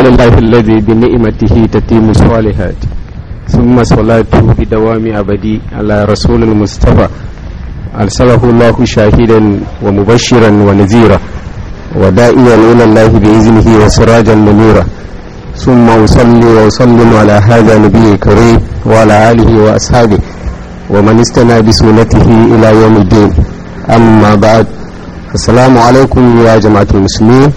الحمد لله الذي بنعمته تتم الصالحات ثم صلاته بدوام أبدي على رسول المصطفى أرسله الله شاهدا ومبشرا ونذيرا ودائيا إلى الله بإذنه وسراجا منيرا ثم أصلي وأسلم على هذا نبي كريم وعلى آله وأصحابه ومن استنى بسنته إلى يوم الدين أما بعد السلام عليكم يا جماعة المسلمين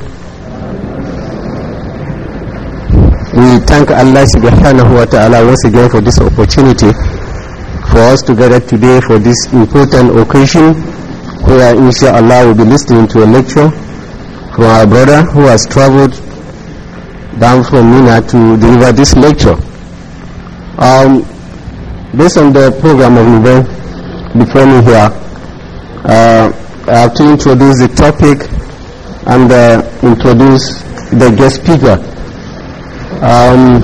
We thank Allah subhanahu wa ta'ala once again for this opportunity for us to gather today for this important occasion where inshallah we'll be listening to a lecture from our brother who has traveled down from Mina to deliver this lecture. Um, based on the program of event before me here, uh, I have to introduce the topic and uh, introduce the guest speaker. Um,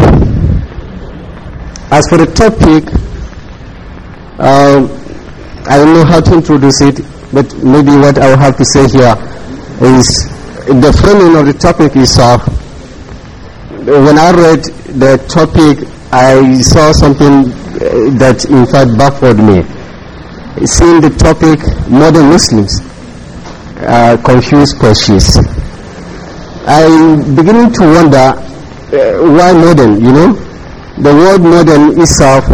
as for the topic, uh, I don't know how to introduce it, but maybe what I will have to say here is the framing of the topic is uh, when I read the topic, I saw something uh, that in fact baffled me. Seeing the topic, modern Muslims uh, confused Persians. I'm beginning to wonder uh, why modern, you know? The word modern itself,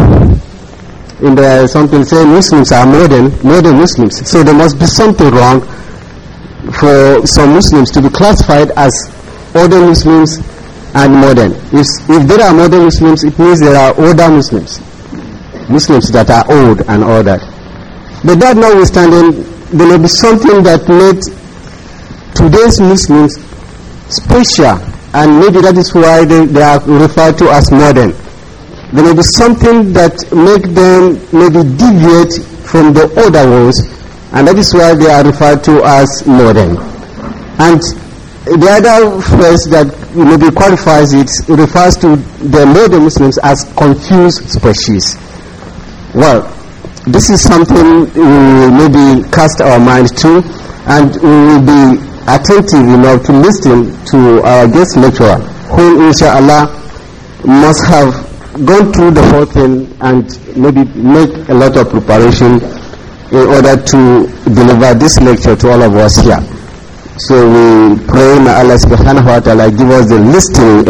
in the, something say Muslims are modern, modern Muslims. So there must be something wrong for some Muslims to be classified as older Muslims and modern. If, if there are modern Muslims, it means there are older Muslims. Muslims that are old and all that. But that notwithstanding, there may be something that made today's Muslims special and maybe that is why they, they are referred to as modern. There may be something that make them maybe deviate from the older ones, and that is why they are referred to as modern. And the other phrase that maybe qualifies it refers to the modern Muslims as confused species. Well, this is something we maybe cast our mind to, and we will be attentive enough to listen to our guest lecturer, who inshallah must have gone through the whole thing and maybe make a lot of preparation in order to deliver this lecture to all of us here. So we pray may Allah subhanahu wa ta'ala give us the listening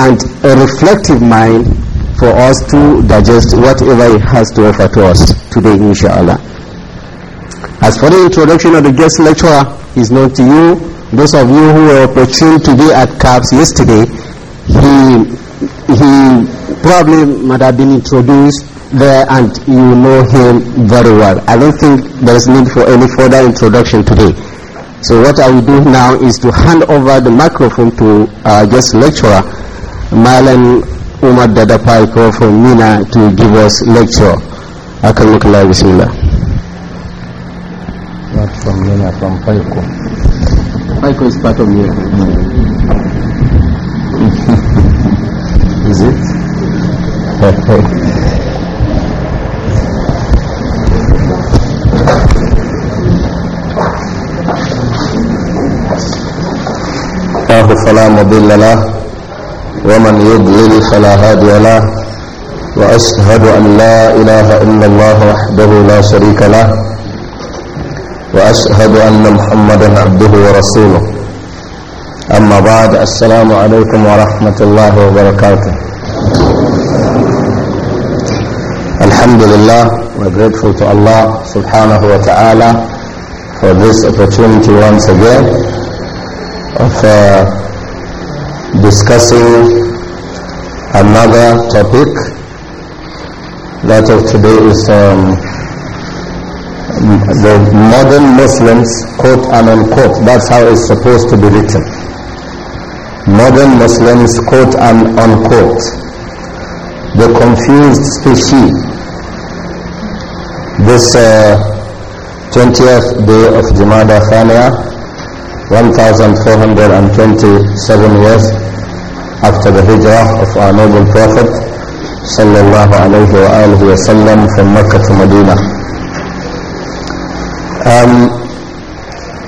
and a reflective mind for us to digest whatever he has to offer to us today inshallah. As for the introduction of the guest lecturer, is known to you. Those of you who were opportune to be at CAPS yesterday, he, he probably might have been introduced there and you know him very well. I don't think there is need for any further introduction today. So what I will do now is to hand over the microphone to our guest lecturer, Marlon Umar Dadapaiko from Mina to give us lecture. أكرمك الله not from Lena, from Paiko. Paiko is part of miracle. is it? الله فلا مضل له ومن يضلل فلا هادي له وأشهد أن لا إله إلا الله وحده لا شريك له وأشهد أن محمدا عبده ورسوله أما بعد السلام عليكم ورحمة الله وبركاته الحمد لله we're grateful to Allah subhanahu wa ta'ala for this opportunity once again of uh, discussing another topic. That of today is um, the modern Muslims, quote and unquote, that's how it's supposed to be written. Modern Muslims, quote and unquote, the confused species. This uh, 20th day of Jumada Khania, 1427 years after the hijrah of our noble Prophet sallallahu alayhi wa alihi wa sallam from Mecca to Medina. Um,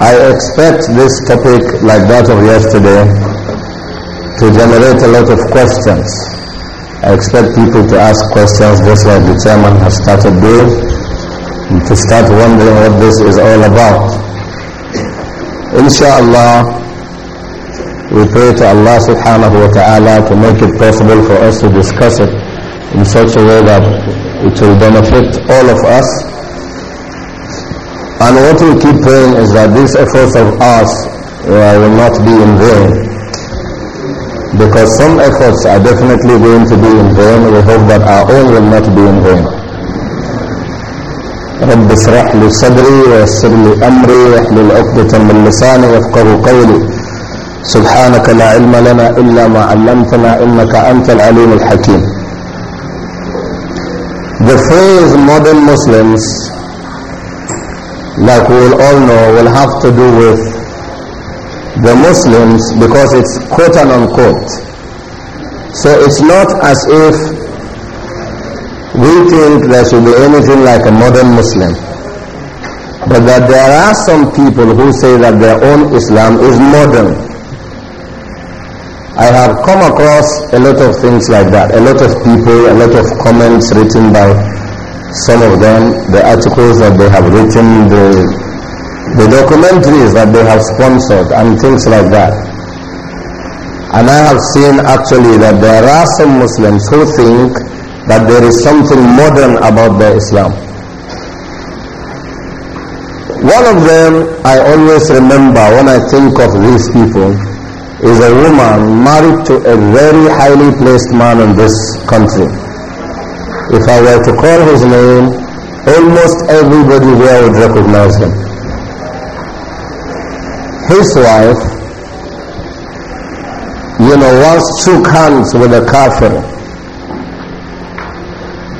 I expect this topic, like that of yesterday, to generate a lot of questions. I expect people to ask questions just like the chairman has started doing, to start wondering what this is all about. Insha'Allah, we pray to Allah subhanahu wa ta'ala to make it possible for us to discuss it in such a way that it will benefit all of us And what we keep praying is that these efforts of us uh, will not be in vain. Because some efforts are definitely going to be in vain. We hope that our own will not be in vain. رب اشرح لي صدري ويسر لي أمري واحلل عقدة من لساني يفقه قولي سبحانك لا علم لنا إلا ما علمتنا إنك أنت العليم الحكيم The phrase modern Muslims like we will all know, will have to do with the Muslims because it's quote and unquote. So it's not as if we think there should be anything like a modern Muslim. But that there are some people who say that their own Islam is modern. I have come across a lot of things like that, a lot of people, a lot of comments written by some of them, the articles that they have written, the, the documentaries that they have sponsored and things like that. And I have seen actually that there are some Muslims who think that there is something modern about their Islam. One of them I always remember when I think of these people is a woman married to a very highly placed man in this country if I were to call his name, almost everybody there would recognize him. His wife, you know, once shook hands with a kafir.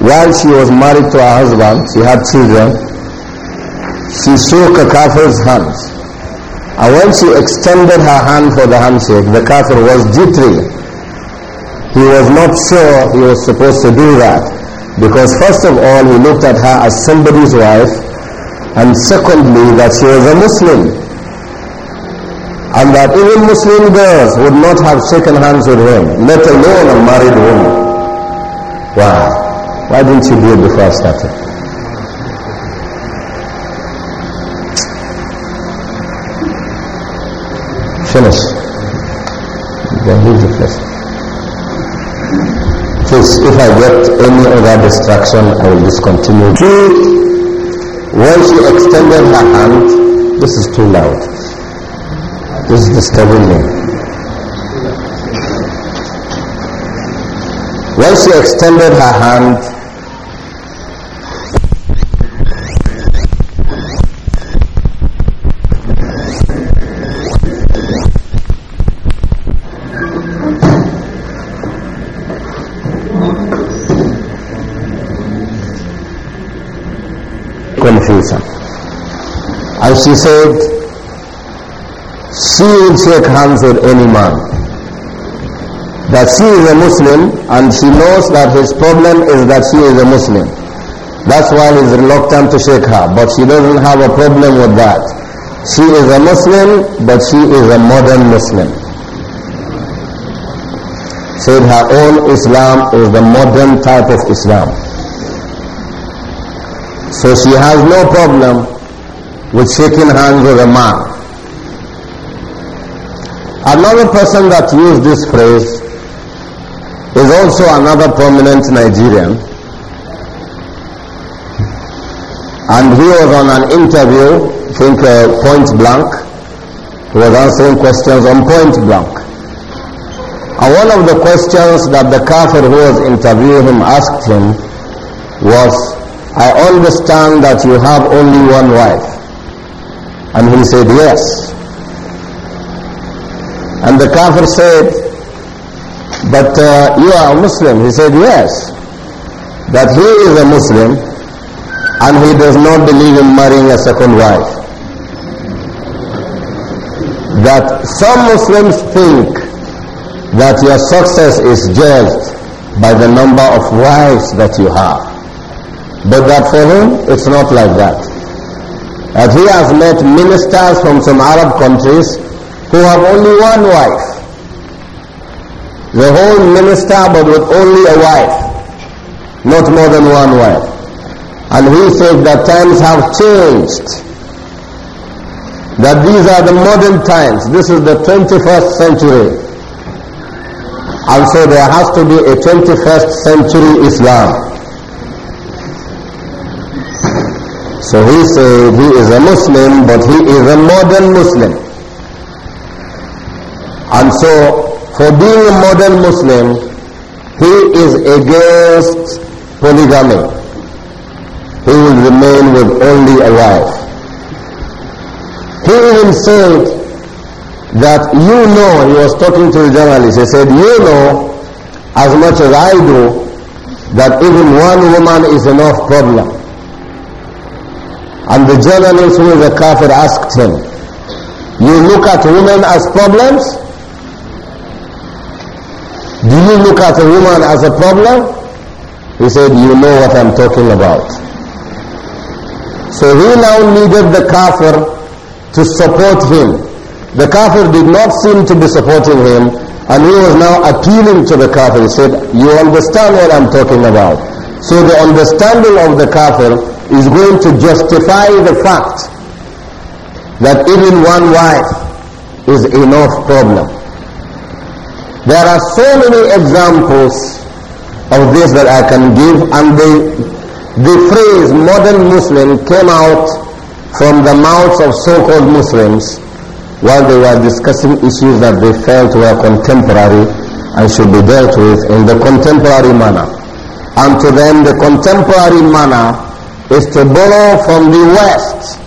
While she was married to her husband, she had children, she shook a kafir's hands. And when she extended her hand for the handshake, the kafir was jittery. He was not sure he was supposed to do that. Because first of all, he looked at her as somebody's wife, and secondly, that she was a Muslim. And that even Muslim girls would not have shaken hands with him, let alone a married woman. Wow. Why didn't you do it before I started? Finish. You leave the place if I get any other distraction, I will discontinue. Two, when she extended her hand, this is too loud. This is disturbing me. When she extended her hand, she said, she will shake hands with any man. That she is a Muslim and she knows that his problem is that she is a Muslim. That's why he's reluctant to shake her, but she doesn't have a problem with that. She is a Muslim, but she is a modern Muslim. Said her own Islam is the modern type of Islam. So she has no problem with shaking hands with a man. Another person that used this phrase is also another prominent Nigerian. And he was on an interview, I think uh, point blank. He was answering questions on point blank. And one of the questions that the kafir who was interviewing him asked him was, I understand that you have only one wife. And he said, Yes. And the Kafir said, But uh, you are a Muslim. He said, Yes. That he is a Muslim and he does not believe in marrying a second wife. That some Muslims think that your success is judged by the number of wives that you have. But that for him, it's not like that that he has met ministers from some Arab countries who have only one wife. The whole minister but with only a wife, not more than one wife. And he said that times have changed. That these are the modern times. This is the 21st century. And so there has to be a 21st century Islam. So he said he is a Muslim, but he is a modern Muslim. And so, for being a modern Muslim, he is against polygamy. He will remain with only a wife. He even said that you know, he was talking to the journalist, he said, you know, as much as I do, that even one woman is enough problem. And the journalist who is a kafir asked him, you look at women as problems? Do you look at a woman as a problem? He said, you know what I'm talking about. So he now needed the kafir to support him. The kafir did not seem to be supporting him and he was now appealing to the kafir. He said, you understand what I'm talking about. So the understanding of the kafir is going to justify the fact that even one wife is enough problem. There are so many examples of this that I can give and the, the phrase modern Muslim came out from the mouths of so-called Muslims while they were discussing issues that they felt were contemporary and should be dealt with in the contemporary manner. And to them the contemporary manner is to borrow from the West,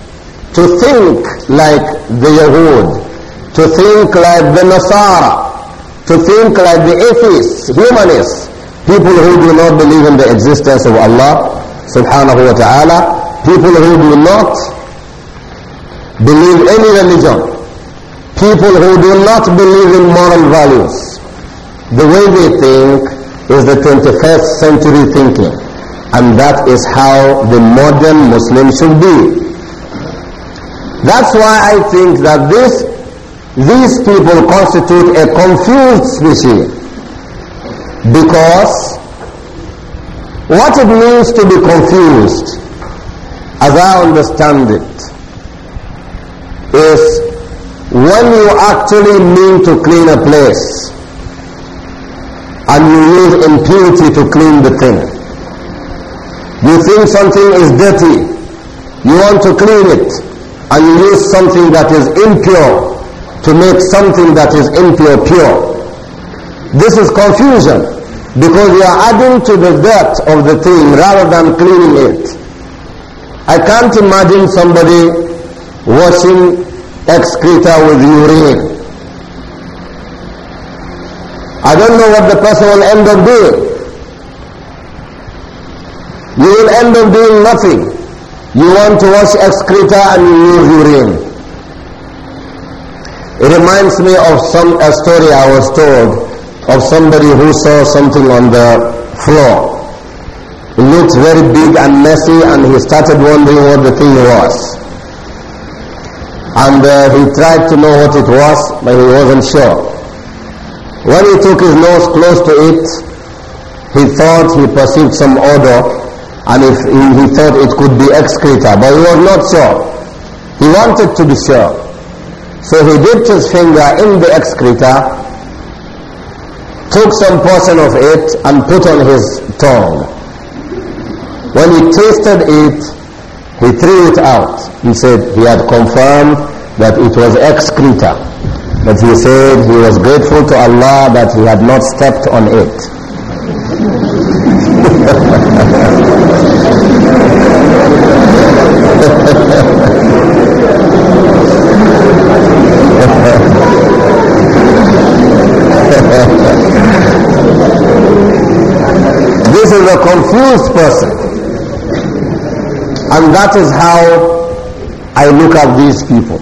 to think like the Yahud, to think like the Nasara, to think like the atheists, humanists, people who do not believe in the existence of Allah subhanahu wa ta'ala, people who do not believe any religion, people who do not believe in moral values. The way they think is the 21st century thinking. And that is how the modern Muslim should be. That's why I think that this, these people constitute a confused species. Because what it means to be confused, as I understand it, is when you actually mean to clean a place and you use impurity to clean the thing. You think something is dirty. You want to clean it. And you use something that is impure to make something that is impure pure. This is confusion because you are adding to the dirt of the thing rather than cleaning it. I can't imagine somebody washing excreta with urine. I don't know what the person will end up doing. You will end up doing nothing. You want to wash excreta and you use urine. It reminds me of some a story I was told of somebody who saw something on the floor. It looked very big and messy and he started wondering what the thing was. And uh, he tried to know what it was, but he wasn't sure. When he took his nose close to it, he thought he perceived some odor and if he, he thought it could be excreta, but he was not sure. He wanted to be sure. So he dipped his finger in the excreta, took some portion of it and put on his tongue. When he tasted it, he threw it out. He said he had confirmed that it was excreta. But he said he was grateful to Allah that he had not stepped on it. confused person. And that is how I look at these people.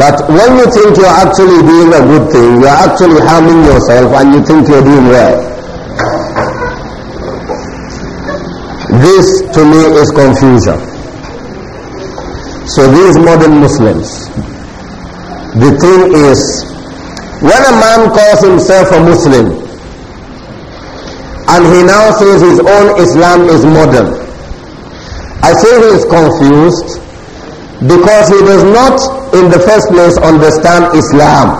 That when you think you're actually doing a good thing, you're actually harming yourself and you think you're doing well. This to me is confusion. So these modern Muslims, the thing is, when a man calls himself a Muslim, and he now says his own Islam is modern. I say he is confused because he does not in the first place understand Islam.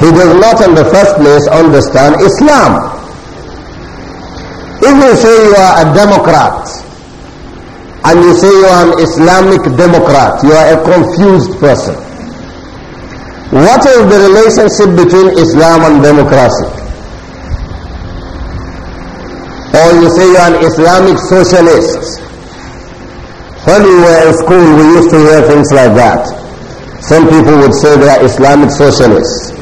He does not in the first place understand Islam. If you say you are a Democrat and you say you are an Islamic Democrat, you are a confused person. What is the relationship between Islam and democracy? you say you are an Islamic socialist. When we were in school, we used to hear things like that. Some people would say they are Islamic socialists.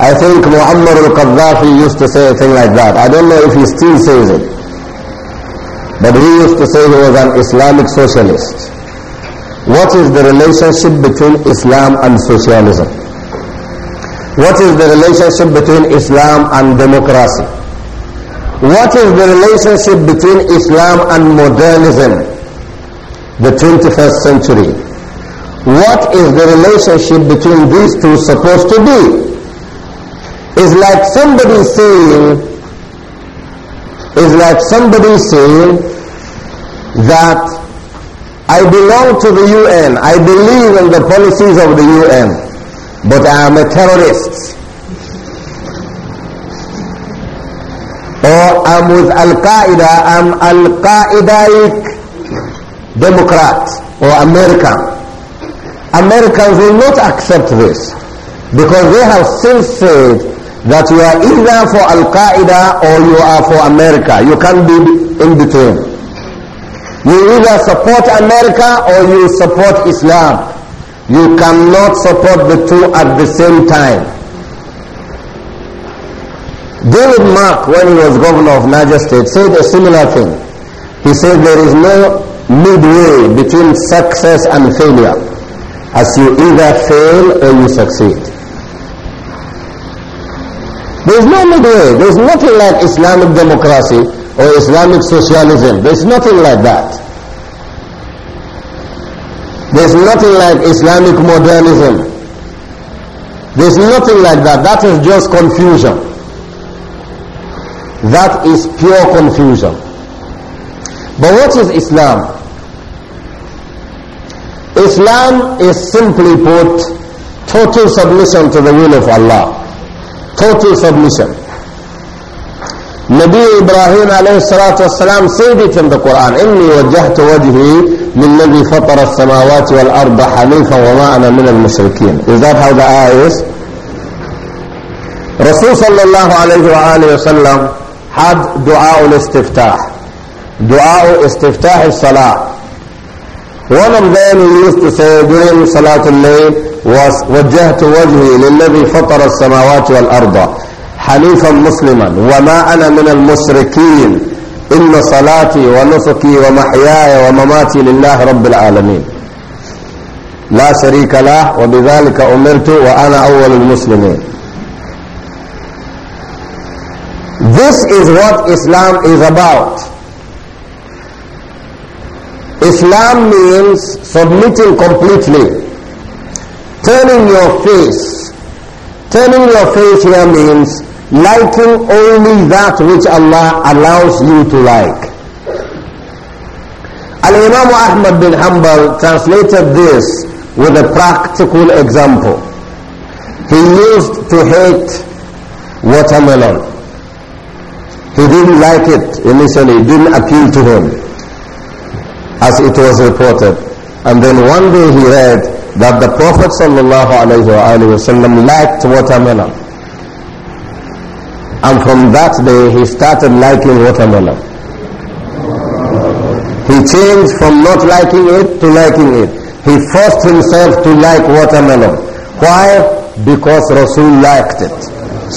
I think Muammar al-Qaddafi used to say a thing like that. I don't know if he still says it. But he used to say he was an Islamic socialist. What is the relationship between Islam and socialism? What is the relationship between Islam and democracy? What is the relationship between Islam and modernism? The 21st century. What is the relationship between these two supposed to be? It's like somebody saying, it's like somebody saying that I belong to the UN, I believe in the policies of the UN, but I am a terrorist. Or I'm with Al-Qaeda, I'm al qaedaik Democrat or American. Americans will not accept this because they have since said that you are either for Al-Qaeda or you are for America. You can't be in between. You either support America or you support Islam. You cannot support the two at the same time. David Mark, when he was governor of Niger State, said a similar thing. He said there is no midway between success and failure, as you either fail or you succeed. There is no midway. There is nothing like Islamic democracy or Islamic socialism. There is nothing like that. There is nothing like Islamic modernism. There is nothing like that. That is just confusion. That is pure confusion. But what is Islam? Islam is simply put total submission to the will of Allah. Total submission. نبي إبراهيم عليه الصلاة والسلام said it in the Quran إني وجهت وجهي للذي فطر السماوات والأرض حنيفا وما أنا من المشركين Is that how the ayah is? رسول صلى الله عليه وآله وسلم حد دعاء الاستفتاح دعاء استفتاح الصلاة ولم بين يوسف سيدين صلاة الليل ووجهت وجهت وجهي للذي فطر السماوات والأرض حنيفا مسلما وما أنا من المشركين إن صلاتي ونسكي ومحياي ومماتي لله رب العالمين لا شريك له وبذلك أمرت وأنا أول المسلمين This is what Islam is about. Islam means submitting completely. Turning your face. Turning your face here means liking only that which Allah allows you to like. Al-Imam Ahmad bin Hanbal translated this with a practical example. He used to hate watermelon. He didn't like it initially, it didn't appeal to him, as it was reported. And then one day he read that the Prophet ﷺ liked watermelon. And from that day he started liking watermelon. He changed from not liking it to liking it. He forced himself to like watermelon. Why? Because Rasul liked it.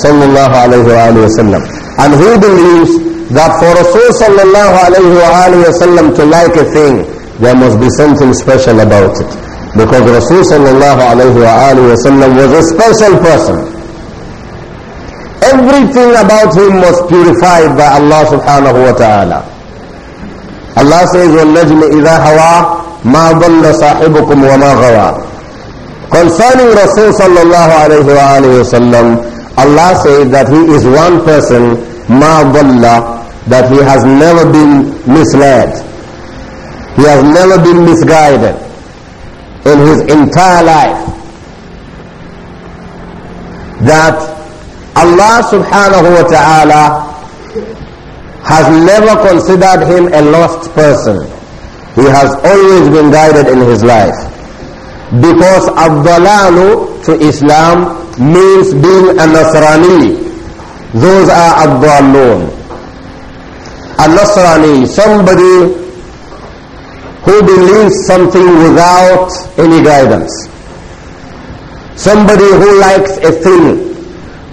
Sallallahu alayhi wa sallam. And who believes that for Rasul sallallahu to like a thing, there must be something special about it. Because Rasul sallallahu was a special person. Everything about him was purified by Allah subhanahu wa ta'ala. Allah says, وَالنَّجْمِ إِذَا هَوَى مَا ضَلَّ صَاحِبُكُمْ وَمَا غَوَى Concerning Rasul sallallahu alayhi wa sallam, Allah says that He is one person, ma that He has never been misled. He has never been misguided in His entire life. That Allah subhanahu wa ta'ala has never considered him a lost person. He has always been guided in his life. Because abdalalu to Islam means being a Nasrani. Those are abdalun. A Nasrani, somebody who believes something without any guidance. Somebody who likes a thing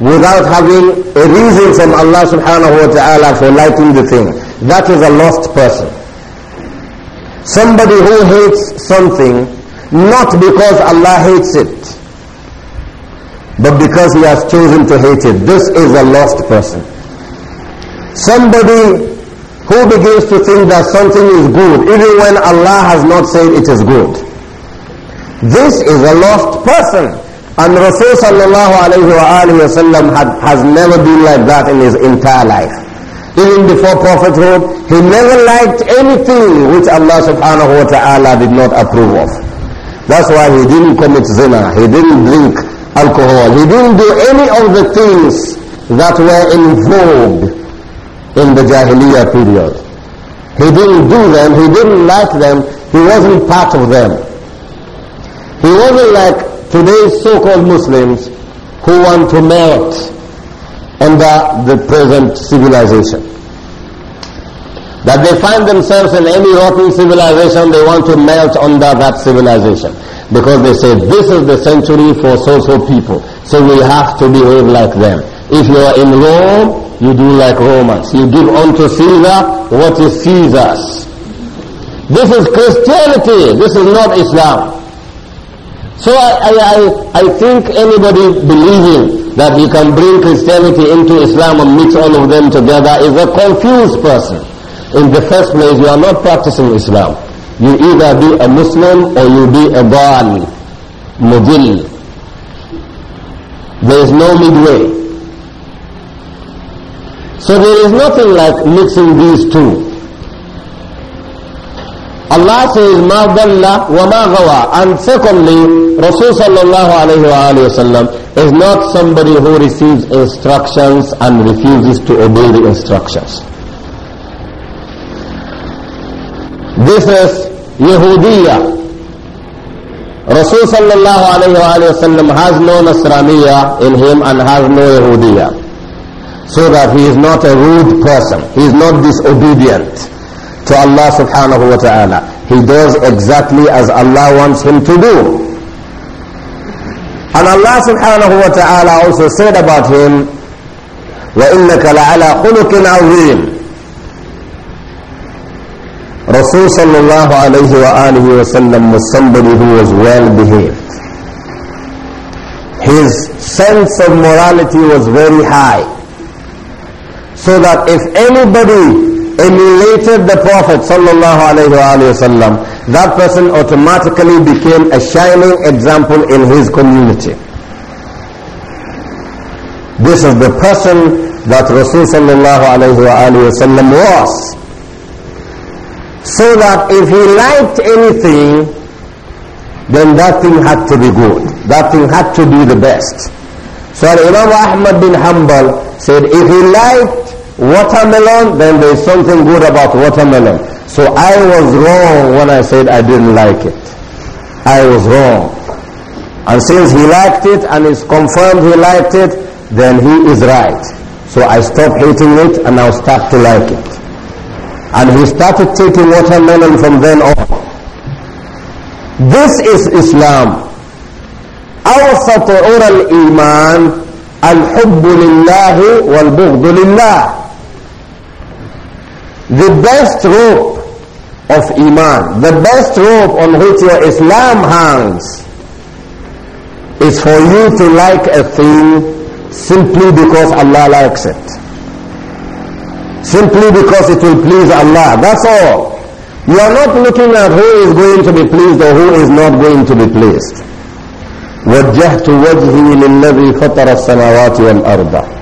without having a reason from Allah subhanahu wa ta'ala for liking the thing. That is a lost person. Somebody who hates something not because Allah hates it, but because he has chosen to hate it. This is a lost person. Somebody who begins to think that something is good even when Allah has not said it is good. This is a lost person. And Rasul sallallahu alayhi wa alayhi wa had, has never been like that in his entire life. Even before prophethood, he never liked anything which Allah subhanahu wa ta'ala did not approve of. That's why he didn't commit zina, he didn't drink alcohol, he didn't do any of the things that were in vogue in the Jahiliyyah period. He didn't do them, he didn't like them, he wasn't part of them. He wasn't like today's so-called Muslims who want to melt under the present civilization that they find themselves in any rotten civilization, they want to melt under that civilization. Because they say, this is the century for social people, so we have to behave like them. If you are in Rome, you do like Romans. You give unto Caesar what is Caesar's. This is Christianity. This is not Islam. So I, I, I, I think anybody believing that you can bring Christianity into Islam and mix all of them together is a confused person in the first place, you are not practicing Islam. You either be a Muslim or you be a Baal, Mudil. There is no midway. So there is nothing like mixing these two. Allah says, ma wa ma And secondly, Rasul sallallahu alayhi wa alayhi wa is not somebody who receives instructions and refuses to obey the instructions. This is Yehudiya. Rasul sallallahu alayhi wa sallam has no Nasraniya in him and has no Yehudiya. So that he is not a rude person. He is not disobedient to Allah subhanahu wa ta'ala. He does exactly as Allah wants him to do. And Allah subhanahu wa ta'ala also said about him, وَإِنَّكَ لَعَلَى خُلُقٍ عَظِيمٍ Rasul sallallahu alayhi wa alihi was somebody who was well behaved. His sense of morality was very high. So that if anybody emulated the Prophet sallallahu alayhi wa sallam, that person automatically became a shining example in his community. This is the person that Rasul sallallahu alayhi wa sallam was so that if he liked anything, then that thing had to be good. That thing had to be the best. So Imam Ahmad bin Hanbal said, if he liked watermelon, then there is something good about watermelon. So I was wrong when I said I didn't like it. I was wrong. And since he liked it and it's confirmed he liked it, then he is right. So I stop hating it and I'll start to like it. And he started taking watermelon from then on. This is Islam. أوسط عرى الإيمان الحب لله والبغض لله The best rope of Iman, the best rope on which your Islam hangs is for you to like a thing simply because Allah likes it. Simply because it will please Allah. That's all. You are not looking at who is going to be pleased or who is not going to be pleased. وَجَّهْتُ وَجْهِي لِلَّذِي فَطَرَ السَّمَاوَاتِ وَالْأَرْضَ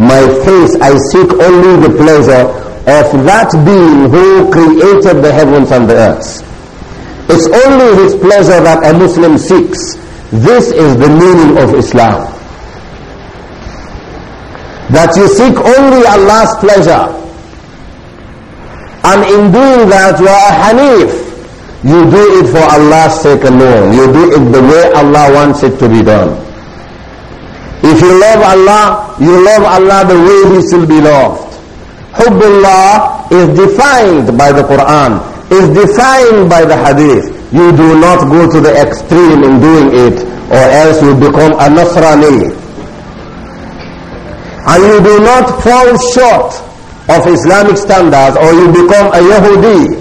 my face, I seek only the pleasure of that being who created the heavens and the earth. It's only his pleasure that a Muslim seeks. This is the meaning of Islam that you seek only Allah's pleasure. And in doing that, you are a Hanif. You do it for Allah's sake alone. You do it the way Allah wants it to be done. If you love Allah, you love Allah the way He should be loved. Hubbullah is defined by the Quran, is defined by the Hadith. You do not go to the extreme in doing it, or else you become a Nasrani and you do not fall short of Islamic standards or you become a Yahudi,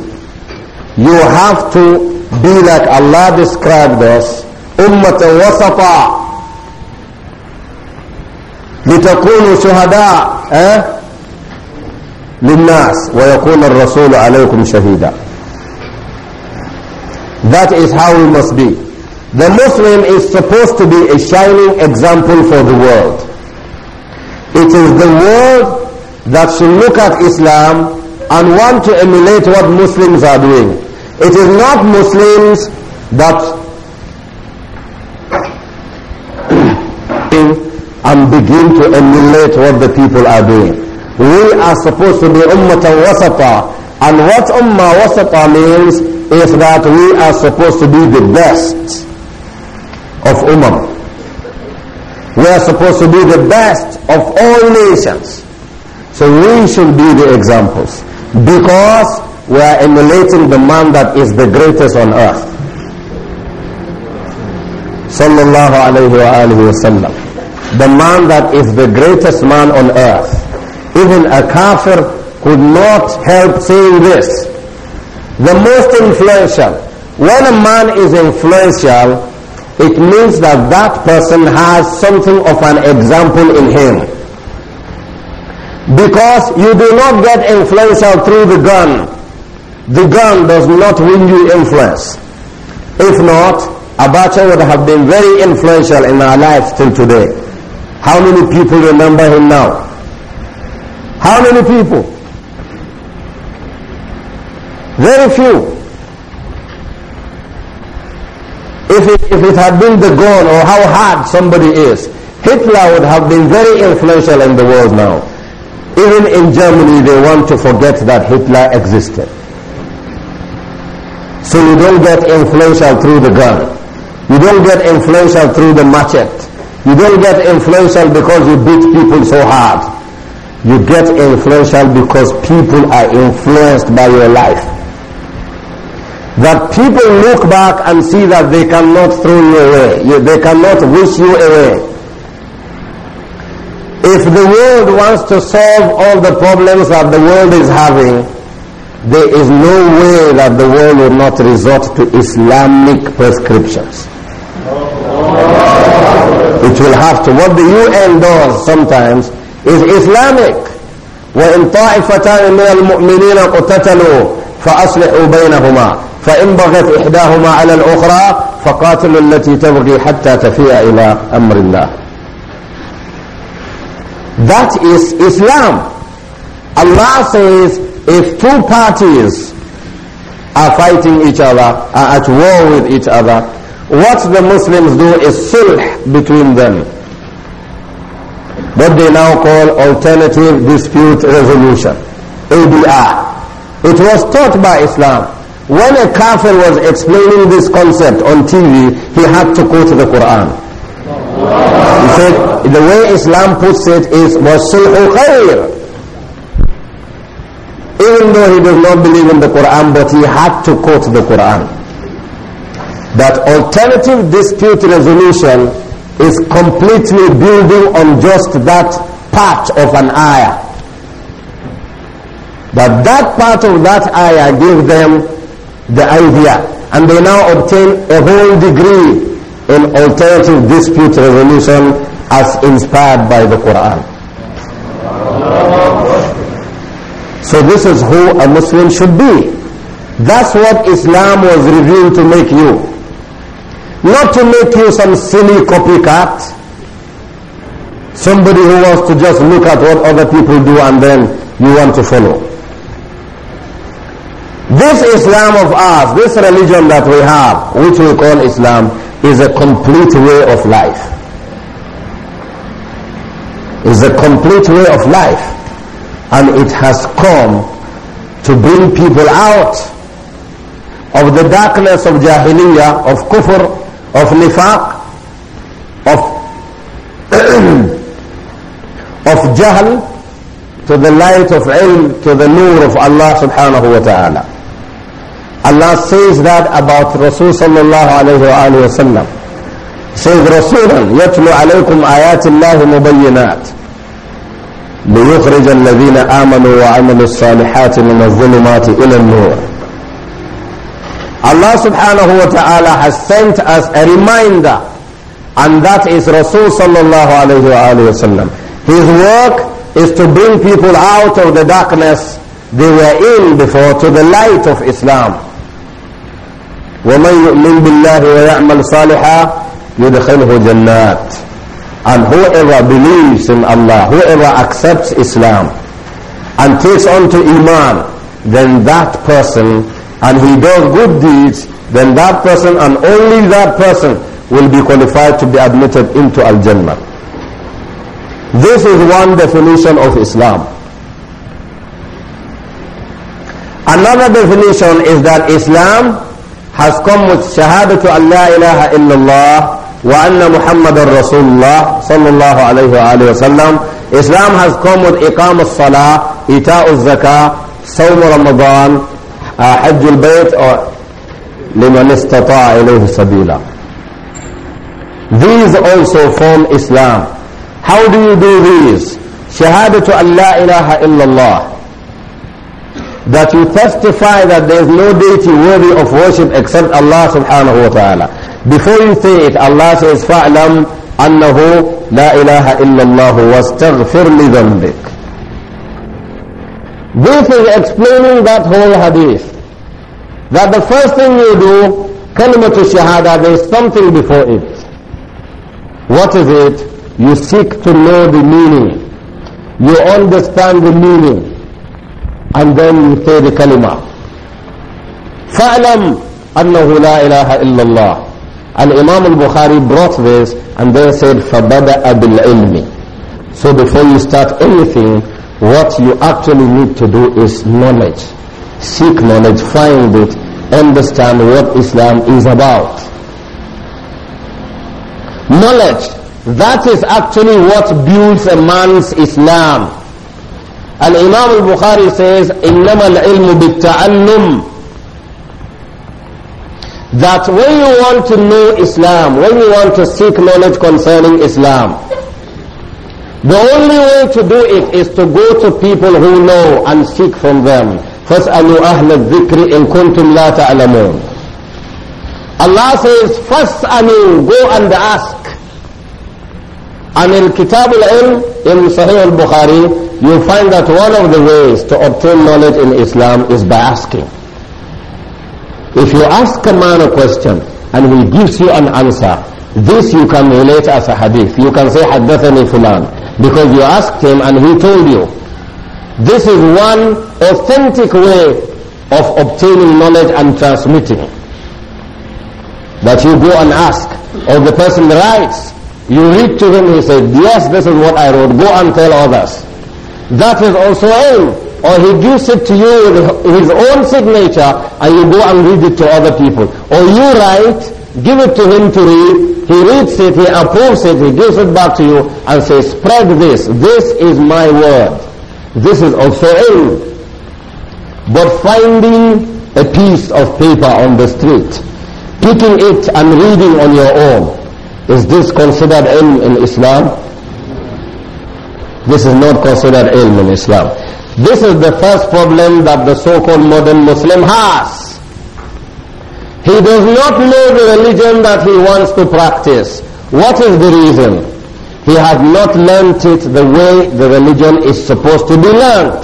you have to be like Allah described us, أمة وسطا لتكونوا شهداء eh? للناس ويكون الرسول عليكم شهيدا That is how we must be. The Muslim is supposed to be a shining example for the world. It is the world that should look at Islam and want to emulate what Muslims are doing. It is not Muslims that and begin to emulate what the people are doing. We are supposed to be Ummah wasata and what ummah wasata means is that we are supposed to be the best of ummah. We are supposed to be the best of all nations. So we should be the examples. Because we are emulating the man that is the greatest on earth. Sallallahu alayhi wa alayhi wa The man that is the greatest man on earth. Even a kafir could not help saying this. The most influential. When a man is influential, it means that that person has something of an example in him. Because you do not get influential through the gun. The gun does not win you influence. If not, Abacha would have been very influential in our lives till today. How many people remember him now? How many people? Very few. If it, if it had been the goal or how hard somebody is, Hitler would have been very influential in the world now. Even in Germany, they want to forget that Hitler existed. So you don't get influential through the gun. You don't get influential through the machete. You don't get influential because you beat people so hard. You get influential because people are influenced by your life that people look back and see that they cannot throw you away. they cannot wish you away. If the world wants to solve all the problems that the world is having, there is no way that the world will not resort to Islamic prescriptions. It will have to. What the UN does sometimes is Islamic. وَإِن طَائِفَتَانِ مِنَ الْمُؤْمِنِينَ قُتَتَلُوا فَأَصْلِحُوا بَيْنَهُمَا فإن بغت إحداهما على الأخرى فقاتل التي تبغي حتى تفيء إلى أمر الله That is Islam. Allah says if two parties are fighting each other, are at war with each other, what the Muslims do is sulh between them. What they now call alternative dispute resolution, ADR. It was taught by Islam. When a kafir was explaining this concept on TV, he had to quote the Quran. He said, the way Islam puts it is, وَالصُّلْحُ خَيْرٌ Even though he does not believe in the Quran, but he had to quote the Quran. That alternative dispute resolution is completely building on just that part of an ayah. But that part of that ayah gives them the idea. And they now obtain a whole degree in alternative dispute resolution as inspired by the Quran. So this is who a Muslim should be. That's what Islam was revealed to make you. Not to make you some silly copycat, somebody who wants to just look at what other people do and then you want to follow. This Islam of ours, this religion that we have, which we call Islam, is a complete way of life. Is a complete way of life. And it has come to bring people out of the darkness of jahiliyyah, of kufr, of nifaq, of, of jahl, to the light of ilm, to the nur of Allah subhanahu wa ta'ala. Allah says that about Rasul sallallahu alayhi wa sallam. Says Rasulan yatlu alaykum ayatillahi mubayyinat. ليخرج الذين آمنوا وعملوا الصالحات من الظلمات إلى النور Allah subhanahu wa ta'ala has sent us a reminder and that is Rasul sallallahu alayhi wa sallam. His work is to bring people out of the darkness they were in before to the light of Islam. ومن يؤمن بالله ويعمل صالحا يدخله جنات and whoever believes in Allah whoever accepts Islam and takes on to Iman then that person and he does good deeds then that person and only that person will be qualified to be admitted into Al-Jannah this is one definition of Islam another definition is that Islam has come with shahadatu an la ilaha illallah wa anna Muhammadan Rasulullah sallallahu alayhi wa, alayhi wa sallam. Islam has come with iqam al-salah, ita'u al-zakah, sawm Ramadan, uh, hajj al-bayt or liman istata'a ilayhi sabila. These also form Islam. How do you do these? Shahadatu an la ilaha illallah. that you testify that there is no deity worthy of worship except Allah subhanahu wa ta'ala. Before you say it, Allah says, فَعْلَمْ أَنَّهُ لَا إِلَهَ إِلَّا اللَّهُ وَاسْتَغْفِرْ لِذَنْبِكَ This is explaining that whole hadith. That the first thing you do, kalimatu shahada, there is something before it. What is it? You seek to know the meaning. You understand the meaning and then you say the kalima. فَأَلَمْ أَنَّهُ لَا إِلَهَ إِلَّا اللَّهِ and Imam al-Bukhari brought this and then said, فَبَدَأَ بِالْعِلْمِ So before you start anything, what you actually need to do is knowledge. Seek knowledge, find it, understand what Islam is about. Knowledge, that is actually what builds a man's Islam. And Imam al-Bukhari says, إِنَّمَا الْعِلْمُ بِالتَّعَلُّمِ That when you want to know Islam, when you want to seek knowledge concerning Islam, the only way to do it is to go to people who know and seek from them. فَاسْأَلُوا أَهْلَ الذِّكْرِ إِن كُنْتُمْ لَا تَعْلَمُونَ Allah says, فَاسْأَلُوا Go and ask. And in Kitab al-Ilm, in Sahih al-Bukhari, you find that one of the ways to obtain knowledge in Islam is by asking. If you ask a man a question and he gives you an answer, this you can relate as a hadith. You can say, حدثني فلان. Because you asked him and he told you. This is one authentic way of obtaining knowledge and transmitting. That you go and ask, or the person writes, you read to him, he said, yes, this is what I wrote, go and tell others. That is also him. Or he gives it to you with his own signature and you go and read it to other people. Or you write, give it to him to read, he reads it, he approves it, he gives it back to you and says, spread this, this is my word. This is also ilm. But finding a piece of paper on the street, picking it and reading on your own, is this considered ilm in Islam? This is not considered ilm in Islam. This is the first problem that the so-called modern Muslim has. He does not know the religion that he wants to practice. What is the reason? He has not learnt it the way the religion is supposed to be learnt.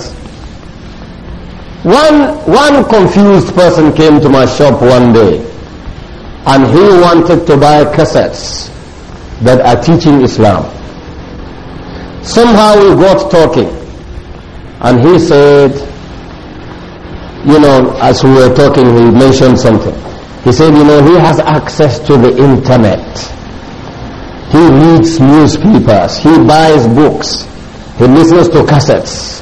One, one confused person came to my shop one day and he wanted to buy cassettes that are teaching Islam. Somehow we got talking and he said, you know, as we were talking, he mentioned something. He said, you know, he has access to the internet. He reads newspapers. He buys books. He listens to cassettes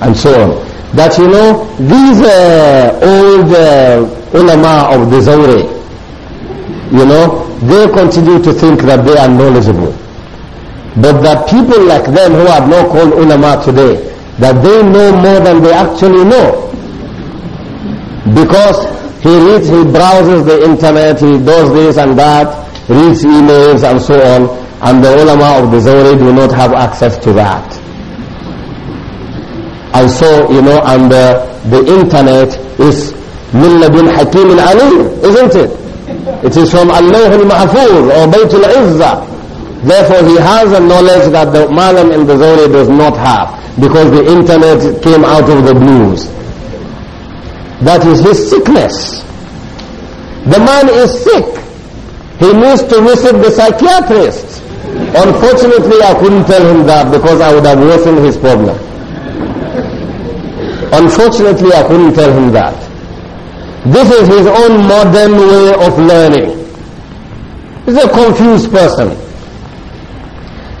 and so on. That, you know, these uh, old uh, ulama of the Zawri, you know, they continue to think that they are knowledgeable. But that people like them who are now called ulama today, that they know more than they actually know. Because he reads, he browses the internet, he does this and that, reads emails and so on, and the ulama of the Zawri do not have access to that. And so, you know, and the, uh, the internet is min ladun hakimin alim, isn't it? It is from al Mahfuz or Baytul Izzah. Therefore, he has a knowledge that the Malam in the zone does not have because the internet came out of the blues. That is his sickness. The man is sick. He needs to visit the psychiatrist. Unfortunately, I couldn't tell him that because I would have worsened his problem. Unfortunately, I couldn't tell him that. This is his own modern way of learning. He's a confused person.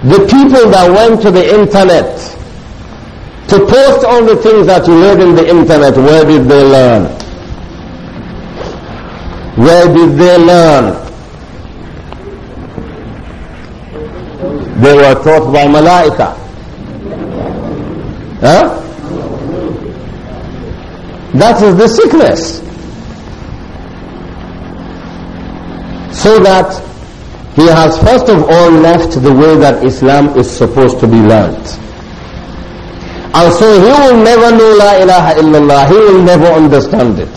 The people that went to the internet to post all the things that you read in the internet, where did they learn? Where did they learn? They were taught by Malaika. Huh? That is the sickness. So that he has first of all left the way that Islam is supposed to be learnt, And so he will never know La ilaha illallah. He will never understand it.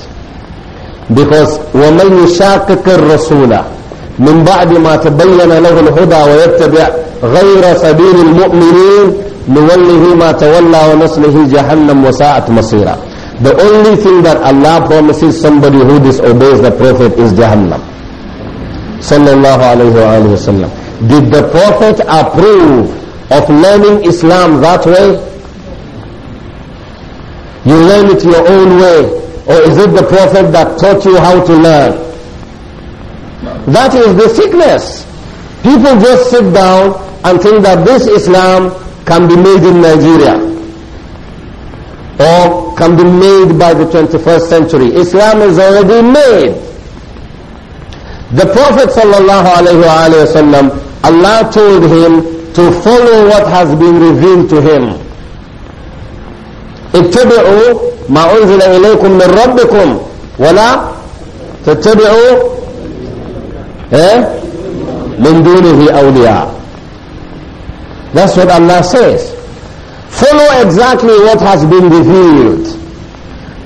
Because وَمَنْ يُشَاقِقِ الرَّسُولَ مِنْ بَعْدِ مَا تَبَيَّنَ لَهُ الْهُدَى وَيَتَّبِعْ غَيْرَ سَبِيلِ الْمُؤْمِنِينَ نُوَلِّهِ مَا تَوَلَّى وَنَصْلِهِ جَهَنَّمْ وَسَاءَتْ مَصِيرًا The only thing that Allah promises somebody who disobeys the Prophet is Jahannam sallallahu alayhi wa sallam. Did the Prophet approve of learning Islam that way? You learn it your own way. Or is it the Prophet that taught you how to learn? That is the sickness. People just sit down and think that this Islam can be made in Nigeria or can be made by the 21st century. Islam is already made. The Prophet sallallahu Allah told him to follow what has been revealed to him. اتبعوا ما أنزل إليكم من ربكم ولا تتبعوا من دونه أولياء That's what Allah says. Follow exactly what has been revealed.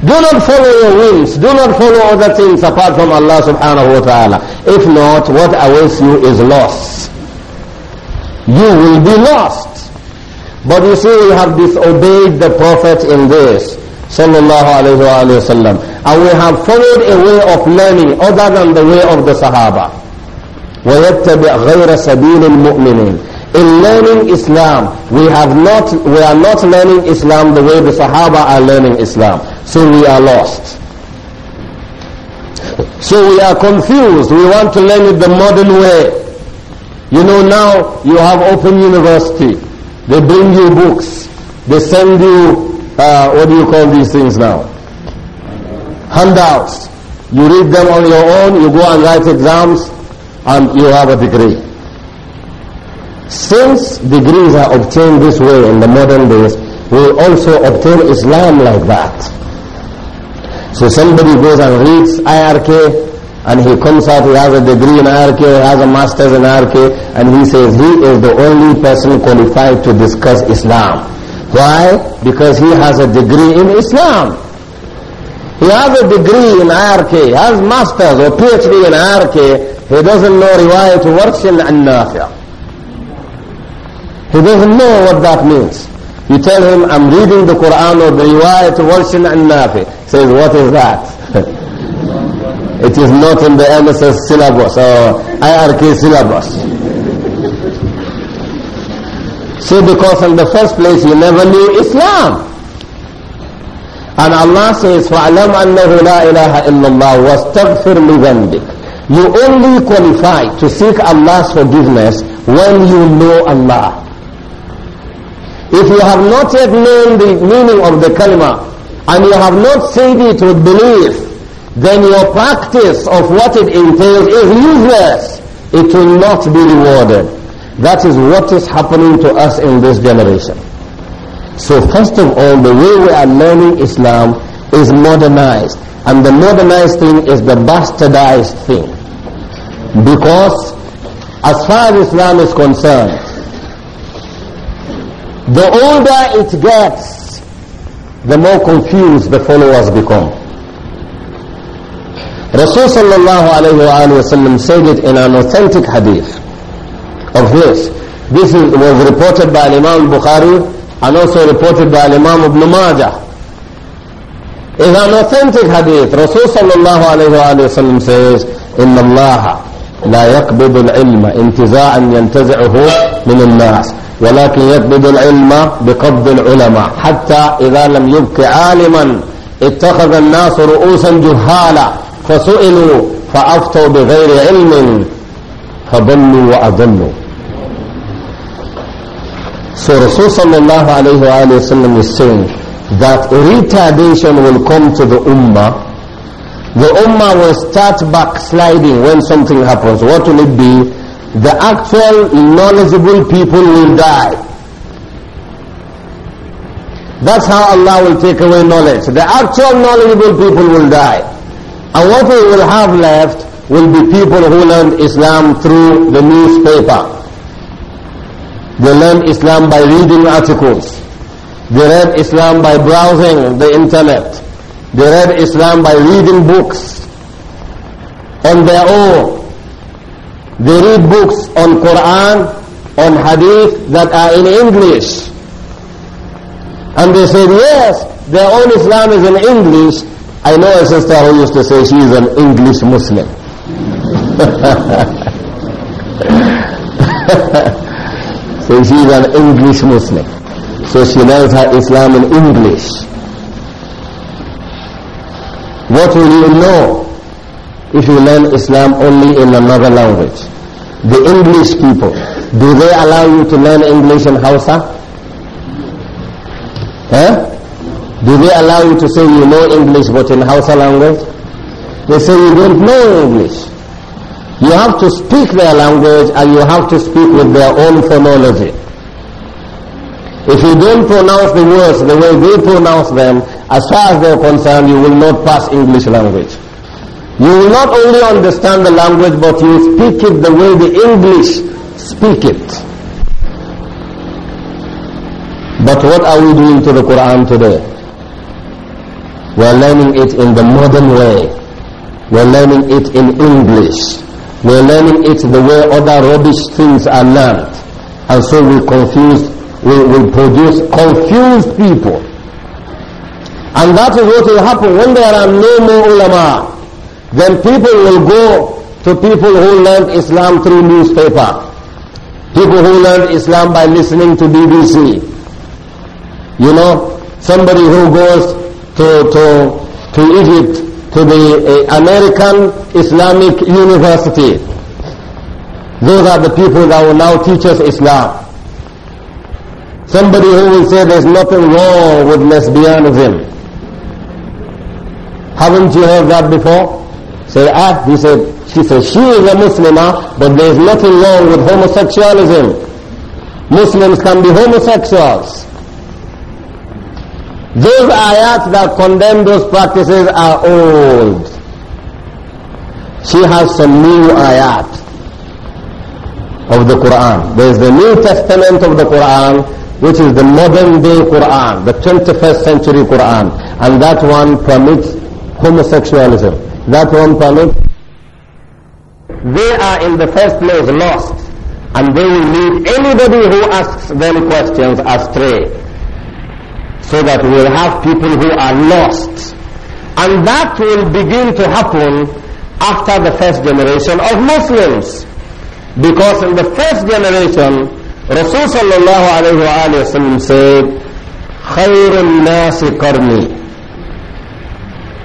Do not follow your whims. Do not follow other things apart from Allah subhanahu wa ta'ala. If not, what awaits you is loss. You will be lost. But you see, you have disobeyed the Prophet in this. Sallallahu alayhi wa sallam. And we have followed a way of learning other than the way of the Sahaba. وَيَتَّبِعْ غَيْرَ سَبِيلِ الْمُؤْمِنِينَ in learning Islam, we have not, we are not learning Islam the way the Sahaba are learning Islam. So we are lost. So we are confused. We want to learn it the modern way. You know, now you have open university. They bring you books. They send you, uh, what do you call these things now? Handouts. You read them on your own. You go and write exams and you have a degree. Since degrees are obtained this way in the modern days, we'll also obtain Islam like that. So somebody goes and reads IRK and he comes out, he has a degree in IRK, he has a master's in IRK and he says he is the only person qualified to discuss Islam. Why? Because he has a degree in Islam. He has a degree in IRK, he has master's or PhD in IRK, he doesn't know riwayat in an nafi'. He doesn't know what that means. You tell him, I'm reading the Quran or the riwayat of and Nafi. He says, what is that? it is not in the MSS syllabus or IRK syllabus. See, because in the first place you never knew Islam. And Allah says, فَعْلَمْ أَنَّهُ لَا إِلَهَ إِلَّا اللَّهُ وَاسْتَغْفِرْ لِذَنْبِكَ You only qualify to seek Allah's forgiveness when you know Allah. If you have not yet known the meaning of the kalima and you have not said it with belief, then your practice of what it entails is useless. It will not be rewarded. That is what is happening to us in this generation. So first of all, the way we are learning Islam is modernized. And the modernized thing is the bastardized thing. Because as far as Islam is concerned, the older it gets, the more confused the followers become. Rasul sallallahu alayhi wa sallam said it in an authentic hadith of his. This was reported by Imam Bukhari and also reported by Imam Ibn Majah. In an authentic hadith, Rasul sallallahu alayhi wa sallam says, إِنَّ اللَّهَ لَا يَقْبِضُ الْعِلْمَ انْتِزَاعًا يَنْتَزِعُهُ مِنَ النَّاسِ ولكن يقبض العلم بقبض العلماء حتى إذا لم يبق عالما اتخذ الناس رؤوسا جهالا فسئلوا فأفتوا بغير علم فضلوا وأضلوا So Rasul sallallahu alayhi wa, alayhi wa sallam is saying that retardation will come to the ummah. The ummah will start backsliding when something happens. What will it be? the actual knowledgeable people will die. That's how Allah will take away knowledge. The actual knowledgeable people will die. And what we will have left will be people who learn Islam through the newspaper. They learn Islam by reading articles. They read Islam by browsing the internet. They read Islam by reading books on their own. They read books on Quran, on Hadith that are in English. And they said, yes, their own Islam is in English. I know a sister who used to say she is an English Muslim. so she is an English Muslim. So she learns her Islam in English. What will you know if you learn Islam only in another language. The English people, do they allow you to learn English in Hausa? Eh? Do they allow you to say you know English but in Hausa language? They say you don't know English. You have to speak their language and you have to speak with their own phonology. If you don't pronounce the words the way they pronounce them, as far as they're concerned, you will not pass English language. You will not only understand the language, but you will speak it the way the English speak it. But what are we doing to the Quran today? We are learning it in the modern way. We are learning it in English. We are learning it the way other rubbish things are learned. And so we confuse, we, we produce confused people. And that is what will happen when there are no more ulama then people will go to people who learned Islam through newspaper, people who learned Islam by listening to BBC. You know, somebody who goes to, to, to Egypt, to the uh, American Islamic University. Those are the people that will now teach us Islam. Somebody who will say there's nothing wrong with lesbianism. Haven't you heard that before? Say, ah, he said, she said, she is a Muslimah, but there is nothing wrong with homosexualism. Muslims can be homosexuals. Those ayats that condemn those practices are old. She has some new ayat of the Quran. There is the New Testament of the Quran, which is the modern day Quran, the 21st century Quran, and that one permits homosexualism that one permit, they are in the first place lost and they will lead anybody who asks them questions astray so that we'll have people who are lost. And that will begin to happen after the first generation of Muslims. Because in the first generation, Rasulullah sallallahu alayhi wa said, خَيْرُ النَّاسِ قَرْنِي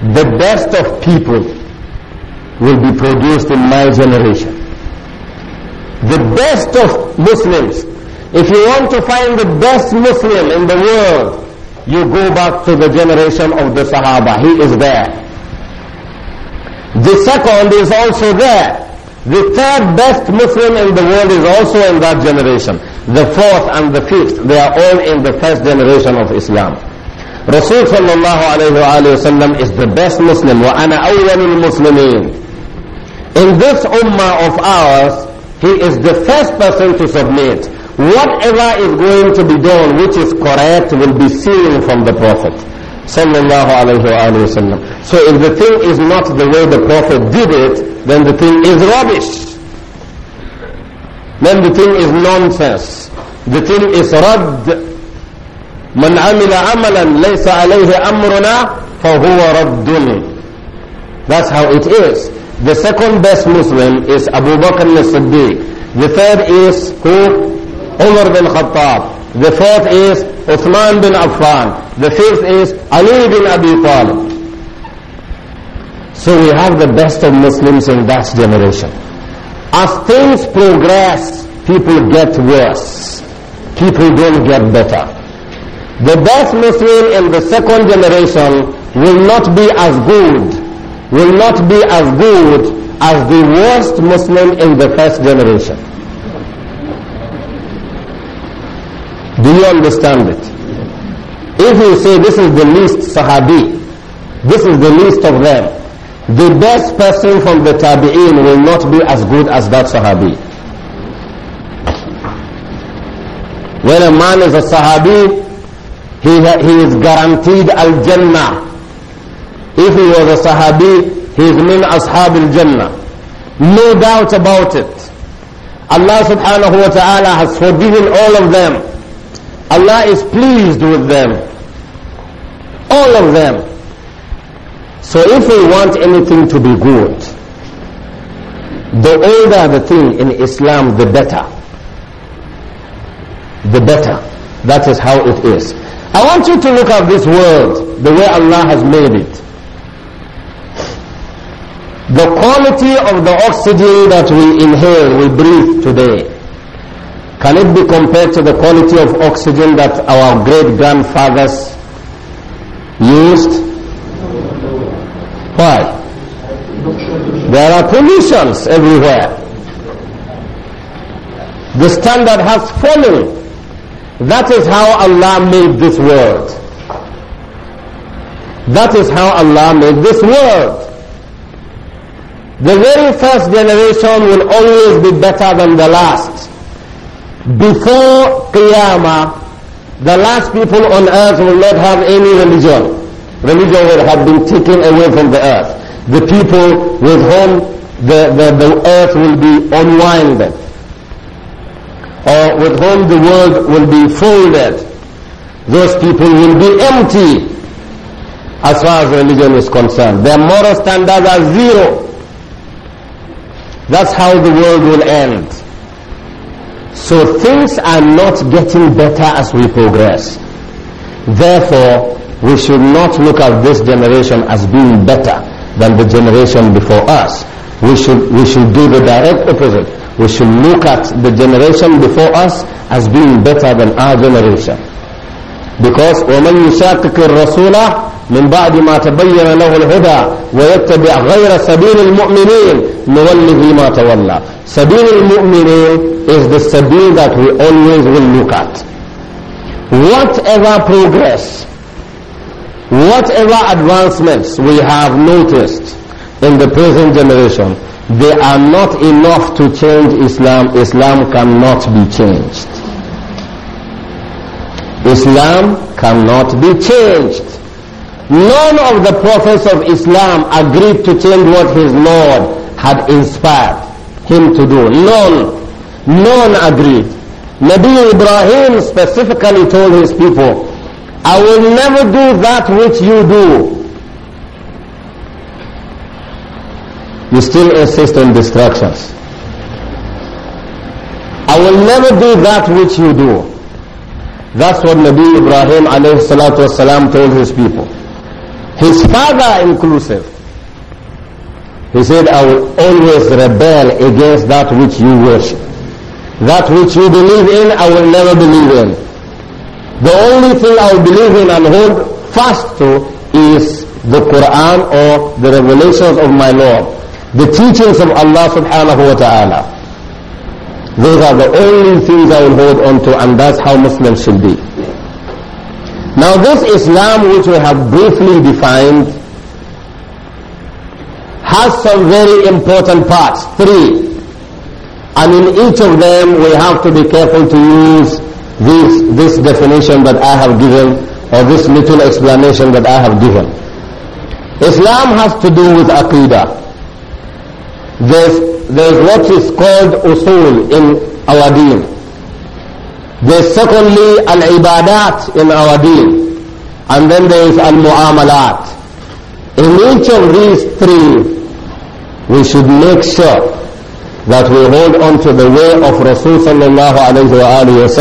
the best of people will be produced in my generation. The best of Muslims. If you want to find the best Muslim in the world, you go back to the generation of the Sahaba. He is there. The second is also there. The third best Muslim in the world is also in that generation. The fourth and the fifth, they are all in the first generation of Islam. Rasul sallallahu alayhi wa sallam is the best Muslim. وَأَنَا أَوَّلُ الْمُسْلِمِينَ In this ummah of ours, he is the first person to submit. Whatever is going to be done which is correct will be seen from the Prophet. Sallallahu alayhi wa sallam. So if the thing is not the way the Prophet did it, then the thing is rubbish. Then the thing is nonsense. The thing is radd من عمل عملا ليس عليه أمرنا فهو رد That's how it is. The second best Muslim is Abu Bakr as-Siddiq. The third is who? Umar bin Khattab. The fourth is Uthman bin Affan. The fifth is Ali bin Abi Talib. So we have the best of Muslims in that generation. As things progress, people get worse. People don't get better. The best Muslim in the second generation will not be as good, will not be as good as the worst Muslim in the first generation. Do you understand it? If you say this is the least Sahabi, this is the least of them, the best person from the Tabi'in will not be as good as that Sahabi. When a man is a Sahabi, he, he is guaranteed al-Jannah. If he was a Sahabi, he is min ashab al-Jannah. No doubt about it. Allah subhanahu wa ta'ala has forgiven all of them. Allah is pleased with them. All of them. So if we want anything to be good, the older the thing in Islam, the better. The better. That is how it is. I want you to look at this world the way Allah has made it. The quality of the oxygen that we inhale, we breathe today, can it be compared to the quality of oxygen that our great grandfathers used? Why? There are pollutions everywhere. The standard has fallen. That is how Allah made this world. That is how Allah made this world. The very first generation will always be better than the last. Before Qiyamah, the last people on earth will not have any religion. Religion will have been taken away from the earth. The people with whom the, the, the earth will be unwinded or with whom the world will be folded. Those people will be empty as far as religion is concerned. Their moral standards are zero. That's how the world will end. So things are not getting better as we progress. Therefore, we should not look at this generation as being better than the generation before us. We should, we should do the direct opposite. We should look at the generation before us as being better than our generation. Because وَمَنْ يُشَاقِقِ الرَّسُولَ من بعد ما تبين له الهدى ويتبع غير سبيل المؤمنين نوله ما تولى سبيل المؤمنين is the sabil that we always will look at whatever progress whatever advancements we have noticed in the present generation, they are not enough to change Islam. Islam cannot be changed. Islam cannot be changed. None of the prophets of Islam agreed to change what his Lord had inspired him to do. None. None agreed. Nabi Ibrahim specifically told his people, I will never do that which you do. you still insist on distractions. I will never do that which you do. That's what Nabi Ibrahim alayhi salatu told his people. His father inclusive. He said, I will always rebel against that which you worship. That which you believe in, I will never believe in. The only thing I will believe in and hold fast to is the Quran or the revelations of my Lord the teachings of Allah subhanahu wa ta'ala. Those are the only things I will hold on to and that's how Muslims should be. Now this Islam which we have briefly defined has some very important parts, three. And in each of them we have to be careful to use this, this definition that I have given or this little explanation that I have given. Islam has to do with Aqidah. There's, there's what is called usul in our deen. There's secondly al-ibadat in our deen. And then there is al-mu'amalat. In each of these three, we should make sure that we hold on to the way of Rasul sallallahu alayhi wa alayhi wa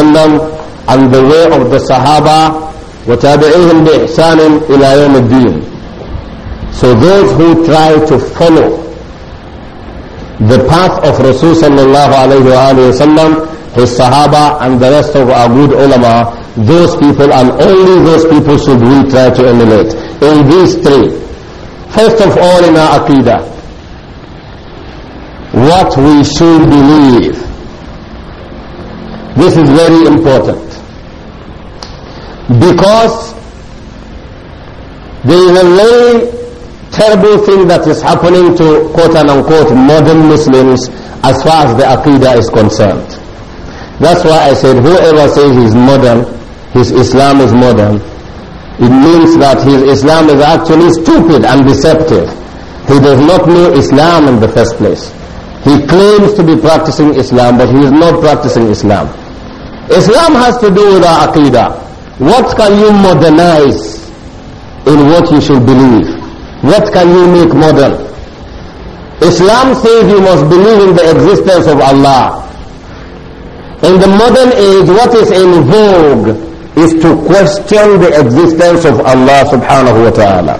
sallam and the way of the Sahaba وَتَابِعِيهِمْ بِإِحْسَانٍ إِلَى يَوْمِ الدِّينِ So those who try to follow the path of Rasulullah sallallahu his Sahaba and the rest of our good ulama, those people and only those people should we try to emulate in these three. First of all in our Aqidah, what we should believe. This is very important because there is a lay terrible thing that is happening to quote and unquote modern Muslims as far as the Aqidah is concerned. That's why I said whoever says he's modern, his Islam is modern, it means that his Islam is actually stupid and deceptive. He does not know Islam in the first place. He claims to be practicing Islam, but he is not practicing Islam. Islam has to do with our aqidah. What can you modernize in what you should believe? What can you make modern? Islam says you must believe in the existence of Allah. In the modern age, what is in vogue is to question the existence of Allah subhanahu wa ta'ala.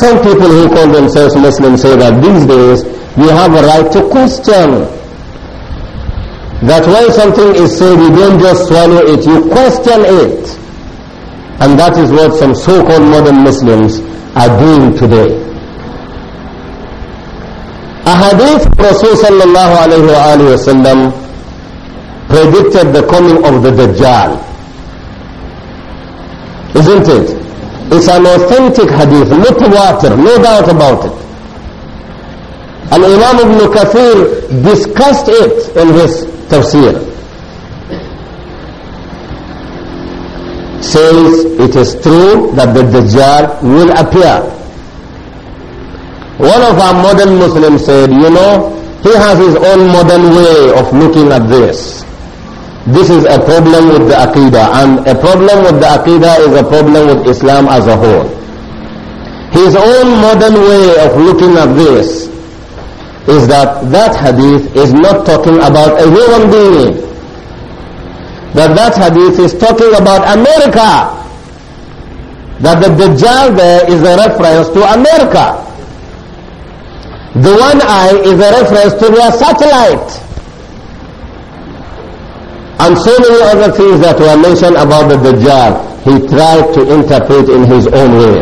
Some people who call themselves Muslims say that these days we have a right to question. That when something is said, you don't just swallow it, you question it. And that is what some so-called modern Muslims are doing today. Ahadith Rasul sallallahu alayhi wa sallam predicted the coming of the Dajjal. Isn't it? It's an authentic hadith, not water, no doubt about it. And Imam Ibn Kathir discussed it in his tafsir. says it is true that the Dajjal will appear. One of our modern Muslims said, you know, he has his own modern way of looking at this. This is a problem with the Aqidah and a problem with the Aqidah is a problem with Islam as a whole. His own modern way of looking at this is that that hadith is not talking about a human being that that hadith is talking about America. That the Dajjal there is a reference to America. The one eye is a reference to their satellite. And so many other things that were mentioned about the Dajjal, he tried to interpret in his own way.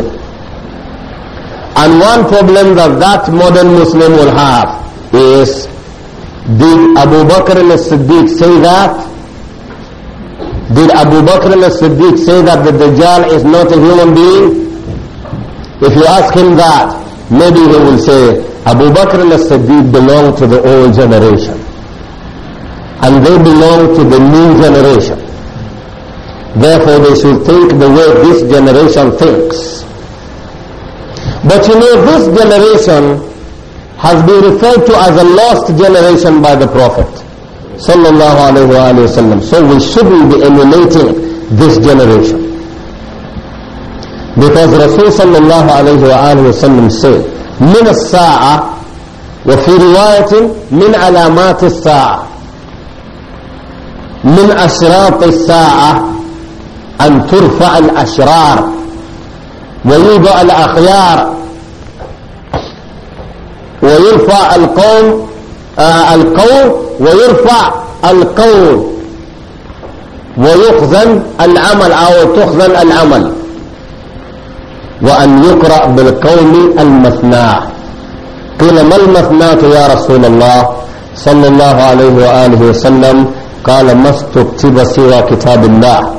And one problem that that modern Muslim will have is, did Abu Bakr al siddiq say that? Did Abu Bakr as-Siddiq say that the Dajjal is not a human being? If you ask him that, maybe he will say, Abu Bakr as-Siddiq belonged to the old generation. And they belong to the new generation. Therefore, they should think the way this generation thinks. But you know, this generation has been referred to as a lost generation by the Prophet. صلى الله عليه وآله وسلم. So we shouldn't be emulating this generation. Because Rasul صلى الله عليه وآله وسلم said, من الساعة وفي رواية من علامات الساعة من أشراط الساعة أن ترفع الأشرار ويوضع الأخيار ويرفع القوم آه القوم ويرفع القول ويخزن العمل أو تخزن العمل وأن يقرأ بالقول المثنى قيل ما المثنى يا رسول الله صلى الله عليه وآله وسلم قال ما استكتب سوى كتاب الله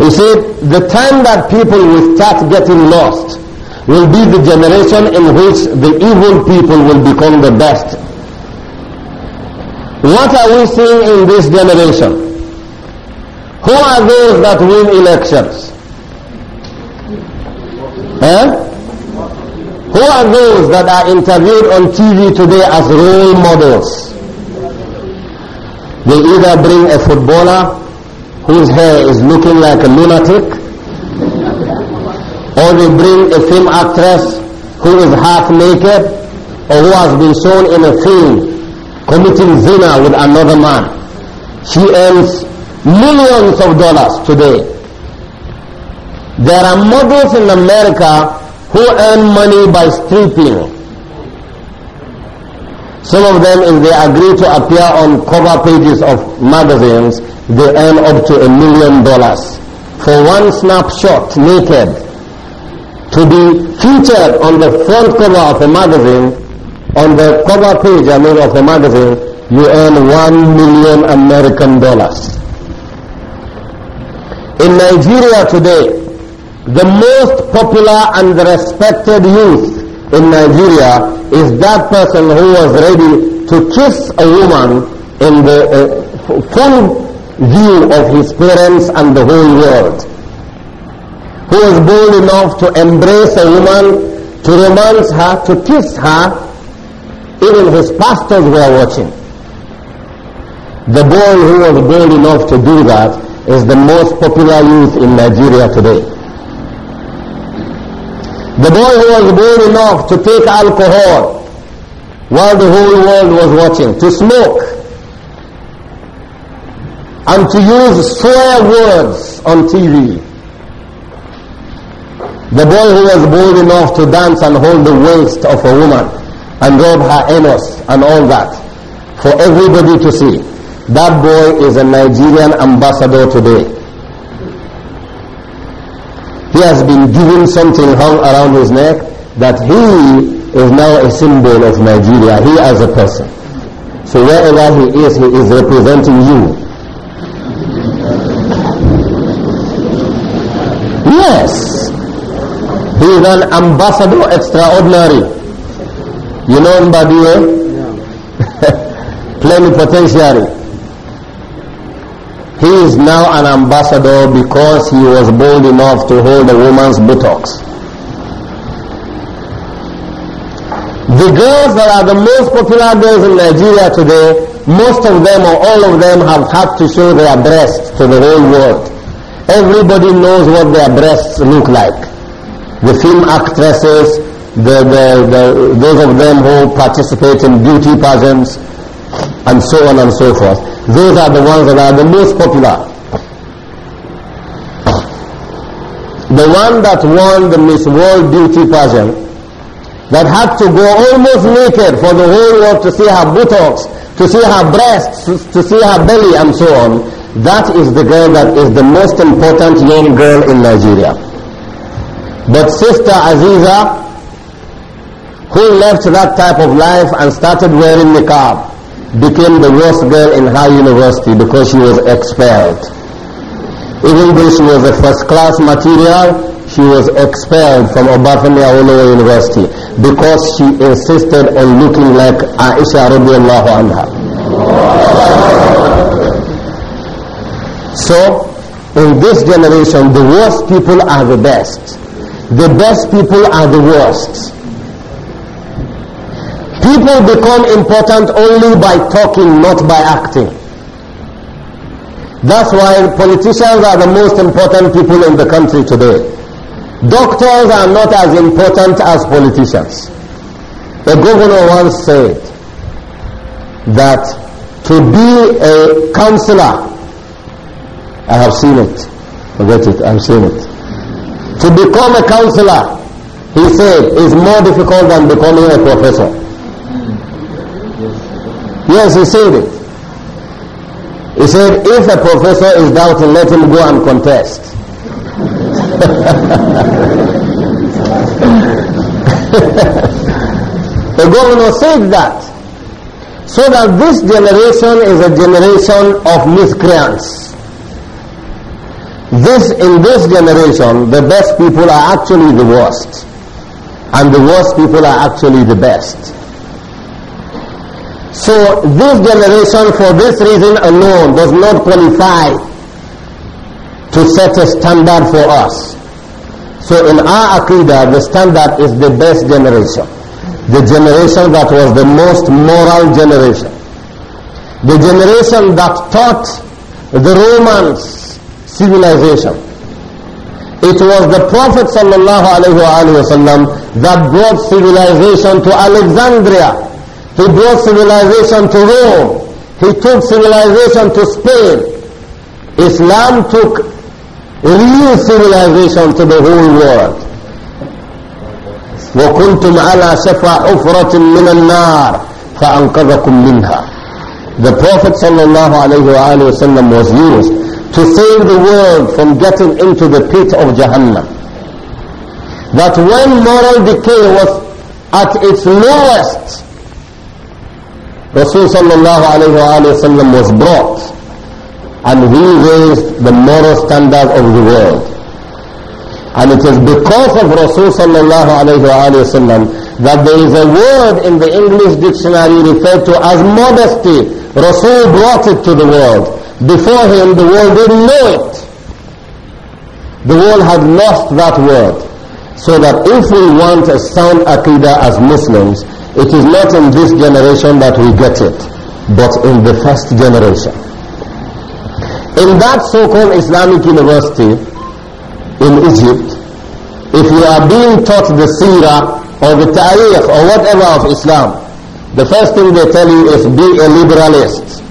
You see, the time that people will start getting lost will be the generation in which the evil people will become the best. What are we seeing in this generation? Who are those that win elections? Eh? Who are those that are interviewed on TV today as role models? They either bring a footballer whose hair is looking like a lunatic, or they bring a film actress who is half naked or who has been shown in a film committing zina with another man. She earns millions of dollars today. There are models in America who earn money by stripping. Some of them, if they agree to appear on cover pages of magazines, they earn up to a million dollars for one snapshot naked to be featured on the front cover of a magazine, on the cover page, I mean, of a magazine, you earn one million American dollars. In Nigeria today, the most popular and respected youth in Nigeria is that person who was ready to kiss a woman in the uh, full view of his parents and the whole world who was bold enough to embrace a woman, to romance her, to kiss her, even his pastors were watching. The boy who was bold enough to do that is the most popular youth in Nigeria today. The boy who was bold enough to take alcohol while the whole world was watching, to smoke, and to use swear words on TV the boy who was bold enough to dance and hold the waist of a woman and rub her anus and all that for everybody to see. That boy is a Nigerian ambassador today. He has been given something hung around his neck that he is now a symbol of Nigeria, he as a person. So wherever he is, he is representing you. Yes. He is an ambassador extraordinary. You know Mbadiwe? Yeah. Plenipotentiary. He is now an ambassador because he was bold enough to hold a woman's buttocks. The girls that are the most popular girls in Nigeria today, most of them or all of them have had to show their breasts to the whole world. Everybody knows what their breasts look like the film actresses, the, the, the, those of them who participate in beauty pageants, and so on and so forth. Those are the ones that are the most popular. The one that won the Miss World Beauty pageant, that had to go almost naked for the whole world to see her buttocks, to see her breasts, to see her belly, and so on, that is the girl that is the most important young girl in Nigeria. But Sister Aziza, who left that type of life and started wearing niqab, became the worst girl in her university because she was expelled. Even though she was a first-class material, she was expelled from Obafemi Awolowo University because she insisted on looking like Aisha radiallahu anha. So, in this generation, the worst people are the best the best people are the worst. People become important only by talking, not by acting. That's why politicians are the most important people in the country today. Doctors are not as important as politicians. The governor once said that to be a counselor, I have seen it, forget it, I've seen it to become a counselor, he said, is more difficult than becoming a professor. Yes, he said it. He said, if a professor is doubting, let him go and contest. the governor said that. So that this generation is a generation of miscreants. This, in this generation, the best people are actually the worst. And the worst people are actually the best. So this generation, for this reason alone, does not qualify to set a standard for us. So in our akida, the standard is the best generation. The generation that was the most moral generation. The generation that taught the Romans civilization. It was the Prophet ﷺ that brought civilization to Alexandria. He brought civilization to Rome. He took civilization to Spain. Islam took real civilization to the whole world. وكنتم على حفرة من النار فأنقذكم منها. The Prophet sallallahu alaihi wasallam was used to save the world from getting into the pit of Jahannam. That when moral decay was at its lowest, Rasul sallallahu alayhi wa sallam was brought and he raised the moral standard of the world. And it is because of Rasul sallallahu alayhi wa sallam that there is a word in the English dictionary referred to as modesty. Rasul brought it to the world. Before him, the world didn't know it. The world had lost that word. So that if we want a sound Aqidah as Muslims, it is not in this generation that we get it, but in the first generation. In that so-called Islamic university in Egypt, if you are being taught the seerah or the tariq or whatever of Islam, the first thing they tell you is be a liberalist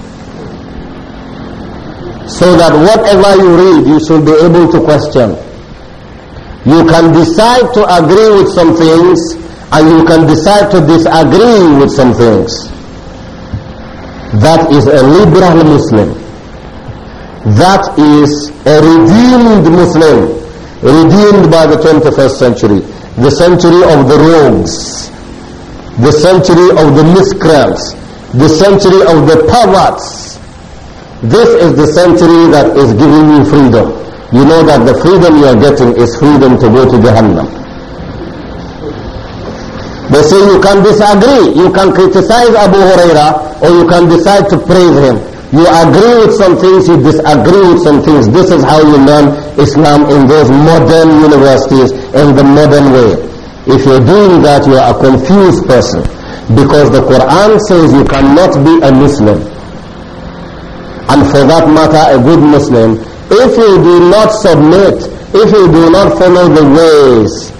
so that whatever you read you should be able to question. You can decide to agree with some things and you can decide to disagree with some things. That is a liberal Muslim. That is a redeemed Muslim, redeemed by the 21st century, the century of the rogues, the century of the miscreants, the century of the perverts, this is the century that is giving you freedom. You know that the freedom you are getting is freedom to go to Jahannam. They say you can disagree. You can criticize Abu Huraira or you can decide to praise him. You agree with some things, you disagree with some things. This is how you learn Islam in those modern universities in the modern way. If you're doing that, you are a confused person. Because the Quran says you cannot be a Muslim and for that matter a good Muslim, if you do not submit, if you do not follow the ways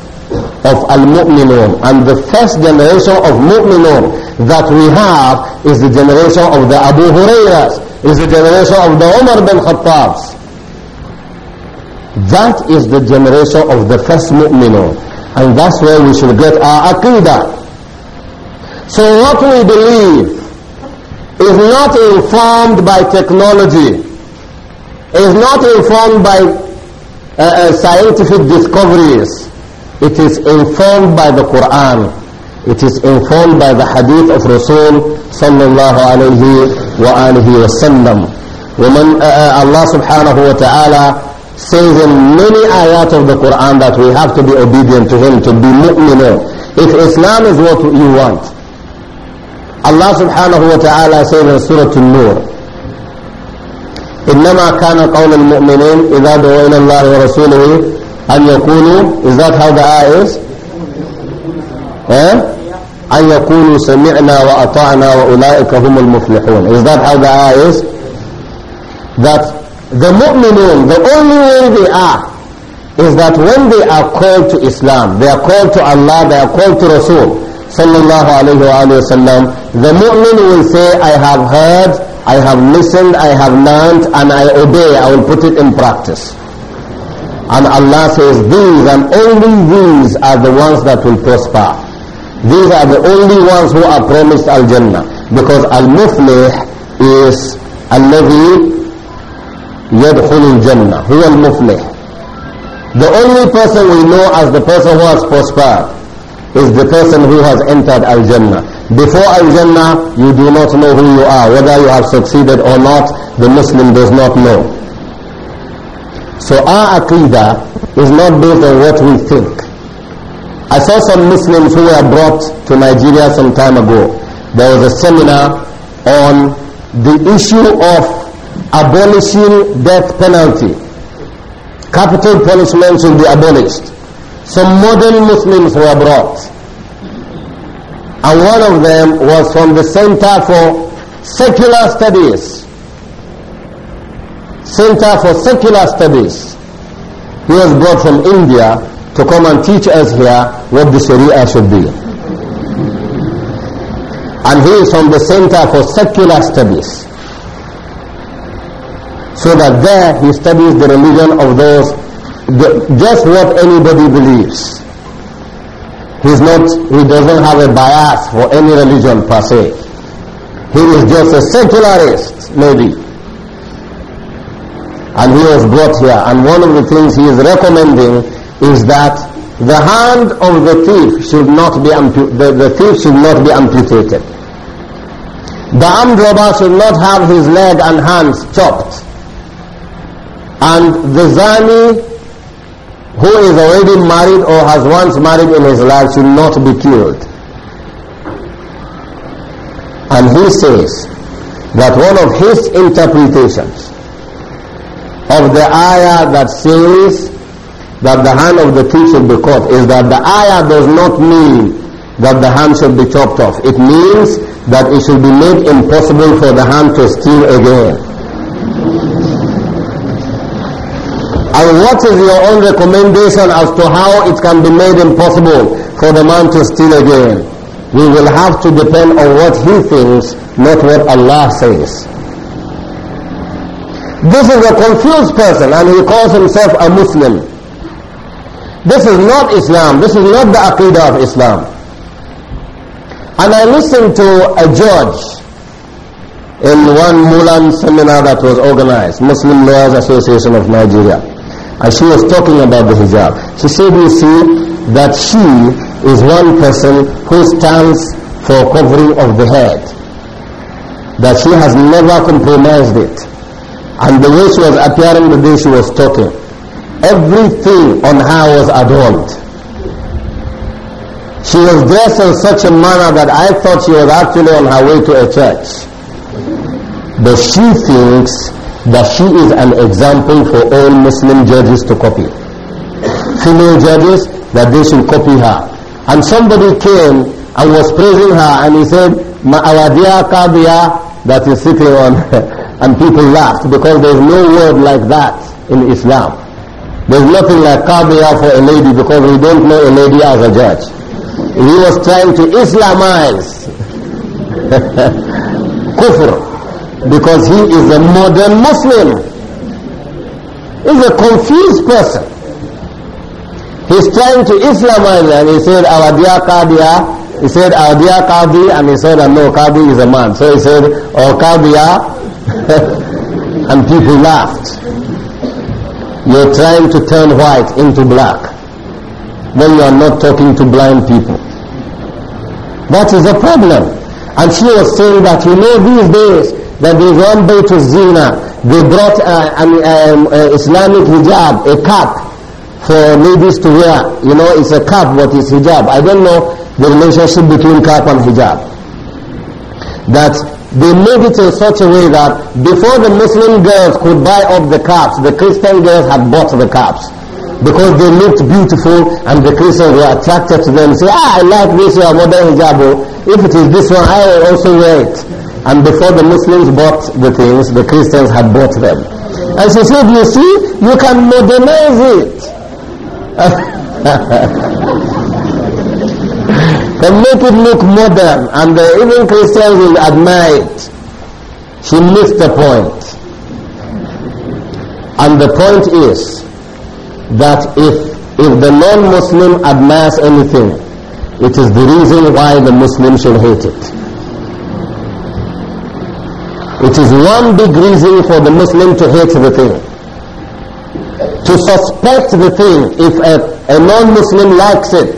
of Al-Mu'minun and the first generation of Mu'minun that we have is the generation of the Abu Hurairas, is the generation of the Umar bin Khattabs. That is the generation of the first Mu'minun and that's where we should get our Aqidah. So what we believe is not informed by technology, is not informed by uh, uh, scientific discoveries. It is informed by the Quran. It is informed by the hadith of Rasul sallallahu alayhi wa alihi wa sallam. Uh, uh, Allah subhanahu wa ta'ala says in many ayat of the Quran that we have to be obedient to Him, to be mu'minun. If Islam is what you want, الله سبحانه وتعالى سيد سورة النور إنما كان قول المؤمنين إذا دعوا إلى الله ورسوله أن يقولوا is that how the ayah is? أن يقولوا سمعنا وأطعنا وأولئك هم المفلحون is that how the ayah is? that the mu'minun the only way they are is that when they are called to Islam they are called to Allah they are called to Rasul sallallahu alayhi sallam. the mu'min will say, I have heard, I have listened, I have learnt, and I obey, I will put it in practice. And Allah says, these and only these are the ones that will prosper. These are the only ones who are promised Al-Jannah. Because Al-Muflih is Al-Nabi Yadkhul Al-Jannah. Who Al-Muflih? The only person we know as the person who has prospered is the person who has entered Al-Jannah. Before Al-Jannah, you do not know who you are. Whether you have succeeded or not, the Muslim does not know. So our Aqidah is not based on what we think. I saw some Muslims who were brought to Nigeria some time ago. There was a seminar on the issue of abolishing death penalty. Capital punishment should be abolished. Some modern Muslims were brought. And one of them was from the Center for Secular Studies. Center for Secular Studies. He was brought from India to come and teach us here what the Sharia should be. And he is from the Center for Secular Studies. So that there he studies the religion of those just what anybody believes. He's not, he doesn't have a bias for any religion per se. He is just a secularist, maybe. And he was brought here. And one of the things he is recommending is that the hand of the thief should not be the, the thief should not be amputated. The armed robber should not have his leg and hands chopped. And the zani who is already married or has once married in his life should not be killed. And he says that one of his interpretations of the ayah that says that the hand of the thief should be cut is that the ayah does not mean that the hand should be chopped off. It means that it should be made impossible for the hand to steal again. And what is your own recommendation as to how it can be made impossible for the man to steal again? We will have to depend on what he thinks, not what Allah says. This is a confused person and he calls himself a Muslim. This is not Islam. This is not the Aqidah of Islam. And I listened to a judge in one Mulan seminar that was organized, Muslim Lawyers Association of Nigeria. And she was talking about the hijab. She said, you see, that she is one person who stands for covering of the head. That she has never compromised it. And the way she was appearing, the day she was talking, everything on her was adorned. She was dressed in such a manner that I thought she was actually on her way to a church. But she thinks that she is an example for all Muslim judges to copy. Female judges, that they should copy her. And somebody came and was praising her and he said, Ma'awadia Qadiya, that is sitting on, and people laughed because there is no word like that in Islam. There's nothing like Qadiya for a lady because we don't know a lady as a judge. He was trying to Islamize kufr because he is a modern Muslim. He's a confused person. He's trying to Islamize and he said, Our dear Qadiya, ah. he said, Our dear Qadi, and he said, No, Qadi is a man. So he said, Oh, Qadiya, ah. and people laughed. You're trying to turn white into black when you are not talking to blind people. That is a problem. And she was saying that, you know, these days that they went there to zina. They brought an um, Islamic hijab, a cap for ladies to wear. You know, it's a cap, what is hijab. I don't know the relationship between cap and hijab. That they made it in such a way that before the Muslim girls could buy up the caps, the Christian girls had bought the caps. Because they looked beautiful and the Christians were attracted to them. Say, ah, I like this your modern hijab. Oh. If it is this one, I will also wear it. And before the Muslims bought the things, the Christians had bought them. And she said, you see, you can modernize it. and make it look modern. And the, even Christians will admire it. She missed the point. And the point is that if, if the non-Muslim admires anything, it is the reason why the Muslim should hate it. It is one big reason for the Muslim to hate the thing. To suspect the thing, if a, a non-Muslim likes it,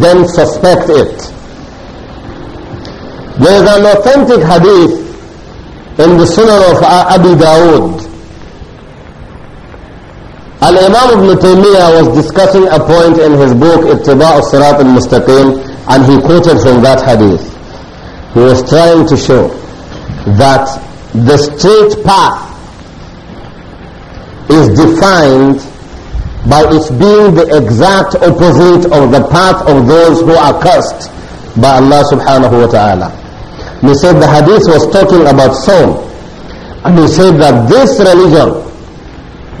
then suspect it. There is an authentic hadith in the Sunnah of Abi Dawood. Al-Imam Ibn Taymiyyah was discussing a point in his book Ibtiba' al-Sirat al-Mustaqim and he quoted from that hadith. He was trying to show that the straight path is defined by its being the exact opposite of the path of those who are cursed by Allah subhanahu wa ta'ala. He said the hadith was talking about soul. And he said that this religion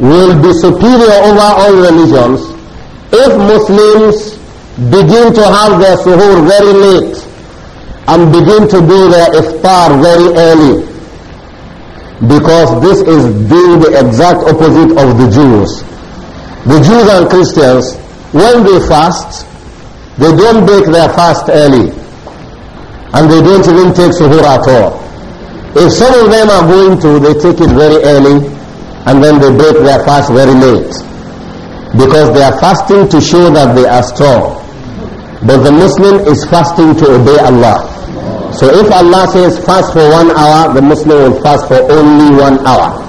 will be superior over all religions if Muslims begin to have their suhoor very late and begin to do their iftar very early because this is doing the exact opposite of the Jews. The Jews and Christians, when they fast, they don't break their fast early. And they don't even take suhoor at all. If some of them are going to, they take it very early and then they break their fast very late. Because they are fasting to show that they are strong. But the Muslim is fasting to obey Allah. So if Allah says fast for one hour, the Muslim will fast for only one hour.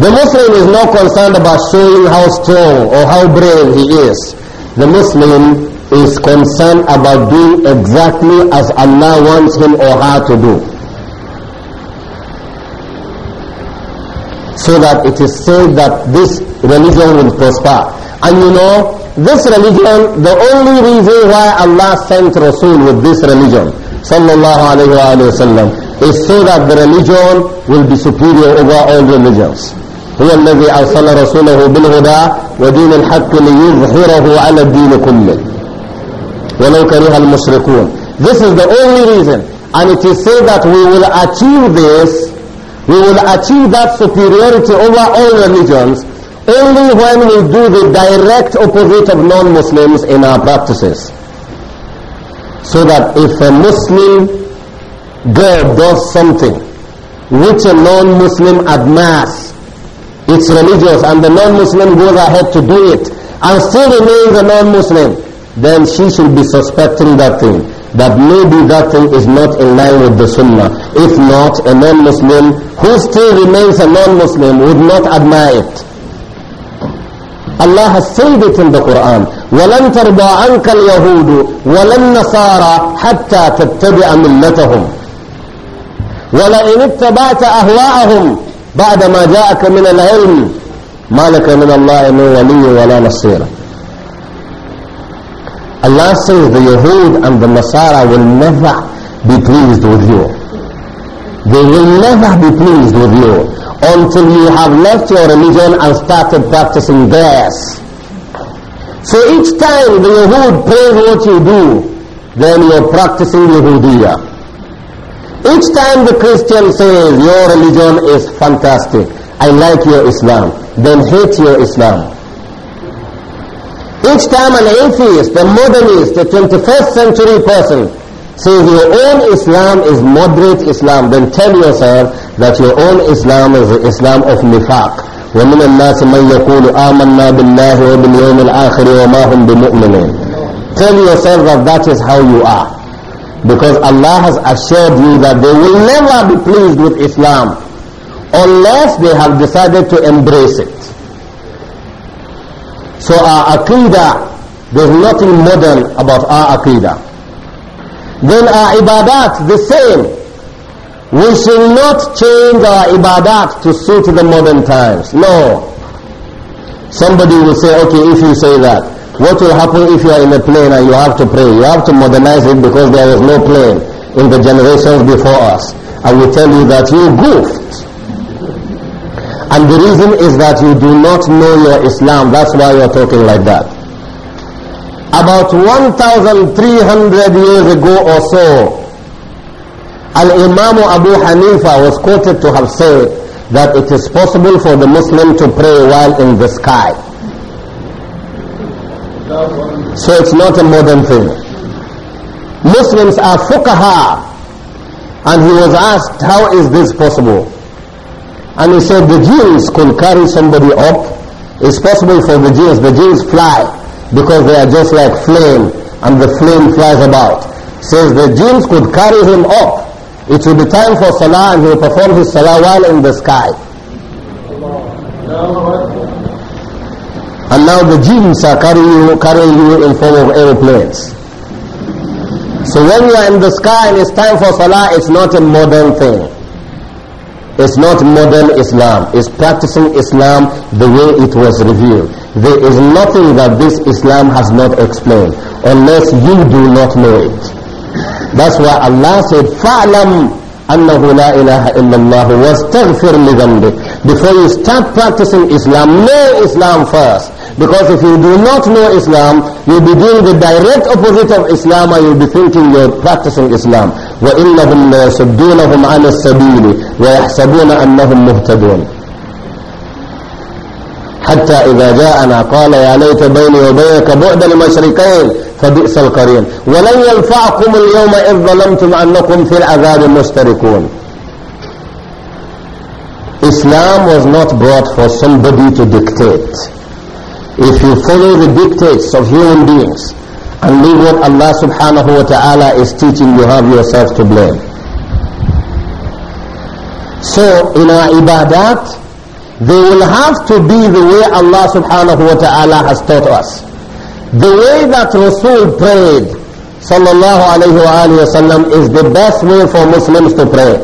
The Muslim is not concerned about showing how strong or how brave he is. The Muslim is concerned about doing exactly as Allah wants him or her to do. So that it is said that this religion will prosper. And you know, this religion, the only reason why Allah sent Rasul with this religion, sallallahu alayhi wa sallam, is so that the religion will be superior over all religions. هو الذي أرسل رسوله بالهدى ودين الحق ليظهره على الدين كله ولو كره المشركون This is the only reason and it is said that we will achieve this we will achieve that superiority over all religions only when we do the direct opposite of non-Muslims in our practices. So that if a Muslim girl does something which a non-Muslim admires, it's religious and the non-Muslim goes ahead to do it and still remains a non-Muslim, then she should be suspecting that thing, that maybe that thing is not in line with the Sunnah. If not, a non-Muslim who still remains a non-Muslim would not admire it. الله سيدت بقرآن ولن ترضى عنك اليهود ولا النصارى حتى تتبع ملتهم ولئن اتبعت أهواءهم بعد ما جاءك من العلم ما لك من الله من ولي ولا نصير الله says the Yahud and the Nasara will never be pleased with you They will never be pleased with you until you have left your religion and started practicing theirs. So each time the Yahud praise what you do, then you're practicing Yahudiya. Each time the Christian says, your religion is fantastic, I like your Islam, then hate your Islam. Each time an atheist, a modernist, a 21st century person since your own Islam is moderate Islam, then tell yourself that your own Islam is the Islam of nifaq. ومن الناس من يقول آمنا بالله وباليوم الآخر وما هم بمؤمنين. Tell yourself that that is how you are. Because Allah has assured you that they will never be pleased with Islam unless they have decided to embrace it. So our Aqidah, there's nothing modern about our Aqidah then our ibadat the same. We shall not change our ibadat to suit the modern times. No. Somebody will say, okay, if you say that, what will happen if you are in a plane and you have to pray? You have to modernize it because there was no plane in the generations before us. I will tell you that you goofed. And the reason is that you do not know your Islam. That's why you are talking like that about 1,300 years ago or so, Al-Imam Abu Hanifa was quoted to have said that it is possible for the Muslim to pray while in the sky. So it's not a modern thing. Muslims are fuqaha. And he was asked, how is this possible? And he said, the Jews could carry somebody up. It's possible for the Jews. The Jews fly because they are just like flame and the flame flies about. Says the jinns could carry him up. It will be time for salah and he will perform his salah while in the sky. And now the jinns are carrying you, carrying you in form of aeroplanes. So when you are in the sky and it's time for salah, it's not a modern thing. It's not modern Islam. It's practicing Islam the way it was revealed. There is nothing that this Islam has not explained unless you do not know it. That's why Allah said, فَعْلَمْ أَنَّهُ لَا إِلَهَ إِلَّا اللَّهُ وَاسْتَغْفِرْ لِذَنْبِكَ Before you start practicing Islam, know Islam first. Because if you do not know Islam, you'll be doing the direct opposite of Islam and you'll be thinking you're practicing Islam. وَإِنَّهُمْ لَيَصُدُّونَهُمْ عَنِ السَّبِيلِ وَيَحْسَبُونَ أَنَّهُمْ مُهْتَدُونَ حتى إذا جاءنا قال يا ليت بيني وبينك بعد المشرقين فبئس القرين ولن ينفعكم اليوم إذ ظلمتم أنكم في العذاب مشتركون Islam was not brought for somebody to dictate. If you follow the dictates of human beings and leave what Allah subhanahu wa ta'ala is teaching, you have yourself to blame. So in our ibadat, They will have to be the way Allah subhanahu wa ta'ala has taught us. The way that Rasul prayed sallallahu alayhi wa sallam is the best way for Muslims to pray.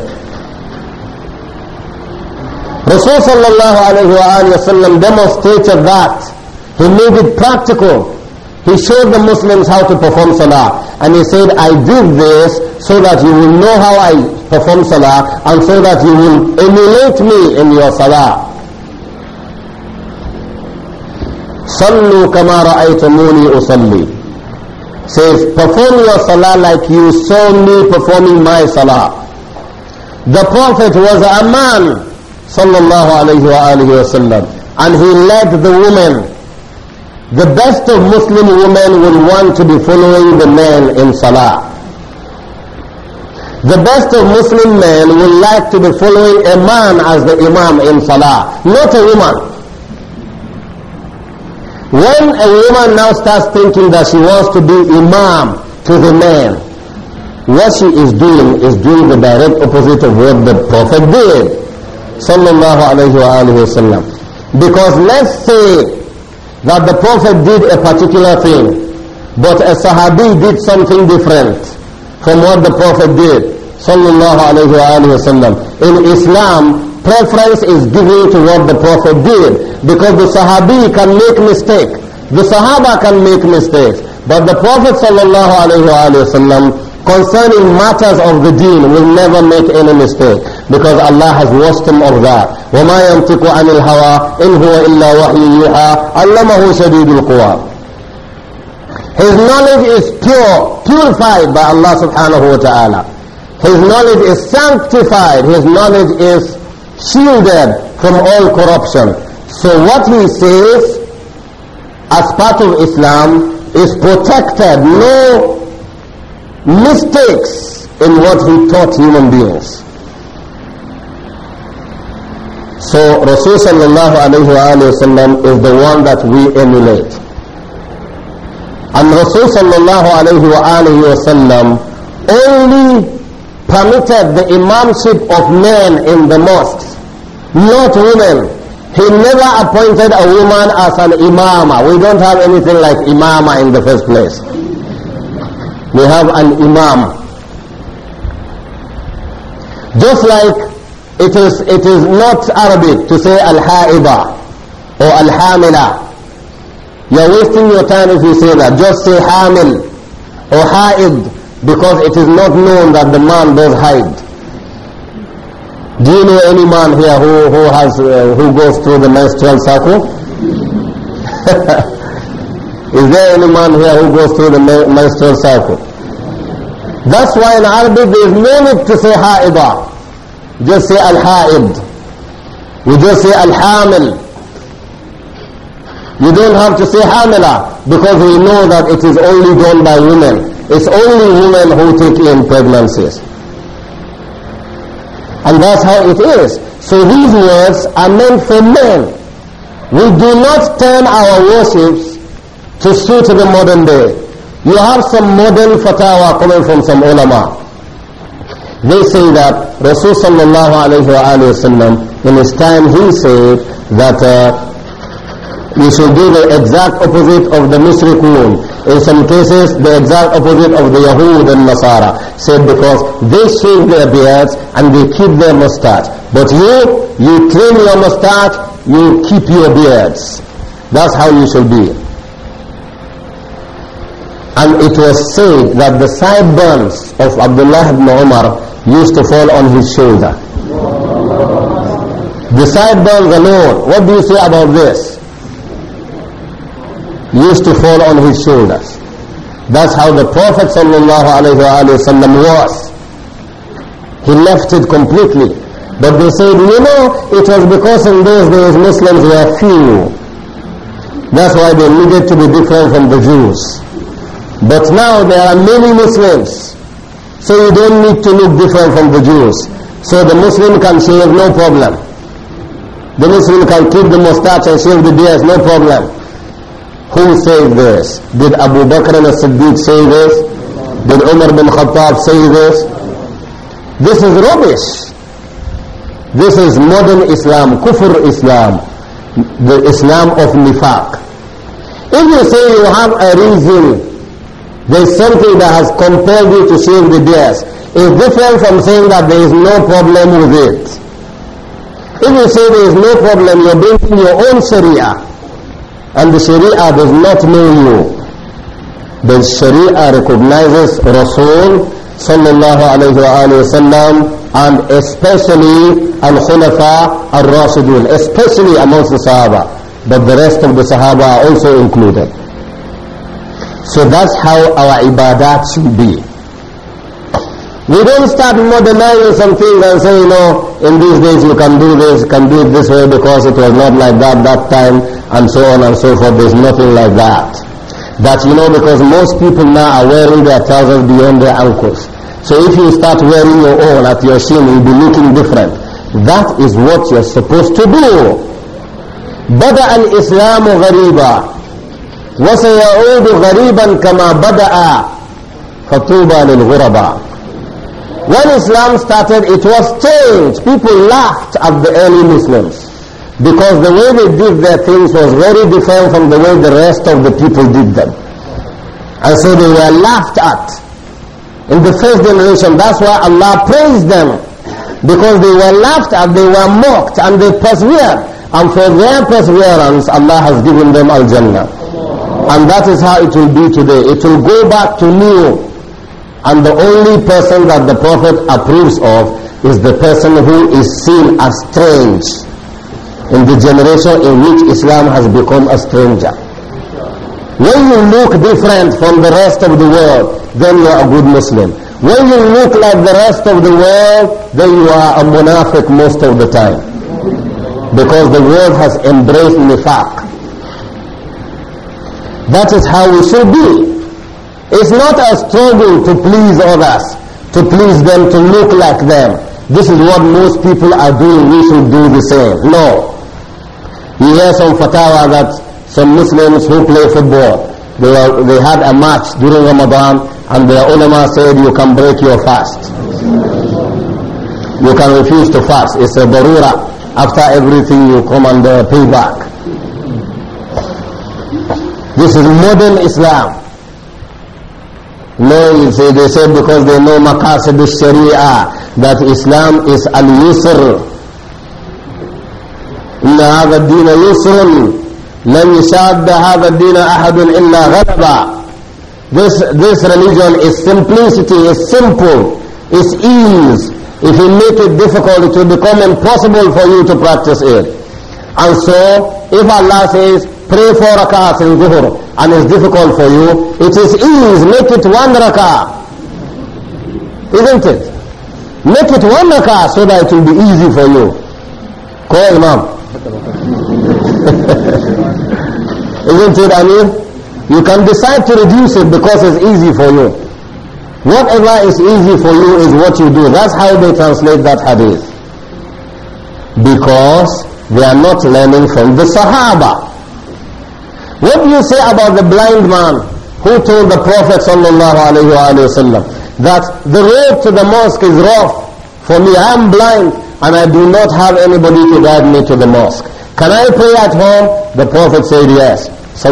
Rasul sallallahu alayhi wa sallam demonstrated that. He made it practical. He showed the Muslims how to perform salah. And he said, I did this so that you will know how I perform salah and so that you will emulate me in your salah. Sallu Kamara Aitamuni usalli. Says, perform your salah like you saw me performing my salah. The Prophet was a man, sallallahu alayhi wa wasallam, and he led the women. The best of Muslim women will want to be following the men in salah. The best of Muslim men will like to be following a man as the imam in salah, not a woman. When a woman now starts thinking that she wants to be imam to the man, what she is doing is doing the direct opposite of what the Prophet did. Sallallahu alayhi wa alayhi wa Because let's say that the Prophet did a particular thing, but a Sahabi did something different from what the Prophet did. Sallallahu alayhi wa alayhi wa In Islam, Preference is given to what the Prophet did because the Sahabi can make mistake. The Sahaba can make mistakes. But the Prophet ﷺ concerning matters of the deen will never make any mistake because Allah has washed him of that. وَمَا يَنْتِقُ عَنِ الْهَوَىٰ إِنْ هُوَ إِلَّا وَحْيٌ عَلَّمَهُ شَدِيدُ الْقُوَىٰ His knowledge is pure, purified by Allah subhanahu wa ta'ala. His knowledge is sanctified. His knowledge is shielded from all corruption. So what he says as part of Islam is protected, no mistakes in what he taught human beings. So Rasul sallallahu alayhi wa sallam is the one that we emulate. And Rasul sallallahu alayhi wa sallam only permitted the imamship of men in the mosques, not women. He never appointed a woman as an imama. We don't have anything like imama in the first place. We have an imam. Just like it is, it is not Arabic to say al-ha'iba or al-hamila. You're wasting your time if you say that. Just say hamil or ha'id because it is not known that the man does hide. Do you know any man here who, who, has, uh, who goes through the menstrual cycle? is there any man here who goes through the menstrual cycle? That's why in Arabic there is no need to say haiba, Just say al-ha'id. You just say al-hamil. You don't have to say hamila because we know that it is only done by women. It's only women who take in pregnancies. And that's how it is. So these words are meant for men. We do not turn our worships to suit the modern day. You have some modern fatwa coming from some ulama. They say that Rasulullah sallallahu alayhi wa in his time he said that uh, you should do the exact opposite of the mushrikun. In some cases, the exact opposite of the Yahud and Nasara. Said because they shave their beards and they keep their mustache. But you, you trim your mustache, you keep your beards. That's how you should be. And it was said that the sideburns of Abdullah ibn Umar used to fall on his shoulder. The sideburns alone, what do you say about this? used to fall on his shoulders. That's how the Prophet ﷺ was. He left it completely. But they said, you know, it was because in those days Muslims were few. That's why they needed to be different from the Jews. But now there are many Muslims. So you don't need to look different from the Jews. So the Muslim can shave, no problem. The Muslim can keep the mustache and shave the beard, no problem. Who said this? Did Abu Bakr al siddiq say this? Did Umar bin Khattab say this? This is rubbish. This is modern Islam, kufr Islam, the Islam of nifaq. If you say you have a reason, there's something that has compelled you to shave the beard, it's different from saying that there is no problem with it. If you say there is no problem, you're bringing your own Sharia and the Sharia does not know you. The Sharia recognizes Rasul sallallahu alayhi wa sallam and especially Al-Khulafa al rasul especially amongst the Sahaba. But the rest of the Sahaba are also included. So that's how our ibadat should be. We don't start modernizing some things and say, you know, in these days you can do this, can do it this way because it was not like that that time and so on and so forth. There's nothing like that. That, you know, because most people now are wearing their trousers beyond their ankles. So if you start wearing your own at your shin, you'll be looking different. That is what you're supposed to do. بدأ الإسلام غريبا وسيعود غريبا كما بدأ فطوبى للغرباء when Islam started, it was changed. People laughed at the early Muslims because the way they did their things was very different from the way the rest of the people did them. And so they were laughed at in the first generation. That's why Allah praised them because they were laughed at, they were mocked, and they persevered. And for their perseverance, Allah has given them Al-Jannah. And that is how it will be today. It will go back to new and the only person that the Prophet approves of is the person who is seen as strange in the generation in which Islam has become a stranger. When you look different from the rest of the world, then you are a good Muslim. When you look like the rest of the world, then you are a monafic most of the time. Because the world has embraced nifaq. That is how we should be. It's not a struggle to please others, to please them, to look like them. This is what most people are doing. We should do the same. No. You hear some fatwa that some Muslims who play football, they, are, they had a match during Ramadan and the ulama said you can break your fast. You can refuse to fast. It's a barura. After everything you come and uh, pay back. This is modern Islam. No, they say because they know maqasid sharia that Islam is al-yusr. إن هذا الدين يسر لن يشاد هذا الدين أحد إلا غلبا This, this religion is simplicity, is simple, is ease. If you make it difficult, it will become impossible for you to practice it. And so, if Allah says, pray for rakats in Zuhur, and it's difficult for you, it is ease. Make it one rak'ah. Isn't it? Make it one rak'ah so that it will be easy for you. Call Imam. Isn't it, Amir? You can decide to reduce it because it's easy for you. Whatever is easy for you is what you do. That's how they translate that hadith. Because they are not learning from the Sahaba. What do you say about the blind man who told the Prophet ﷺ that the road to the mosque is rough for me, I am blind and I do not have anybody to guide me to the mosque. Can I pray at home? The Prophet said yes. As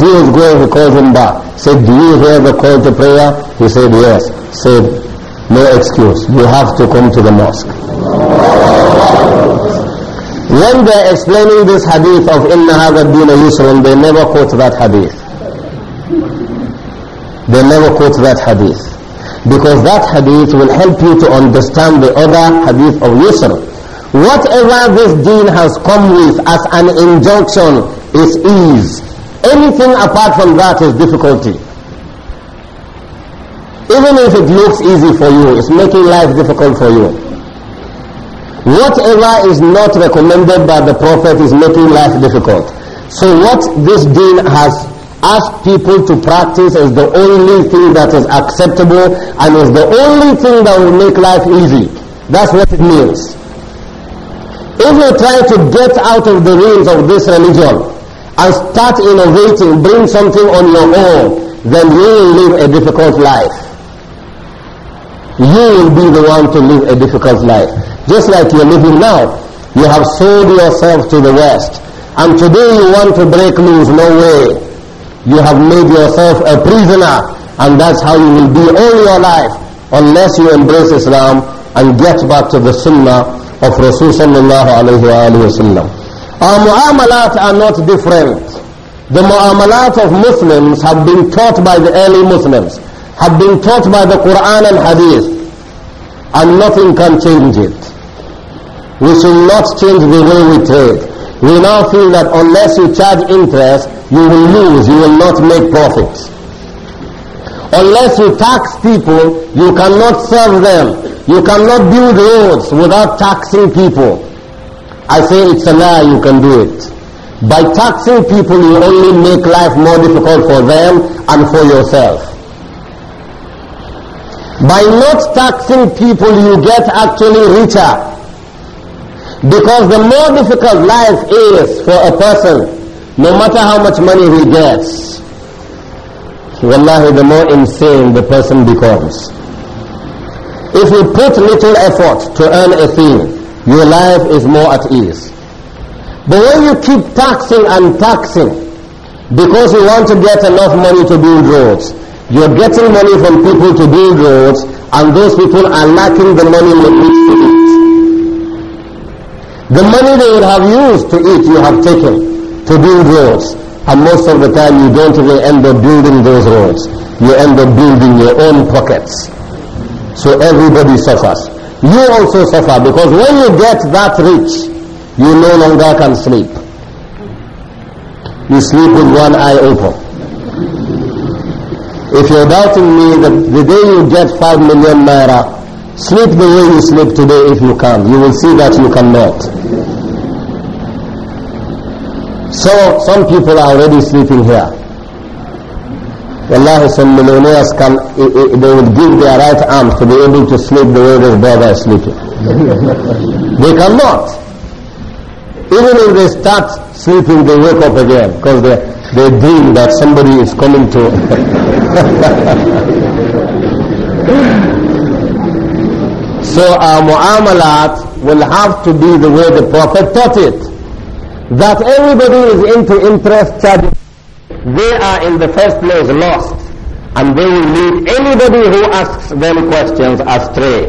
he was going, he called him back. Said, do you hear the call to prayer? He said yes. Said, no excuse. You have to come to the mosque. When they're explaining this hadith of Inna Hadad Dina Yusran, they never quote that hadith. They never quote that hadith. Because that hadith will help you to understand the other hadith of Yusr. Whatever this deen has come with as an injunction is ease. Anything apart from that is difficulty. Even if it looks easy for you, it's making life difficult for you. Whatever is not recommended by the Prophet is making life difficult. So what this deen has asked people to practice is the only thing that is acceptable and is the only thing that will make life easy. That's what it means. If you try to get out of the rules of this religion and start innovating, bring something on your own, then you will live a difficult life you will be the one to live a difficult life. Just like you're living now. You have sold yourself to the West. And today you want to break loose. No way. You have made yourself a prisoner. And that's how you will be all your life. Unless you embrace Islam and get back to the Sunnah of Rasul sallallahu alayhi wa sallam. Our mu'amalat are not different. The mu'amalat of Muslims have been taught by the early Muslims have been taught by the Quran and Hadith and nothing can change it. We should not change the way we trade. We now feel that unless you charge interest, you will lose, you will not make profits. Unless you tax people, you cannot serve them. You cannot build roads without taxing people. I say it's a lie, you can do it. By taxing people, you only make life more difficult for them and for yourself. By not taxing people, you get actually richer. Because the more difficult life is for a person, no matter how much money he gets, wallahi, the more insane the person becomes. If you put little effort to earn a thing, your life is more at ease. But when you keep taxing and taxing because you want to get enough money to build roads, you're getting money from people to build roads, and those people are lacking the money with which to eat. The money they would have used to eat, you have taken to build roads. And most of the time, you don't even end up building those roads. You end up building your own pockets. So everybody suffers. You also suffer because when you get that rich, you no longer can sleep. You sleep with one eye open. If you're doubting me that the day you get 5 million naira, sleep the way you sleep today if you can. You will see that you cannot. So some people are already sleeping here. Wallahi, some millionaires can, they will give their right arm to be able to sleep the way their brother is sleeping. they cannot. Even if they start Sleeping, they wake up again because they, they dream that somebody is coming to. so our mu'amalat will have to be the way the Prophet taught it. That everybody is into interest charging. They are in the first place lost and they will lead anybody who asks them questions astray.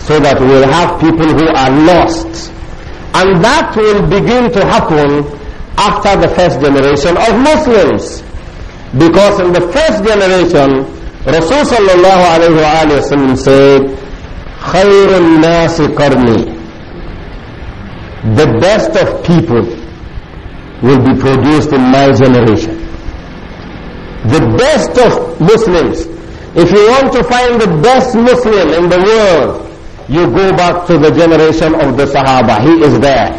So that we'll have people who are lost and that will begin to happen after the first generation of Muslims. Because in the first generation, Rasul sallallahu alayhi wa said, "Khairun النَّاسِ The best of people will be produced in my generation. The best of Muslims. If you want to find the best Muslim in the world, you go back to the generation of the Sahaba. He is there.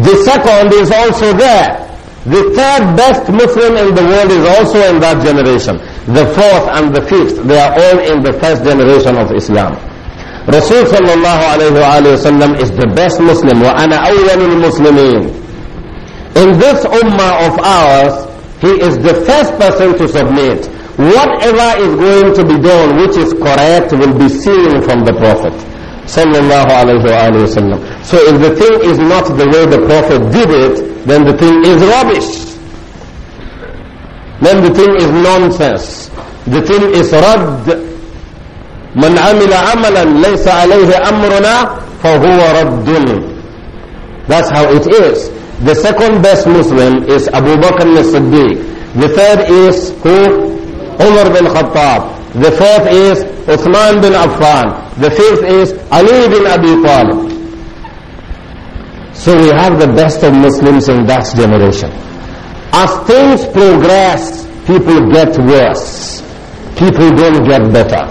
The second is also there. The third best Muslim in the world is also in that generation. The fourth and the fifth, they are all in the first generation of Islam. Rasul sallallahu alayhi wa sallam is the best Muslim. وَأَنَا أَوَّلُ الْمُسْلِمِينَ in this ummah of ours, he is the first person to submit. Whatever is going to be done which is correct will be seen from the Prophet. Sallallahu wa sallam. So if the thing is not the way the Prophet did it, then the thing is rubbish. Then the thing is nonsense. The thing is radd. رد That's how it is. The second best Muslim is Abu Bakr as-Siddiq. The third is who? Umar bin Khattab. The fourth is Uthman bin Affan. The fifth is Ali bin Abi Talib. So we have the best of Muslims in that generation. As things progress, people get worse. People don't get better.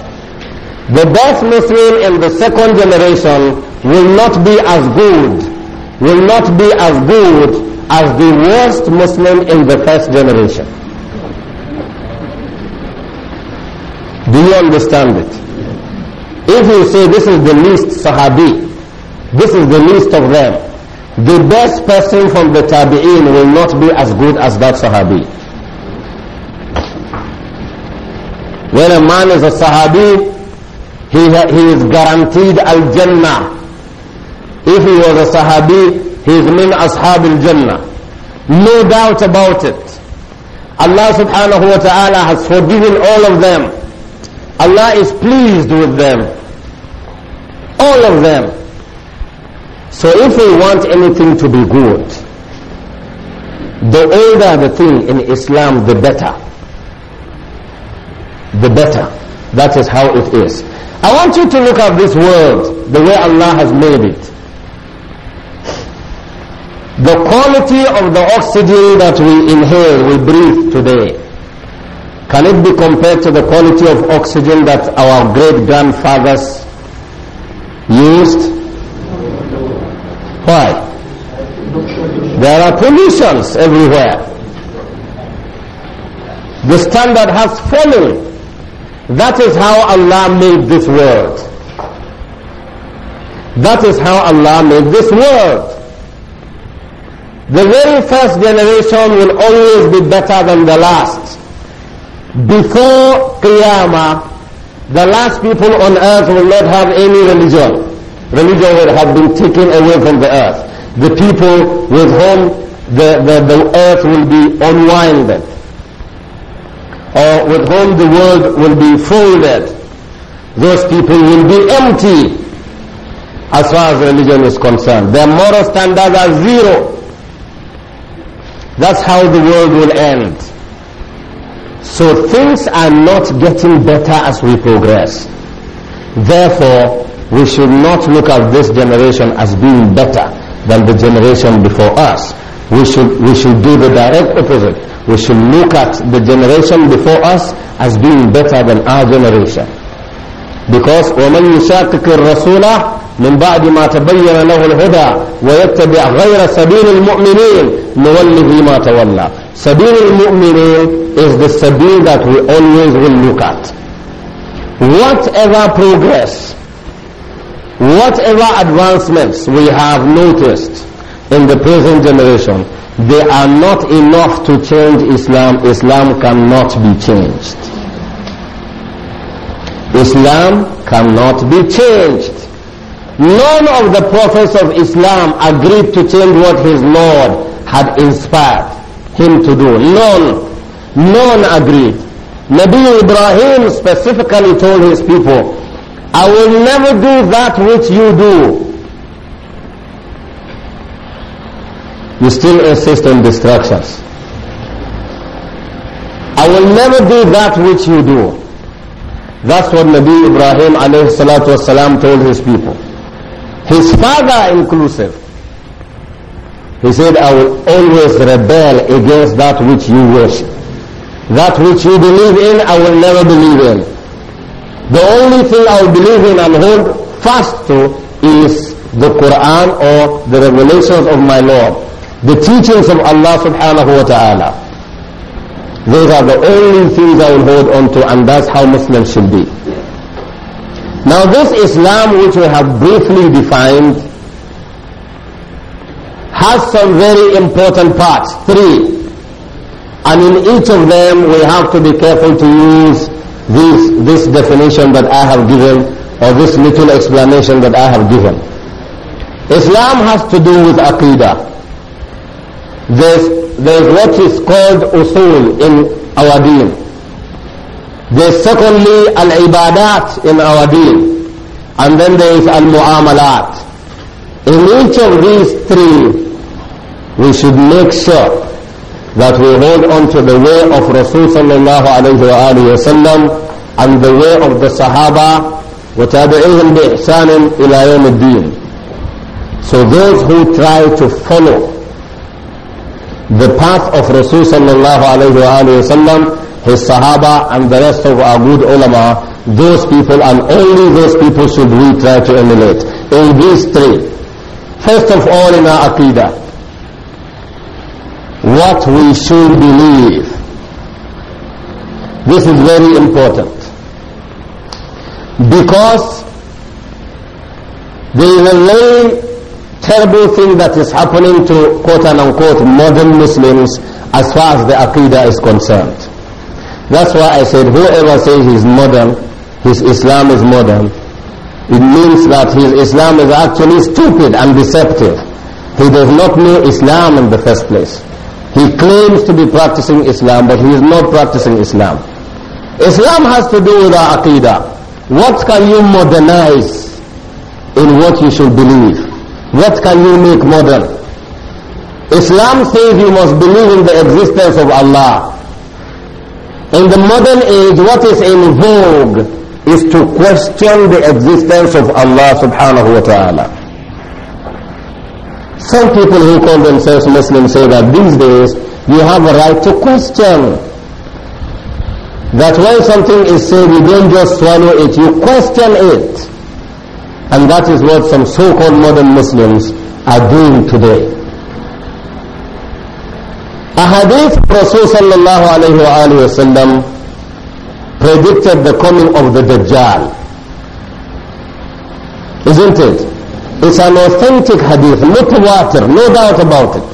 The best Muslim in the second generation will not be as good, will not be as good as the worst Muslim in the first generation. Do you understand it? If you say this is the least Sahabi, this is the least of them, the best person from the Tabi'in will not be as good as that Sahabi. When a man is a Sahabi, he, he is guaranteed Al-Jannah. If he was a Sahabi, he is min Ashab al-Jannah. No doubt about it. Allah subhanahu wa ta'ala has forgiven all of them. Allah is pleased with them. All of them. So if we want anything to be good, the older the thing in Islam, the better. The better. That is how it is. I want you to look at this world, the way Allah has made it. The quality of the oxygen that we inhale, we breathe today, can it be compared to the quality of oxygen that our great-grandfathers used? Why? There are pollutions everywhere. The standard has fallen. That is how Allah made this world. That is how Allah made this world. The very first generation will always be better than the last before Qiyamah, the last people on earth will not have any religion. Religion will have been taken away from the earth. The people with whom the, the, the earth will be unwinded, or with whom the world will be folded, those people will be empty as far as religion is concerned. Their moral standards are zero. That's how the world will end. So things are not getting better as we progress. Therefore, we should not look at this generation as being better than the generation before us. We should, we should do the direct opposite. We should look at the generation before us as being better than our generation. Because وَمَنْ يُشَاقِقِ الرَّسُولَ مِنْ بَعْدِ مَا تَبَيَّنَ لَهُ الْهُدَى وَيَتَّبِعْ غَيْرَ سَبِيلِ الْمُؤْمِنِينَ نُوَلِّهِ مَا تَوَلَّى Sabil al-mu'minin is the sabil that we always will look at. Whatever progress, whatever advancements we have noticed in the present generation, they are not enough to change Islam. Islam cannot be changed. Islam cannot be changed. None of the prophets of Islam agreed to change what his Lord had inspired him to do. None. None agreed. Nabi Ibrahim specifically told his people, I will never do that which you do. You still insist on distractions. I will never do that which you do. That's what Nabi Ibrahim والسلام, told his people. His father inclusive. He said, I will always rebel against that which you worship. That which you believe in, I will never believe in. The only thing I will believe in and hold fast to is the Quran or the revelations of my Lord. The teachings of Allah subhanahu wa ta'ala. Those are the only things I will hold on to and that's how Muslims should be. Now this Islam which we have briefly defined has some very important parts, three. And in each of them we have to be careful to use this, this definition that I have given or this little explanation that I have given. Islam has to do with Aqidah. There's, there's what is called usul in our deen. There's secondly al-ibadat in our deen. And then there is al-mu'amalat. In each of these three, we should make sure that we hold on to the way of Rasulullah sallallahu and the way of the Sahaba وتابعيهم بإحسان إلى يوم الدين. So those who try to follow the path of Rasul sallallahu alayhi his Sahaba and the rest of our good ulama, those people and only those people should we try to emulate. In these three, first of all in our aqidah, what we should believe. This is very important. Because they lay terrible thing that is happening to quote unquote modern Muslims as far as the Aqidah is concerned. That's why I said whoever says he's modern, his Islam is modern, it means that his Islam is actually stupid and deceptive. He does not know Islam in the first place. He claims to be practicing Islam, but he is not practicing Islam. Islam has to do with our Aqidah. What can you modernize in what you should believe? What can you make modern? Islam says you must believe in the existence of Allah. In the modern age, what is in vogue is to question the existence of Allah subhanahu wa ta'ala. Some people who call themselves Muslims say that these days you have a right to question. That when something is said, you don't just swallow it, you question it. And that is what some so-called modern Muslims are doing today. A Rasul sallallahu alayhi wa alayhi wa sallam predicted the coming of the Dajjal. Isn't it? It's an authentic hadith, water, no doubt about it.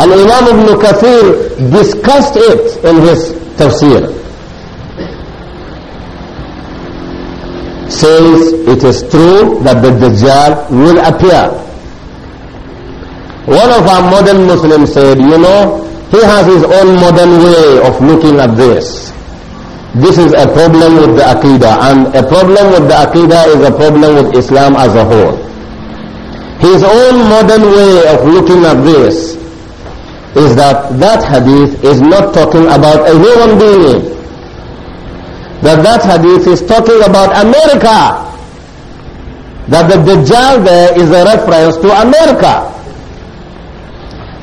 And Imam Ibn Kathir discussed it in his tafsir. says it is true that the Dajjal will appear. One of our modern Muslims said, you know, he has his own modern way of looking at this. This is a problem with the Aqidah and a problem with the Aqidah is a problem with Islam as a whole. His own modern way of looking at this is that that hadith is not talking about a human being that that hadith is talking about America. That the Dajjal there is a reference to America.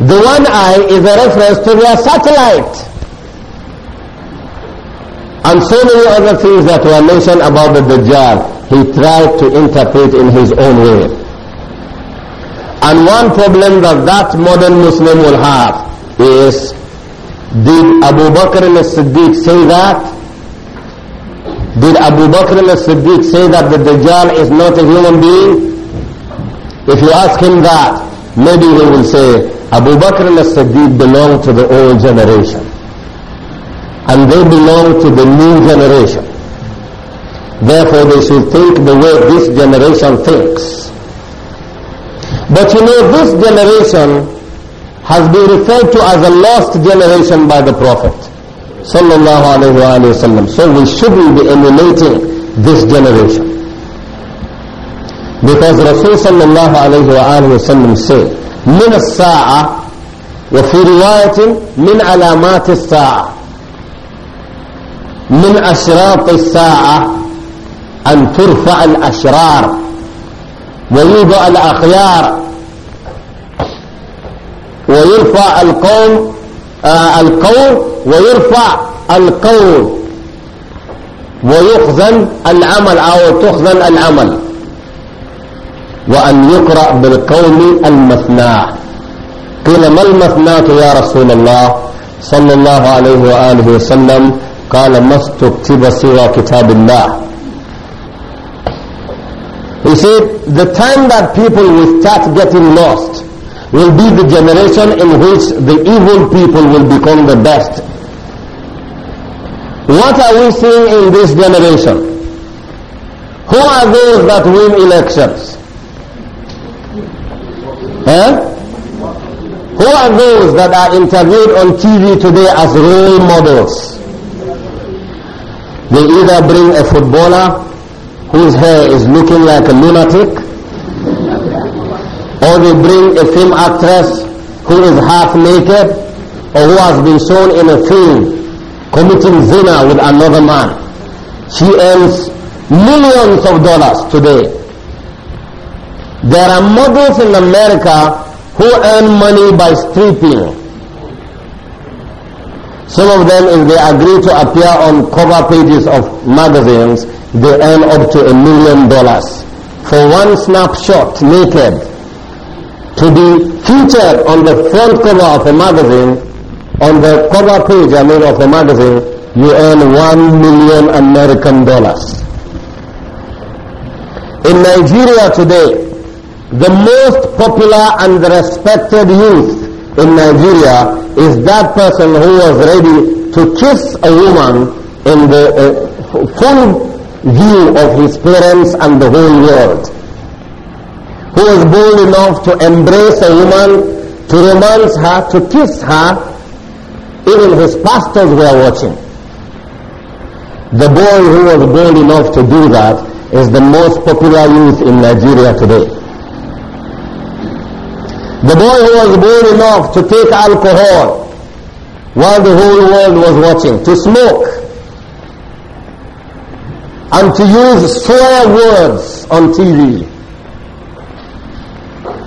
The one eye is a reference to their satellite. And so many other things that were mentioned about the Dajjal, he tried to interpret in his own way. And one problem that that modern Muslim will have is, did Abu Bakr al-Siddiq say that? Did Abu Bakr as-Siddiq say that the Dajjal is not a human being? If you ask him that, maybe he will say, Abu Bakr as-Siddiq belonged to the old generation. And they belong to the new generation. Therefore, they should think the way this generation thinks. But you know, this generation has been referred to as a lost generation by the Prophet. صلى الله عليه وآله وسلم so we shouldn't be emulating this generation because رسول صلى الله عليه وآله وسلم said من الساعة وفي رواية من علامات الساعة من أشراط الساعة أن ترفع الأشرار ويوضع الأخيار ويرفع القوم آه القوم ويرفع القول ويخزن العمل أو تخزن العمل وأن يقرأ بالقول المثناء قيل ما المثناة يا رسول الله صلى الله عليه وآله وسلم قال ما استكتب سوى كتاب الله He said, the time that people will start getting lost will be the generation in which the evil people will become the best. What are we seeing in this generation? Who are those that win elections? Huh? Who are those that are interviewed on TV today as role models? They either bring a footballer whose hair is looking like a lunatic, or they bring a film actress who is half naked or who has been shown in a film committing zina with another man. She earns millions of dollars today. There are models in America who earn money by stripping. Some of them, if they agree to appear on cover pages of magazines, they earn up to a million dollars for one snapshot naked to be featured on the front cover of a magazine, on the cover page, I mean, of a magazine, you earn one million American dollars. In Nigeria today, the most popular and respected youth in Nigeria is that person who was ready to kiss a woman in the uh, full view of his parents and the whole world who was bold enough to embrace a woman, to romance her, to kiss her, even his pastors were watching. The boy who was bold enough to do that is the most popular youth in Nigeria today. The boy who was bold enough to take alcohol while the whole world was watching, to smoke, and to use swear words on TV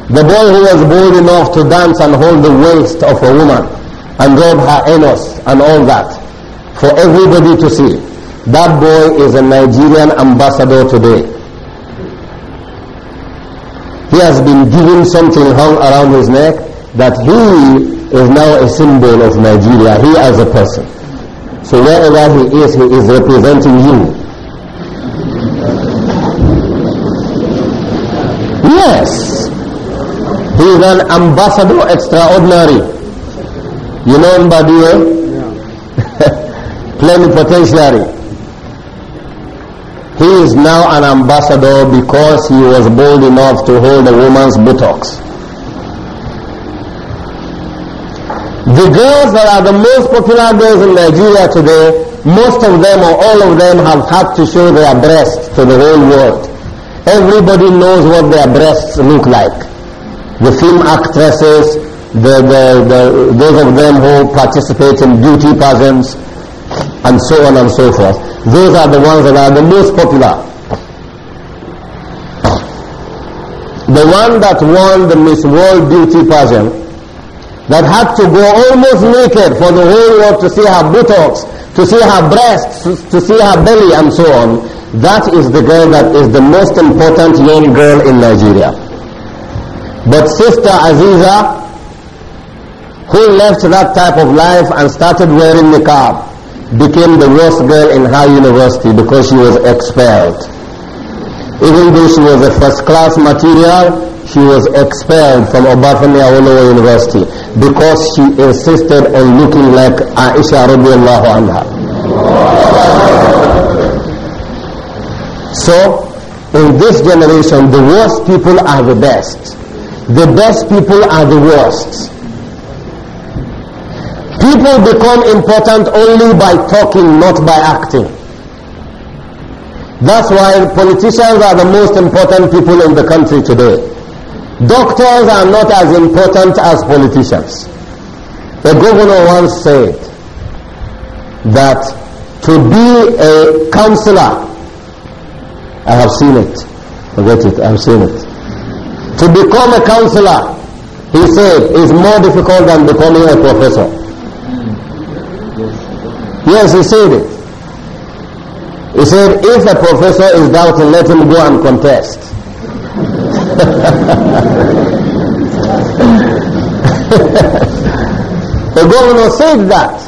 the boy who was bold enough to dance and hold the waist of a woman and rob her anus and all that for everybody to see. That boy is a Nigerian ambassador today. He has been given something hung around his neck that he is now a symbol of Nigeria, he as a person. So wherever he is, he is representing you. Yes. He's an ambassador extraordinary. You know him by the way? Plenipotentiary. He is now an ambassador because he was bold enough to hold a woman's buttocks. The girls that are the most popular girls in Nigeria today, most of them or all of them have had to show their breasts to the whole world. Everybody knows what their breasts look like the film actresses, the, the, the, those of them who participate in beauty pageants, and so on and so forth. Those are the ones that are the most popular. The one that won the Miss World Beauty pageant, that had to go almost naked for the whole world to see her buttocks, to see her breasts, to see her belly, and so on. That is the girl that is the most important young girl in Nigeria. But Sister Aziza, who left that type of life and started wearing niqab, became the worst girl in her university because she was expelled. Even though she was a first-class material, she was expelled from Obafemi Awolowo University because she insisted on looking like Aisha radiallahu anha. So, in this generation, the worst people are the best the best people are the worst. People become important only by talking, not by acting. That's why politicians are the most important people in the country today. Doctors are not as important as politicians. The governor once said that to be a counselor, I have seen it, forget it, I've seen it. To become a counselor, he said, is more difficult than becoming a professor. Yes, he said it. He said, if a professor is doubting, let him go and contest. the governor said that.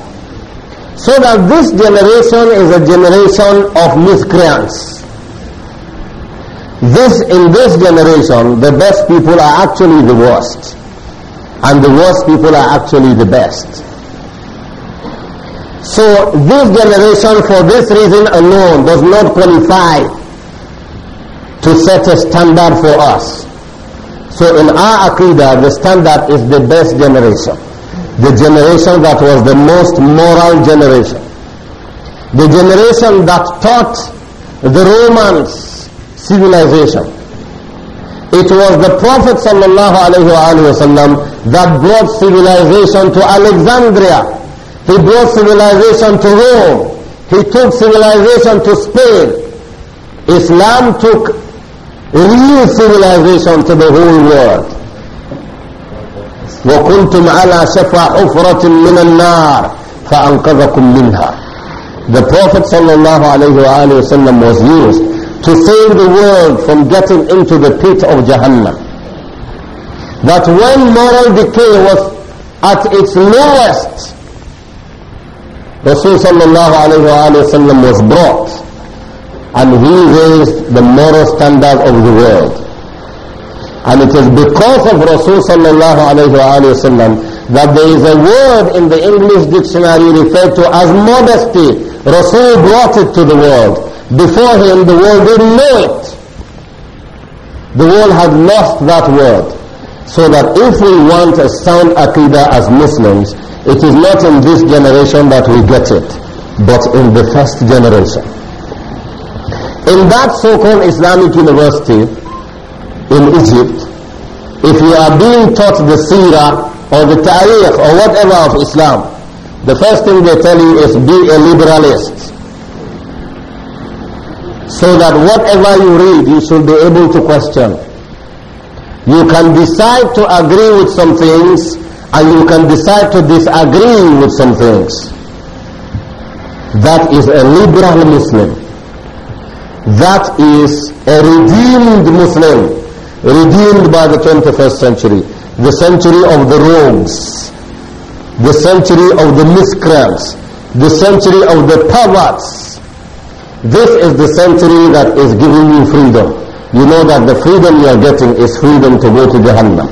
So that this generation is a generation of miscreants. This, in this generation, the best people are actually the worst. And the worst people are actually the best. So this generation, for this reason alone, does not qualify to set a standard for us. So in our akhira, the standard is the best generation. The generation that was the most moral generation. The generation that taught the Romans civilization. It was the Prophet ﷺ that brought civilization to Alexandria. He brought civilization to Rome. He took civilization to Spain. Islam took real civilization to the whole world. وكنتم على حفرة من النار فأنقذكم منها. The Prophet sallallahu alaihi wasallam was used to save the world from getting into the pit of Jahannam. That when moral decay was at its lowest, Rasul was brought and he raised the moral standard of the world. And it is because of Rasul that there is a word in the English dictionary referred to as modesty. Rasul brought it to the world. Before him, the world didn't know it. The world had lost that word. So that if we want a sound aqidah as Muslims, it is not in this generation that we get it, but in the first generation. In that so-called Islamic university in Egypt, if you are being taught the seerah or the tariq or whatever of Islam, the first thing they tell you is be a liberalist so that whatever you read you should be able to question. You can decide to agree with some things and you can decide to disagree with some things. That is a liberal Muslim. That is a redeemed Muslim, redeemed by the 21st century, the century of the rogues, the century of the miscreants, the century of the perverts, this is the century that is giving you freedom. You know that the freedom you are getting is freedom to go to Jahannam.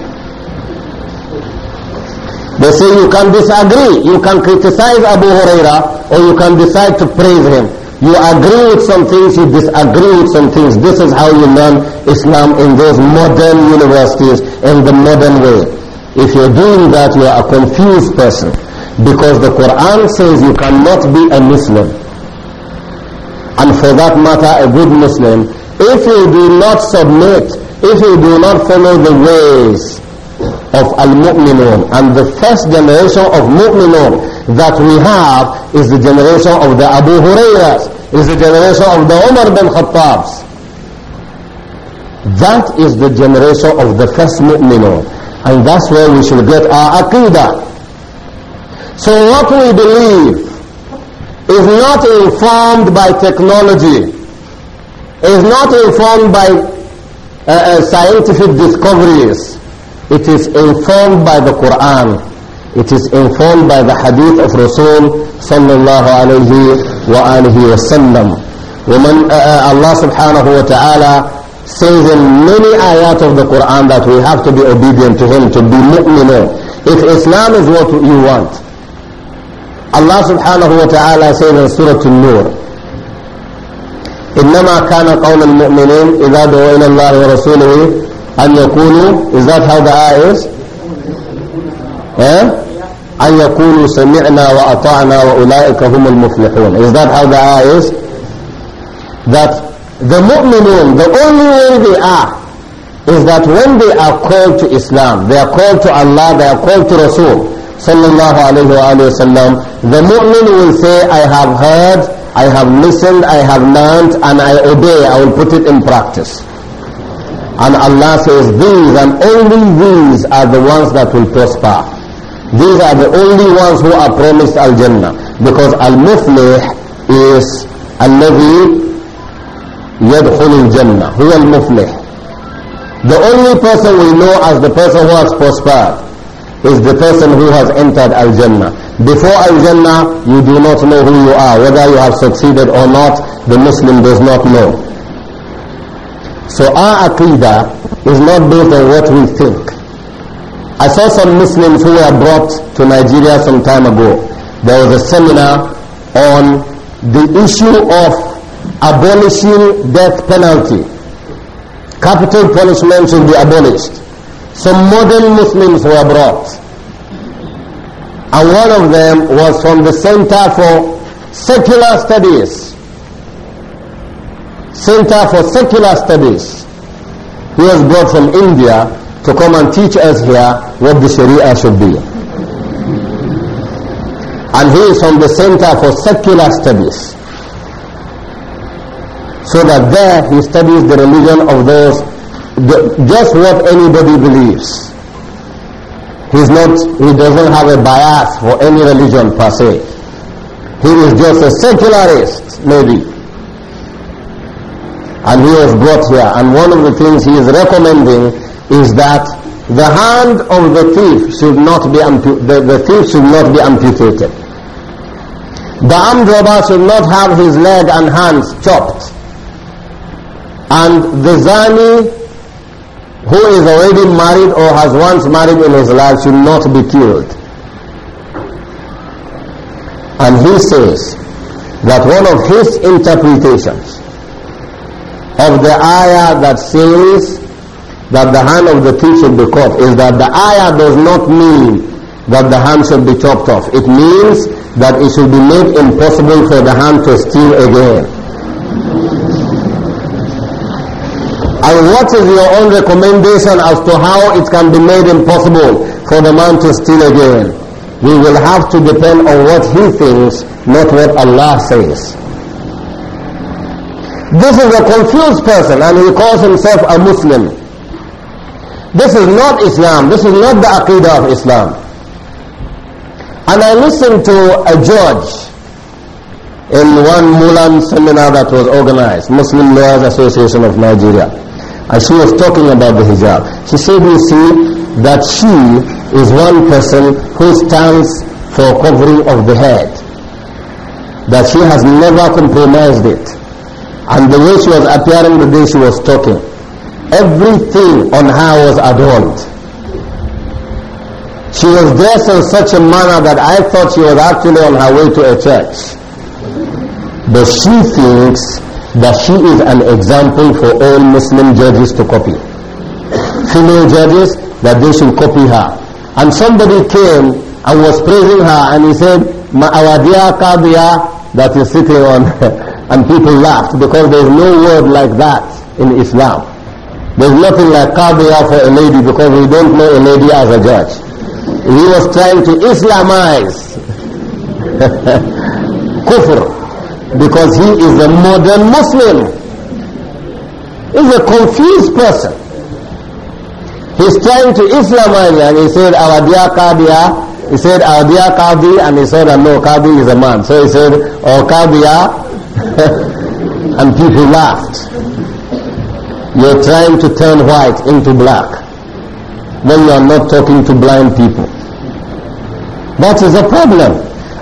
They say you can disagree. You can criticize Abu Huraira or you can decide to praise him. You agree with some things, you disagree with some things. This is how you learn Islam in those modern universities, in the modern way. If you're doing that, you are a confused person. Because the Quran says you cannot be a Muslim and for that matter a good Muslim, if he do not submit, if he do not follow the ways of Al-Mu'minun and the first generation of Mu'minun that we have is the generation of the Abu Hurairas, is the generation of the Umar bin Khattabs. That is the generation of the first Mu'minun and that's where we should get our Aqidah. So what we believe is not informed by technology, is not informed by uh, uh, scientific discoveries. It is informed by the Quran. It is informed by the hadith of Rasul sallallahu alayhi wa alihi wa sallam. Uh, uh, Allah subhanahu wa ta'ala says in many ayat of the Quran that we have to be obedient to Him, to be mu'minun. If Islam is what you want, الله سبحانه وتعالى سيد سورة النور إنما كان قول المؤمنين إذا دعوا إلى الله ورسوله أن يقولوا is that how the ayah is? Eh? أن يقولوا سمعنا وأطعنا وأولئك هم المفلحون is that how the ayah is? that the mu'minun the only way they are is that when they are called to Islam they are called to Allah they are called to Rasul sallallahu alayhi wa, sallam, the mu'min will say, I have heard, I have listened, I have learnt, and I obey. I will put it in practice. And Allah says, these and only these are the ones that will prosper. These are the only ones who are promised Al-Jannah. Because Al-Muflih is Al-Nabi Yadkhul Al-Jannah. Who Al-Muflih? The only person we know as the person who has prospered is the person who has entered Al-Jannah. Before Al-Jannah, you do not know who you are. Whether you have succeeded or not, the Muslim does not know. So our aqidah is not based on what we think. I saw some Muslims who were brought to Nigeria some time ago. There was a seminar on the issue of abolishing death penalty. Capital punishment should be abolished some modern Muslims were brought. And one of them was from the Center for Secular Studies. Center for Secular Studies. He was brought from India to come and teach us here what the Sharia should be. And he is from the Center for Secular Studies. So that there he studies the religion of those just what anybody believes. He's not, he doesn't have a bias for any religion per se. He is just a secularist, maybe. And he was brought here. And one of the things he is recommending is that the hand of the thief should not be the, the thief should not be amputated. The armed robber should not have his leg and hands chopped. And the zani who is already married or has once married in his life should not be killed. And he says that one of his interpretations of the ayah that says that the hand of the thief should be cut is that the ayah does not mean that the hand should be chopped off. It means that it should be made impossible for the hand to steal again. And what is your own recommendation as to how it can be made impossible for the man to steal again? We will have to depend on what he thinks, not what Allah says. This is a confused person and he calls himself a Muslim. This is not Islam. This is not the Aqidah of Islam. And I listened to a judge in one Mulan seminar that was organized, Muslim Lawyers Association of Nigeria. As she was talking about the hijab. She said, you see, that she is one person who stands for covering of the head. That she has never compromised it. And the way she was appearing the day she was talking, everything on her was adorned. She was dressed in such a manner that I thought she was actually on her way to a church. But she thinks that she is an example for all Muslim judges to copy. Female judges, that they should copy her. And somebody came and was praising her and he said, Our dear Qadiya that is sitting on. and people laughed because there is no word like that in Islam. There is nothing like Qadiya for a lady because we don't know a lady as a judge. He was trying to Islamize kufr because he is a modern Muslim. He's a confused person. He's trying to Islamize and he said, Our dear Qadiya, he said, Our dear Qadi, and he said, oh, No, Qadi is a man. So he said, Oh, Qadiya, and people laughed. You're trying to turn white into black when you are not talking to blind people. That is a problem.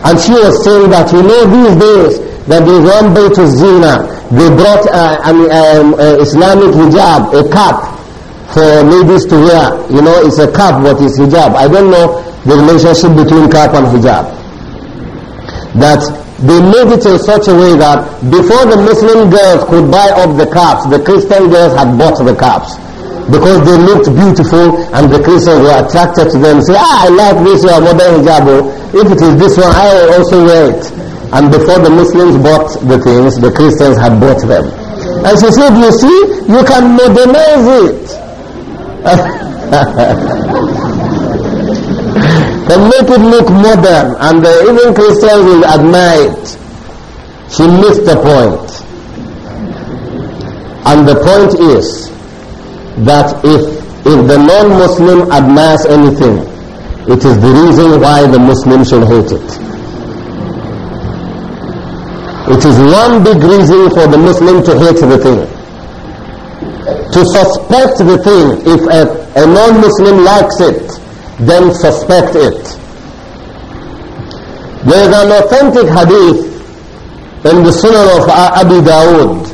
And she was saying that, you know, these days that they went to Zina, they brought uh, an um, uh, Islamic hijab, a cap for ladies to wear. You know, it's a cap what is hijab. I don't know the relationship between cap and hijab. That they made it in such a way that before the Muslim girls could buy up the caps, the Christian girls had bought the caps. Because they looked beautiful and the Christians were attracted to them. Say, ah, I like this your modern hijab. Oh. If it is this one, I will also wear it. And before the Muslims bought the things, the Christians had bought them. And she said, you see, you can modernize it. can make it look modern and even Christians will admire it. She missed the point. And the point is that if, if the non-Muslim admires anything, it is the reason why the Muslim should hate it. It is one big reason for the Muslim to hate the thing. To suspect the thing, if a, a non-Muslim likes it, then suspect it. There is an authentic hadith in the Sunnah of Abu Dawood.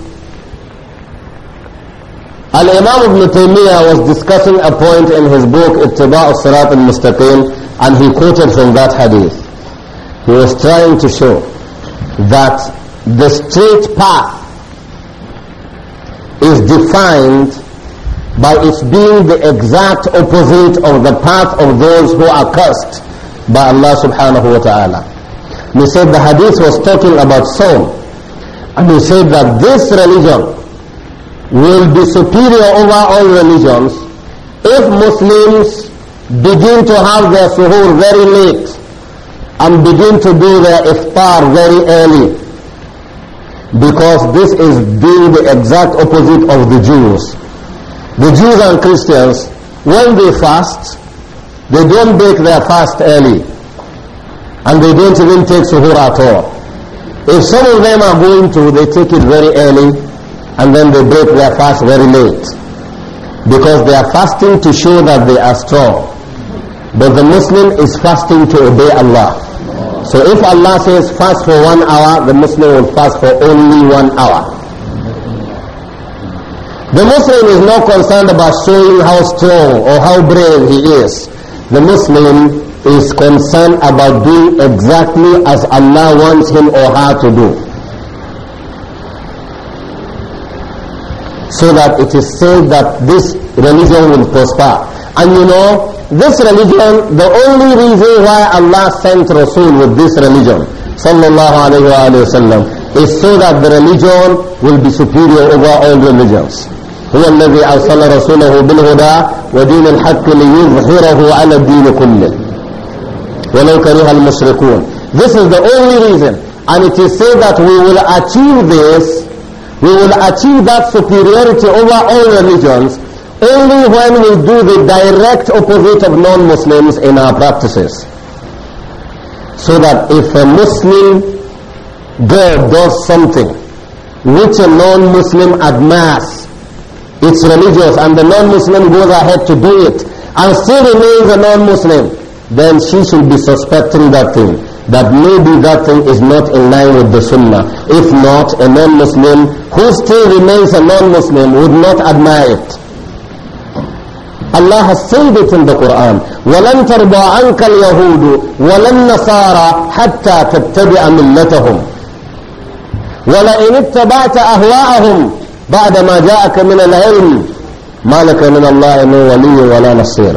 Al-Imam Ibn Taymiyyah was discussing a point in his book Ittiba'u Sirat al-Mustaqim and he quoted from that hadith. He was trying to show that the straight path is defined by its being the exact opposite of the path of those who are cursed by Allah subhanahu wa ta'ala. He said the hadith was talking about soul. And he said that this religion will be superior over all religions if Muslims begin to have their suhoor very late and begin to do their iftar very early because this is being the exact opposite of the Jews. The Jews and Christians, when they fast, they don't break their fast early. And they don't even take suhoor at all. If some of them are going to, they take it very early and then they break their fast very late. Because they are fasting to show that they are strong. But the Muslim is fasting to obey Allah. So if Allah says fast for one hour, the Muslim will fast for only one hour. The Muslim is not concerned about showing how strong or how brave he is. The Muslim is concerned about doing exactly as Allah wants him or her to do. So that it is said that this religion will prosper. And you know, this religion, the only reason why Allah sent Rasul with this religion, sallallahu alayhi wa sallam, is so that the religion will be superior over all religions. هو الذي أرسل رسوله بالهدى ودين الحق ليظهره على الدين كله ولو كره المشركون This is the only reason and it is said that we will achieve this we will achieve that superiority over all religions only when we do the direct opposite of non-Muslims in our practices. So that if a Muslim girl does something which a non-Muslim admires, it's religious and the non-Muslim goes ahead to do it and still remains a non-Muslim, then she should be suspecting that thing, that maybe that thing is not in line with the Sunnah. If not, a non-Muslim who still remains a non-Muslim would not admire it. Allah has said it in the Quran ولن ترضى عنك اليهود ولا النصارى حتى تتبع ملتهم ولئن اتبعت أهواءهم بعد ما جاءك من العلم ما لك من الله من ولي ولا نصير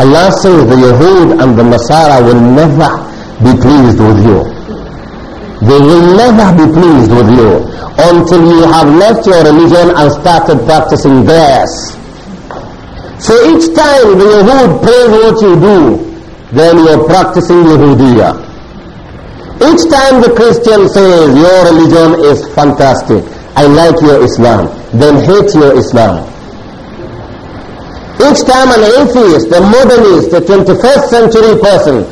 Allah says the عند and the Nasara will never be pleased with you They will never be pleased with you until you have left your religion and started practicing theirs. So each time the Yahud praise what you do, then you're practicing Yahudiya. Each time the Christian says, your religion is fantastic, I like your Islam, then hate your Islam. Each time an atheist, a modernist, a 21st century person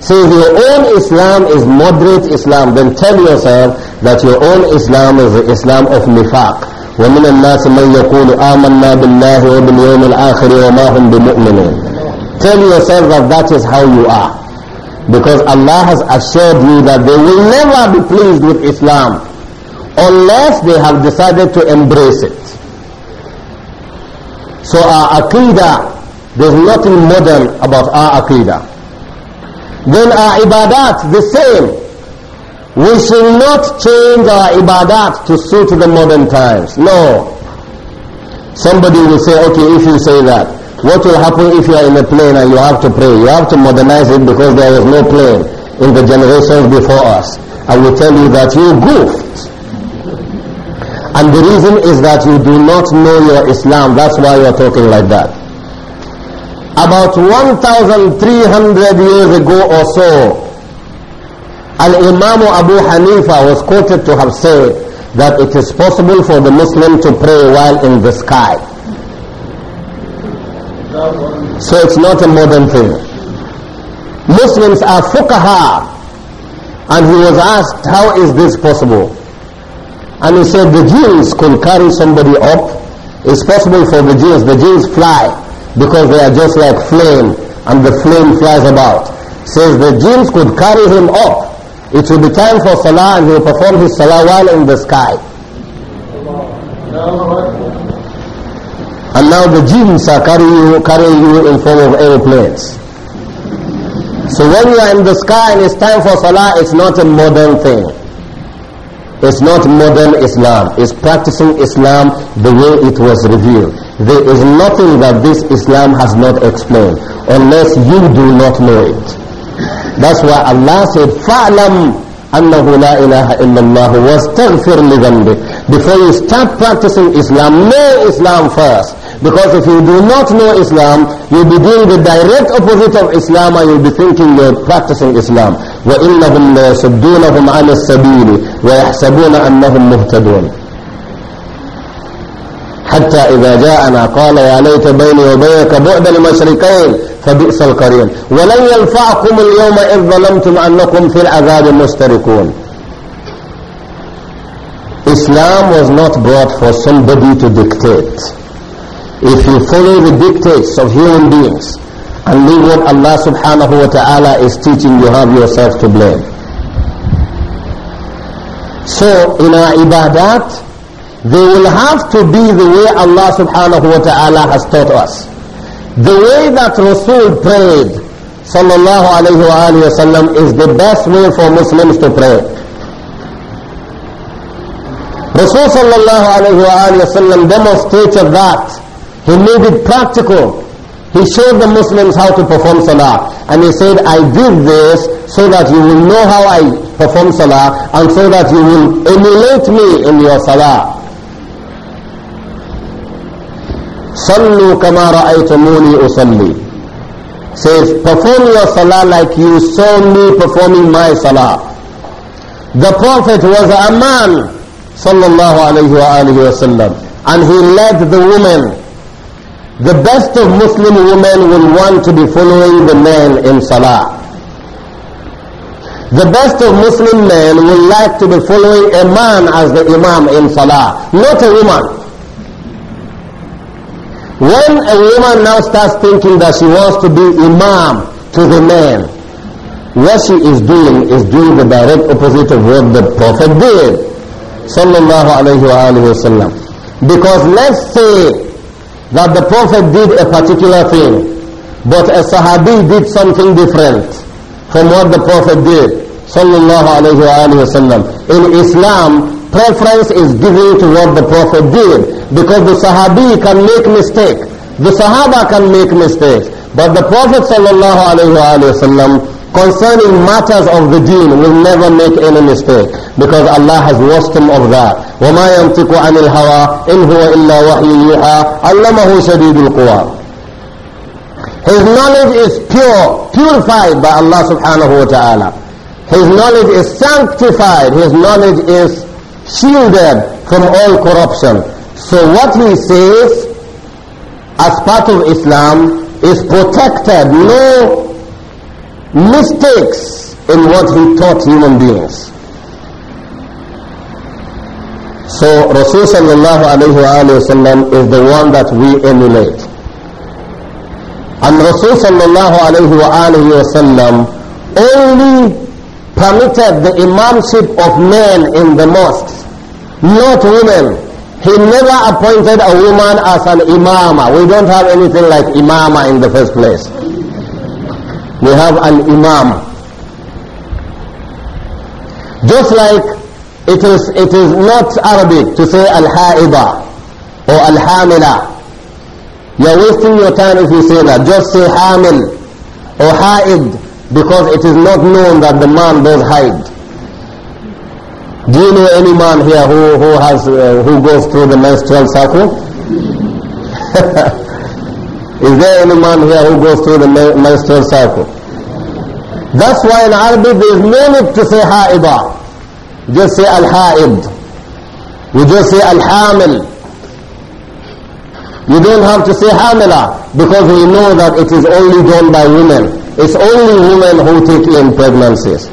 See, if your own Islam is moderate Islam, then tell yourself that your own Islam is the Islam of nifaq. ومن الناس من يقول آمنا بالله وباليوم الآخر وما هم بمؤمنين Tell yourself that that is how you are. Because Allah has assured you that they will never be pleased with Islam unless they have decided to embrace it. So our Aqidah, there's nothing modern about our Aqidah then our ibadat the same. We should not change our ibadat to suit the modern times. No. Somebody will say, okay, if you say that, what will happen if you are in a plane and you have to pray? You have to modernize it because there was no plane in the generations before us. I will tell you that you goofed. And the reason is that you do not know your Islam. That's why you are talking like that about 1,300 years ago or so, Al-Imam Abu Hanifa was quoted to have said that it is possible for the Muslim to pray while in the sky. So it's not a modern thing. Muslims are fuqaha. And he was asked, how is this possible? And he said, the Jews could carry somebody up. It's possible for the Jews. The Jews fly because they are just like flame and the flame flies about. Says the jinns could carry him up. It will be time for salah and he will perform his salah while in the sky. And now the jinns are carrying you, carrying you in form of aeroplanes. So when you are in the sky and it's time for salah, it's not a modern thing. It's not modern Islam. It's practicing Islam the way it was revealed. There is nothing that this Islam has not explained unless you do not know it. That's why Allah said, فَعْلَمْ أَنَّهُ لَا إِلَهَ إِلَّا اللَّهُ وَاسْتَغْفِرْ لِذَنْبِكَ Before you start practicing Islam, know Islam first. Because if you do not know Islam, you'll be doing the direct opposite of Islam and you'll be thinking you're practicing Islam. وَإِنَّهُمْ لَيَسُدُّونَهُمْ عَلَى السَّبِيلِ وَيَحْسَبُونَ أَنَّهُمْ مُهْتَدُونَ حتى إذا جاءنا قال يا ليت بيني وبينك بعد المشرقين فبئس القرين ولن ينفعكم اليوم إذ ظلمتم أنكم في العذاب مشتركون Islam was not brought for somebody to dictate. If you follow the dictates of human beings and leave what Allah subhanahu wa ta'ala is teaching, you have yourself to blame. So in our ibadat, They will have to be the way Allah subhanahu wa ta'ala has taught us. The way that Rasul prayed, sallallahu alayhi wa sallam, is the best way for Muslims to pray. Rasul sallallahu alayhi wa sallam demonstrated that. He made it practical. He showed the Muslims how to perform salah. And he said, I did this so that you will know how I perform salah and so that you will emulate me in your salah. Sallu kama ra'aytumuni usalli. Says, perform your salah like you saw me performing my salah. The Prophet was a man, sallallahu alayhi wa wasallam, and he led the women. The best of Muslim women will want to be following the men in salah. The best of Muslim men will like to be following a man as the imam in salah, not a woman. When a woman now starts thinking that she wants to be imam to the man, what she is doing is doing the direct opposite of what the Prophet did. Sallallahu alayhi wa Because let's say that the Prophet did a particular thing, but a Sahabi did something different from what the Prophet did. Sallallahu alayhi wa In Islam, Preference is given to what the Prophet did because the Sahabi can make mistake. The Sahaba can make mistakes. But the Prophet ﷺ concerning matters of the deen will never make any mistake because Allah has washed him of that. وَمَا ma عَنِ الْهَوَىٰ إِنْ هُوَ إِلَّا وَحْيٌ يُوحَىٰ عَلَّمَهُ شَدِيدُ الْقُوَىٰ His knowledge is pure, purified by Allah subhanahu wa ta'ala. His knowledge is sanctified. His knowledge is shielded from all corruption. So what he says as part of Islam is protected, no mistakes in what he taught human beings. So Rasul sallallahu alayhi wa sallam is the one that we emulate. And Rasul sallallahu alayhi wa sallam only permitted the imamship of men in the mosques, not women. He never appointed a woman as an imama. We don't have anything like imama in the first place. We have an imam. Just like it is, it is not Arabic to say al-ha'iba or al-hamila. You're wasting your time if you say that. Just say hamil or ha'id because it is not known that the man does hide. Do you know any man here who, who, has, uh, who goes through the menstrual cycle? is there any man here who goes through the menstrual cycle? That's why in Arabic there is no need to say ha'iba. Just say al-ha'ib. You just say al-hamil. You don't have to say hamila because we know that it is only done by women. It's only women who take in pregnancies.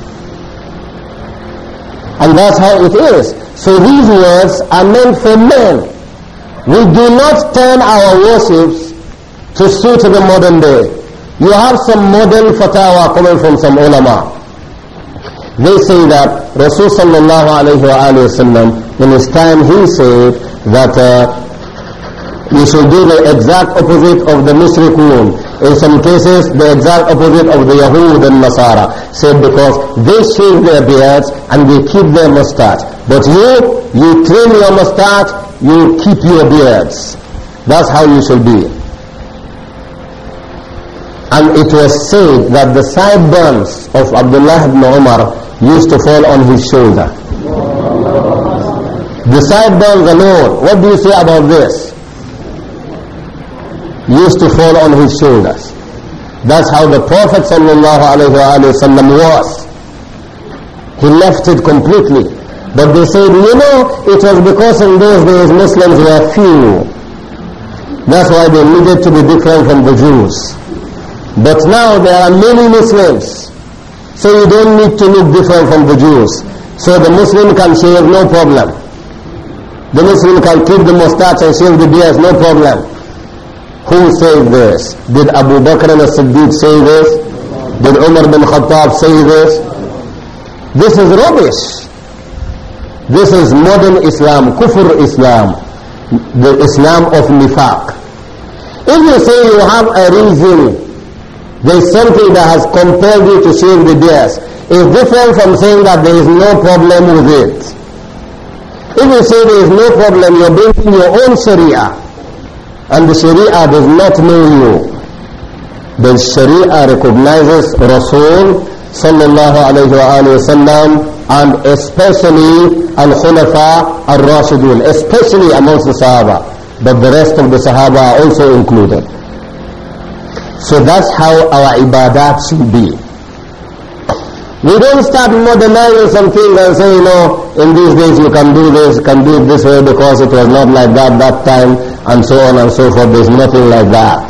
And that's how it is. So these words are meant for men. We do not turn our worships to suit the modern day. You have some modern fatwa coming from some ulama. They say that Rasulullah sallallahu alayhi wa sallam, in his time he said that uh, you should do the exact opposite of the mushrikun. In some cases, the exact opposite of the Yahud and Nasara. Said because they shave their beards and they keep their mustache. But you, you trim your mustache, you keep your beards. That's how you should be. And it was said that the sideburns of Abdullah ibn Umar used to fall on his shoulder. The sideburns alone, what do you say about this? used to fall on his shoulders. That's how the Prophet ﷺ was. He left it completely. But they said, you know, it was because in those days Muslims were few. That's why they needed to be different from the Jews. But now there are many Muslims. So you don't need to look different from the Jews. So the Muslim can shave, no problem. The Muslim can keep the mustache and shave the beard, no problem. Who said this? Did Abu Bakr as-Siddiq say this? Did Umar bin Khattab say this? This is rubbish. This is modern Islam, kufr Islam, the Islam of nifaq. If you say you have a reason, there's something that has compelled you to shave the beard, is different from saying that there is no problem with it. If you say there is no problem, you're bringing your own Sharia and the Sharia does not know you, then Sharia recognizes Rasul sallallahu alayhi wa sallam and especially Al-Khulafa al-Rashidun, especially amongst the Sahaba. But the rest of the Sahaba are also included. So that's how our ibadat should be. We don't start modernizing something and say, you know, in these days you can do this, can do it this way because it was not like that that time and so on and so forth. There's nothing like that.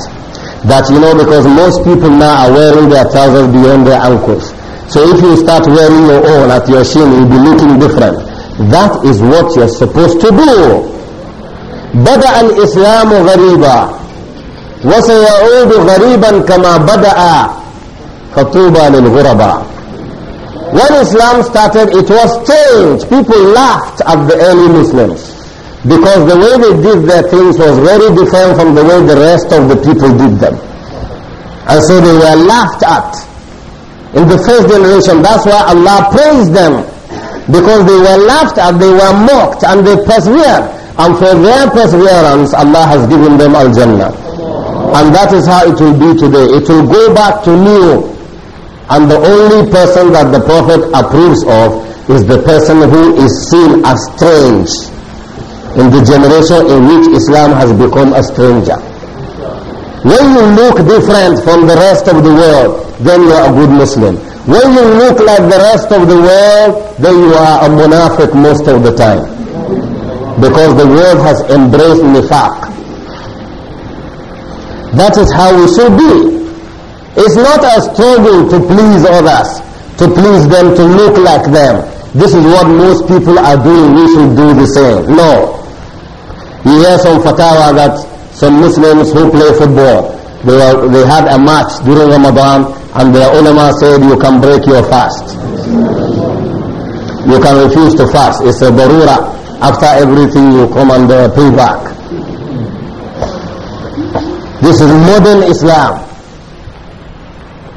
That you know because most people now are wearing their trousers beyond their ankles. So if you start wearing your own at your shin, you'll be looking different. That is what you're supposed to do. بدأ الإسلام غريبا وسيعود غريبا كما بدأ فطوبى للغرباء When Islam started, it was strange. People laughed at the early Muslims because the way they did their things was very different from the way the rest of the people did them. And so they were laughed at. In the first generation, that's why Allah praised them. Because they were laughed at, they were mocked, and they persevered. And for their perseverance, Allah has given them Al-Jannah. And that is how it will be today. It will go back to new. And the only person that the Prophet approves of is the person who is seen as strange in the generation in which Islam has become a stranger. When you look different from the rest of the world, then you are a good Muslim. When you look like the rest of the world, then you are a munafiq most of the time. Because the world has embraced nifaq. That is how we should be. It's not a struggle to please others, to please them, to look like them. This is what most people are doing. We should do the same. No. You hear some fatwa that some Muslims who play football, they, were, they had a match during Ramadan and the ulama said you can break your fast. You can refuse to fast. It's a barura. After everything you come and uh, pay back. This is modern Islam.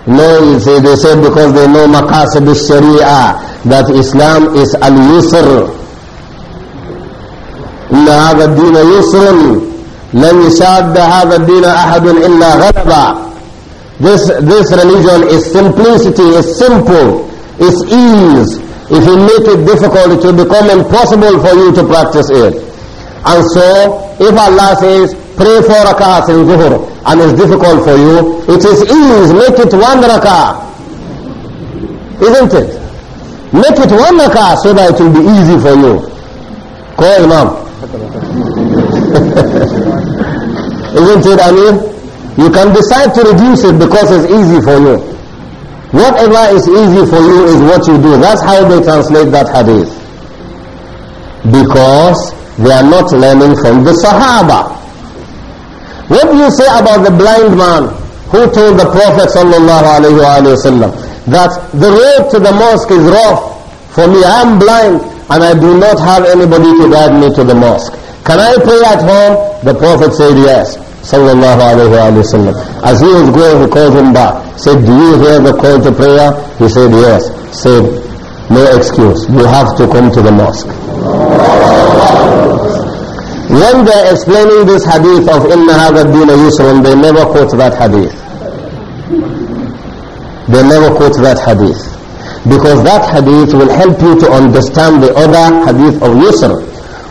No, they, they said because they know maqasid al-sharia that Islam is al-yusr. إن هذا الدين يسر لن يشاد هذا الدين أحد إلا غلبا This, this religion is simplicity, is simple, is ease. If you make it difficult, it will become impossible for you to practice it. And so, if Allah says, pray four rakahs in zuhur, and it's difficult for you, it is ease, make it one rakah. Isn't it? Make it one rakah so that it will be easy for you. Go Imam. Isn't it, Amir? You can decide to reduce it because it's easy for you. Whatever is easy for you is what you do. That's how they translate that hadith. Because they are not learning from the Sahaba. What do you say about the blind man who told the Prophet sallallahu that the road to the mosque is rough for me, I am blind and I do not have anybody to guide me to the mosque. Can I pray at home? The Prophet said yes. Sallallahu alayhi wa sallam. As he was going, he called him back. Said, do you hear the call to prayer? He said yes. Said, no excuse. You have to come to the mosque. When they're explaining this hadith of Inna hadha dina they never quote that hadith. They never quote that hadith. Because that hadith will help you to understand the other hadith of Yusr.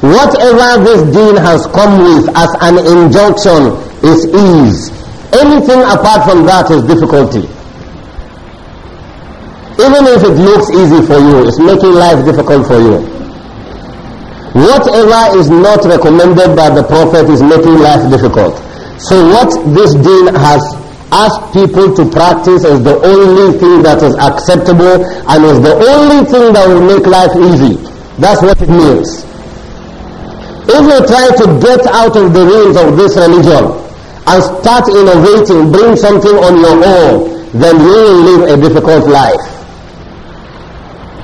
Whatever this deen has come with as an injunction is ease. Anything apart from that is difficulty. Even if it looks easy for you, it's making life difficult for you. Whatever is not recommended by the Prophet is making life difficult. So what this deen has Ask people to practice as the only thing that is acceptable and as the only thing that will make life easy. That's what it means. If you try to get out of the rules of this religion and start innovating, bring something on your own, then you will live a difficult life.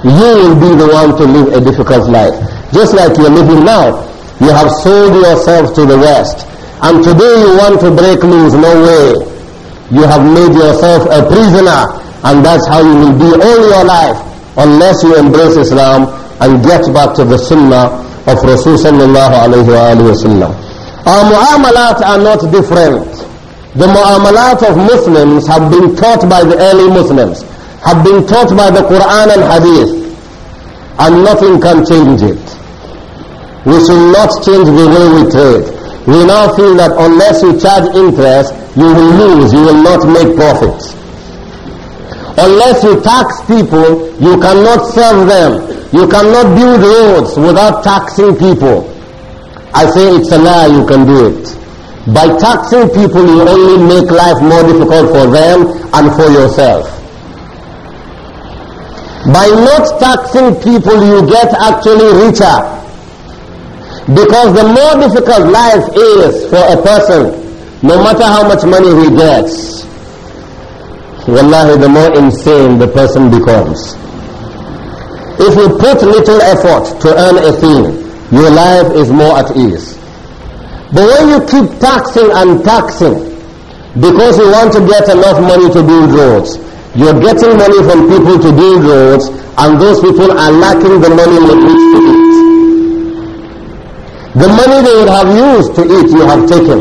You will be the one to live a difficult life. Just like you're living now. You have sold yourself to the West. And today you want to break loose. No way. You have made yourself a prisoner and that's how you will be all your life unless you embrace Islam and get back to the sunnah of Rasul sallallahu alayhi wa sallam. Our mu'amalat are not different. The mu'amalat of Muslims have been taught by the early Muslims, have been taught by the Quran and Hadith and nothing can change it. We should not change the way we trade we now feel that unless you charge interest, you will lose, you will not make profits. Unless you tax people, you cannot serve them. You cannot build roads without taxing people. I say it's a lie, you can do it. By taxing people, you only make life more difficult for them and for yourself. By not taxing people, you get actually richer because the more difficult life is for a person, no matter how much money he gets, wallahi, the more insane the person becomes. If you put little effort to earn a thing, your life is more at ease. But when you keep taxing and taxing, because you want to get enough money to build roads, you're getting money from people to build roads, and those people are lacking the money they need. to eat. The money they would have used to eat, you have taken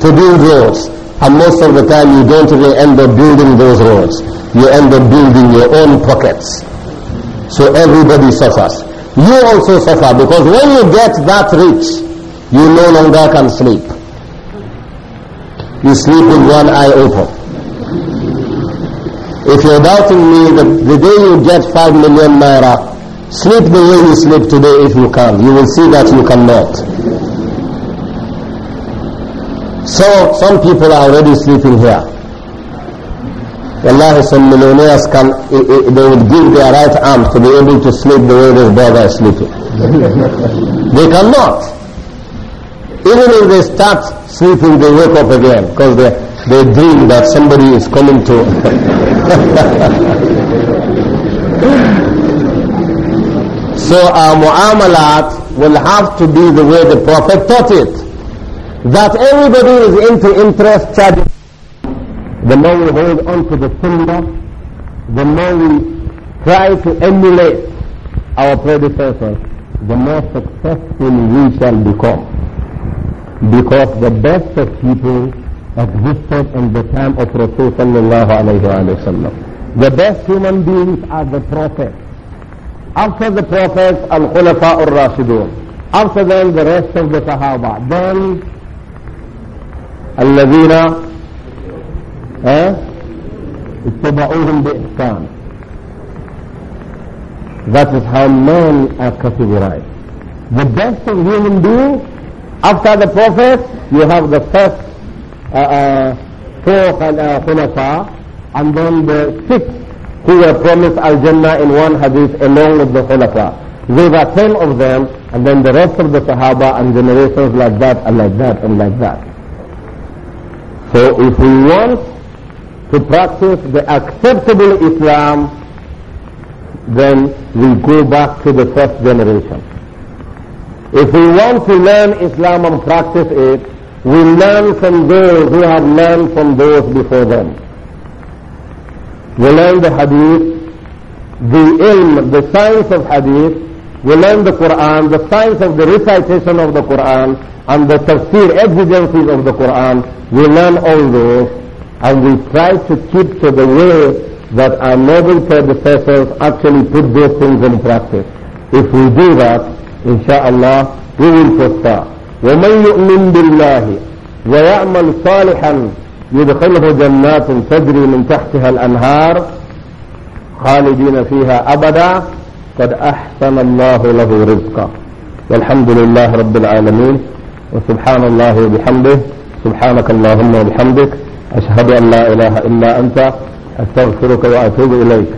to build roads. And most of the time, you don't really end up building those roads. You end up building your own pockets. So everybody suffers. You also suffer because when you get that rich, you no longer can sleep. You sleep with one eye open. If you're doubting me, the, the day you get five million naira, Sleep the way you sleep today if you can. You will see that you cannot. So some people are already sleeping here. Wallahi, some millionaires can, they would give their right arm to be able to sleep the way this brother is sleeping. they cannot. Even if they start sleeping, they wake up again because they, they dream that somebody is coming to. So our mu'amalat will have to be the way the Prophet taught it. That everybody is into interest charges. The more we hold on to the sunnah, the more we try to emulate our predecessors, the more successful we shall become. Because the best of people existed in the time of Rasulullah sallallahu alayhi wa The best human beings are the prophets. After the prophets, Al-Khulafa al-Rashidun. After them, the rest of the Sahaba. Then, الذين eh, اتبعوهم بإحسان. That is how men are categorized. The best of human beings, after the prophets, you have the first uh, uh, four khulafa, and then the sixth who were promised Al-Jannah in one hadith along with the Khulafa. There were ten of them, and then the rest of the Sahaba and generations like that and like that and like that. So if we want to practice the acceptable Islam, then we go back to the first generation. If we want to learn Islam and practice it, we learn from those who have learned from those before them we learn the hadith, the ilm, the science of hadith, we learn the Quran, the science of the recitation of the Quran, and the tafsir exigencies of the Quran, we learn all those, and we try to keep to the way that our noble predecessors actually put those things in practice. If we do that, Insha'Allah, we will prosper. ومن يؤمن بالله ويعمل صالحا يدخله جنات تجري من تحتها الأنهار خالدين فيها أبدا قد أحسن الله له رزقا والحمد لله رب العالمين وسبحان الله وبحمده سبحانك اللهم وبحمدك أشهد أن لا إله إلا أنت أستغفرك وأتوب إليك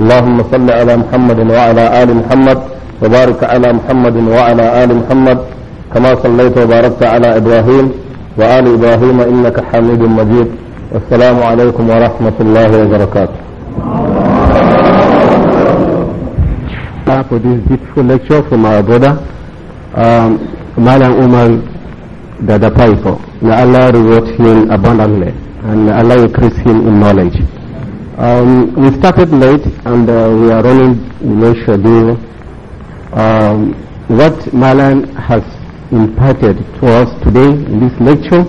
اللهم صل على محمد وعلى آل محمد وبارك على محمد وعلى آل محمد كما صليت وباركت على إبراهيم وآل إبراهيم إنك حميد مجيد والسلام عليكم ورحمة الله وبركاته for this beautiful lecture from our brother um, Malam Umar Dadapaipo may Allah reward him abundantly and Allah increase him in knowledge um, we started late and uh, we are running below schedule um, what Malan has imparted to us today in this lecture.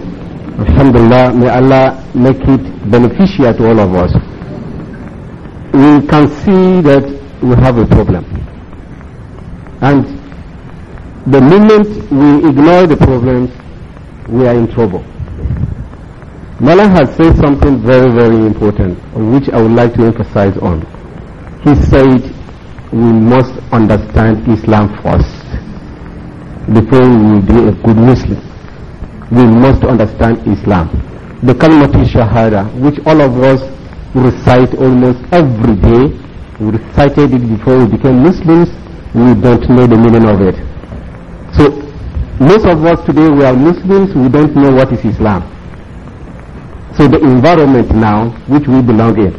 Alhamdulillah, may Allah make it beneficial to all of us. We can see that we have a problem. And the moment we ignore the problems, we are in trouble. Mala has said something very, very important, which I would like to emphasize on. He said, we must understand Islam first before we will be a good Muslim. We must understand Islam. The kalimat Shahada, which all of us recite almost every day, we recited it before we became Muslims, we don't know the meaning of it. So, most of us today, we are Muslims, we don't know what is Islam. So the environment now, which we belong in,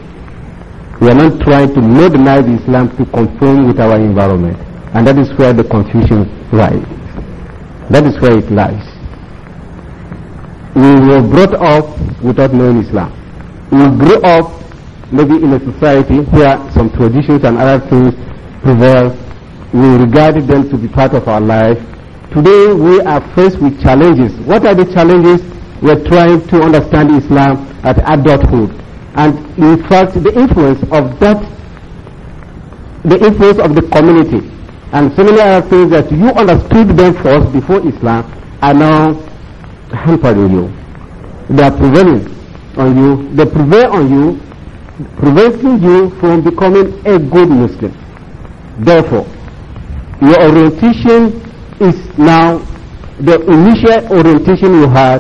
we are not trying to modernize Islam to conform with our environment. And that is where the confusion lies. That is where it lies. We were brought up without knowing Islam. We grew up maybe in a society where some traditions and other things prevail. We regarded them to be part of our life. Today we are faced with challenges. What are the challenges? We're trying to understand Islam at adulthood. And in fact, the influence of that, the influence of the community and similar things that you understood them first before Islam are now hampering you. They are prevailing on you. They prevail on you, preventing you from becoming a good Muslim. Therefore, your orientation is now the initial orientation you had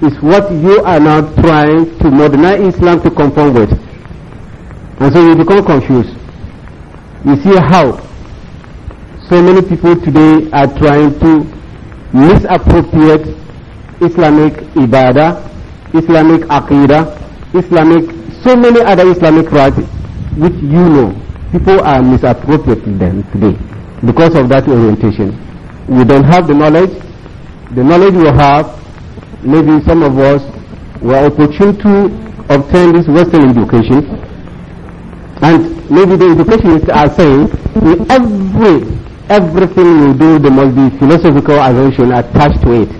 is what you are now trying to modernize Islam to conform with. And so you become confused. You see how so many people today are trying to misappropriate Islamic ibadah, Islamic aqidah, Islamic, so many other Islamic rights which you know. People are misappropriating them today because of that orientation. We don't have the knowledge. The knowledge we have, maybe some of us were opportune to obtain this Western education. And maybe the educationists are saying in every Everything you do, there must be philosophical assumption attached to it.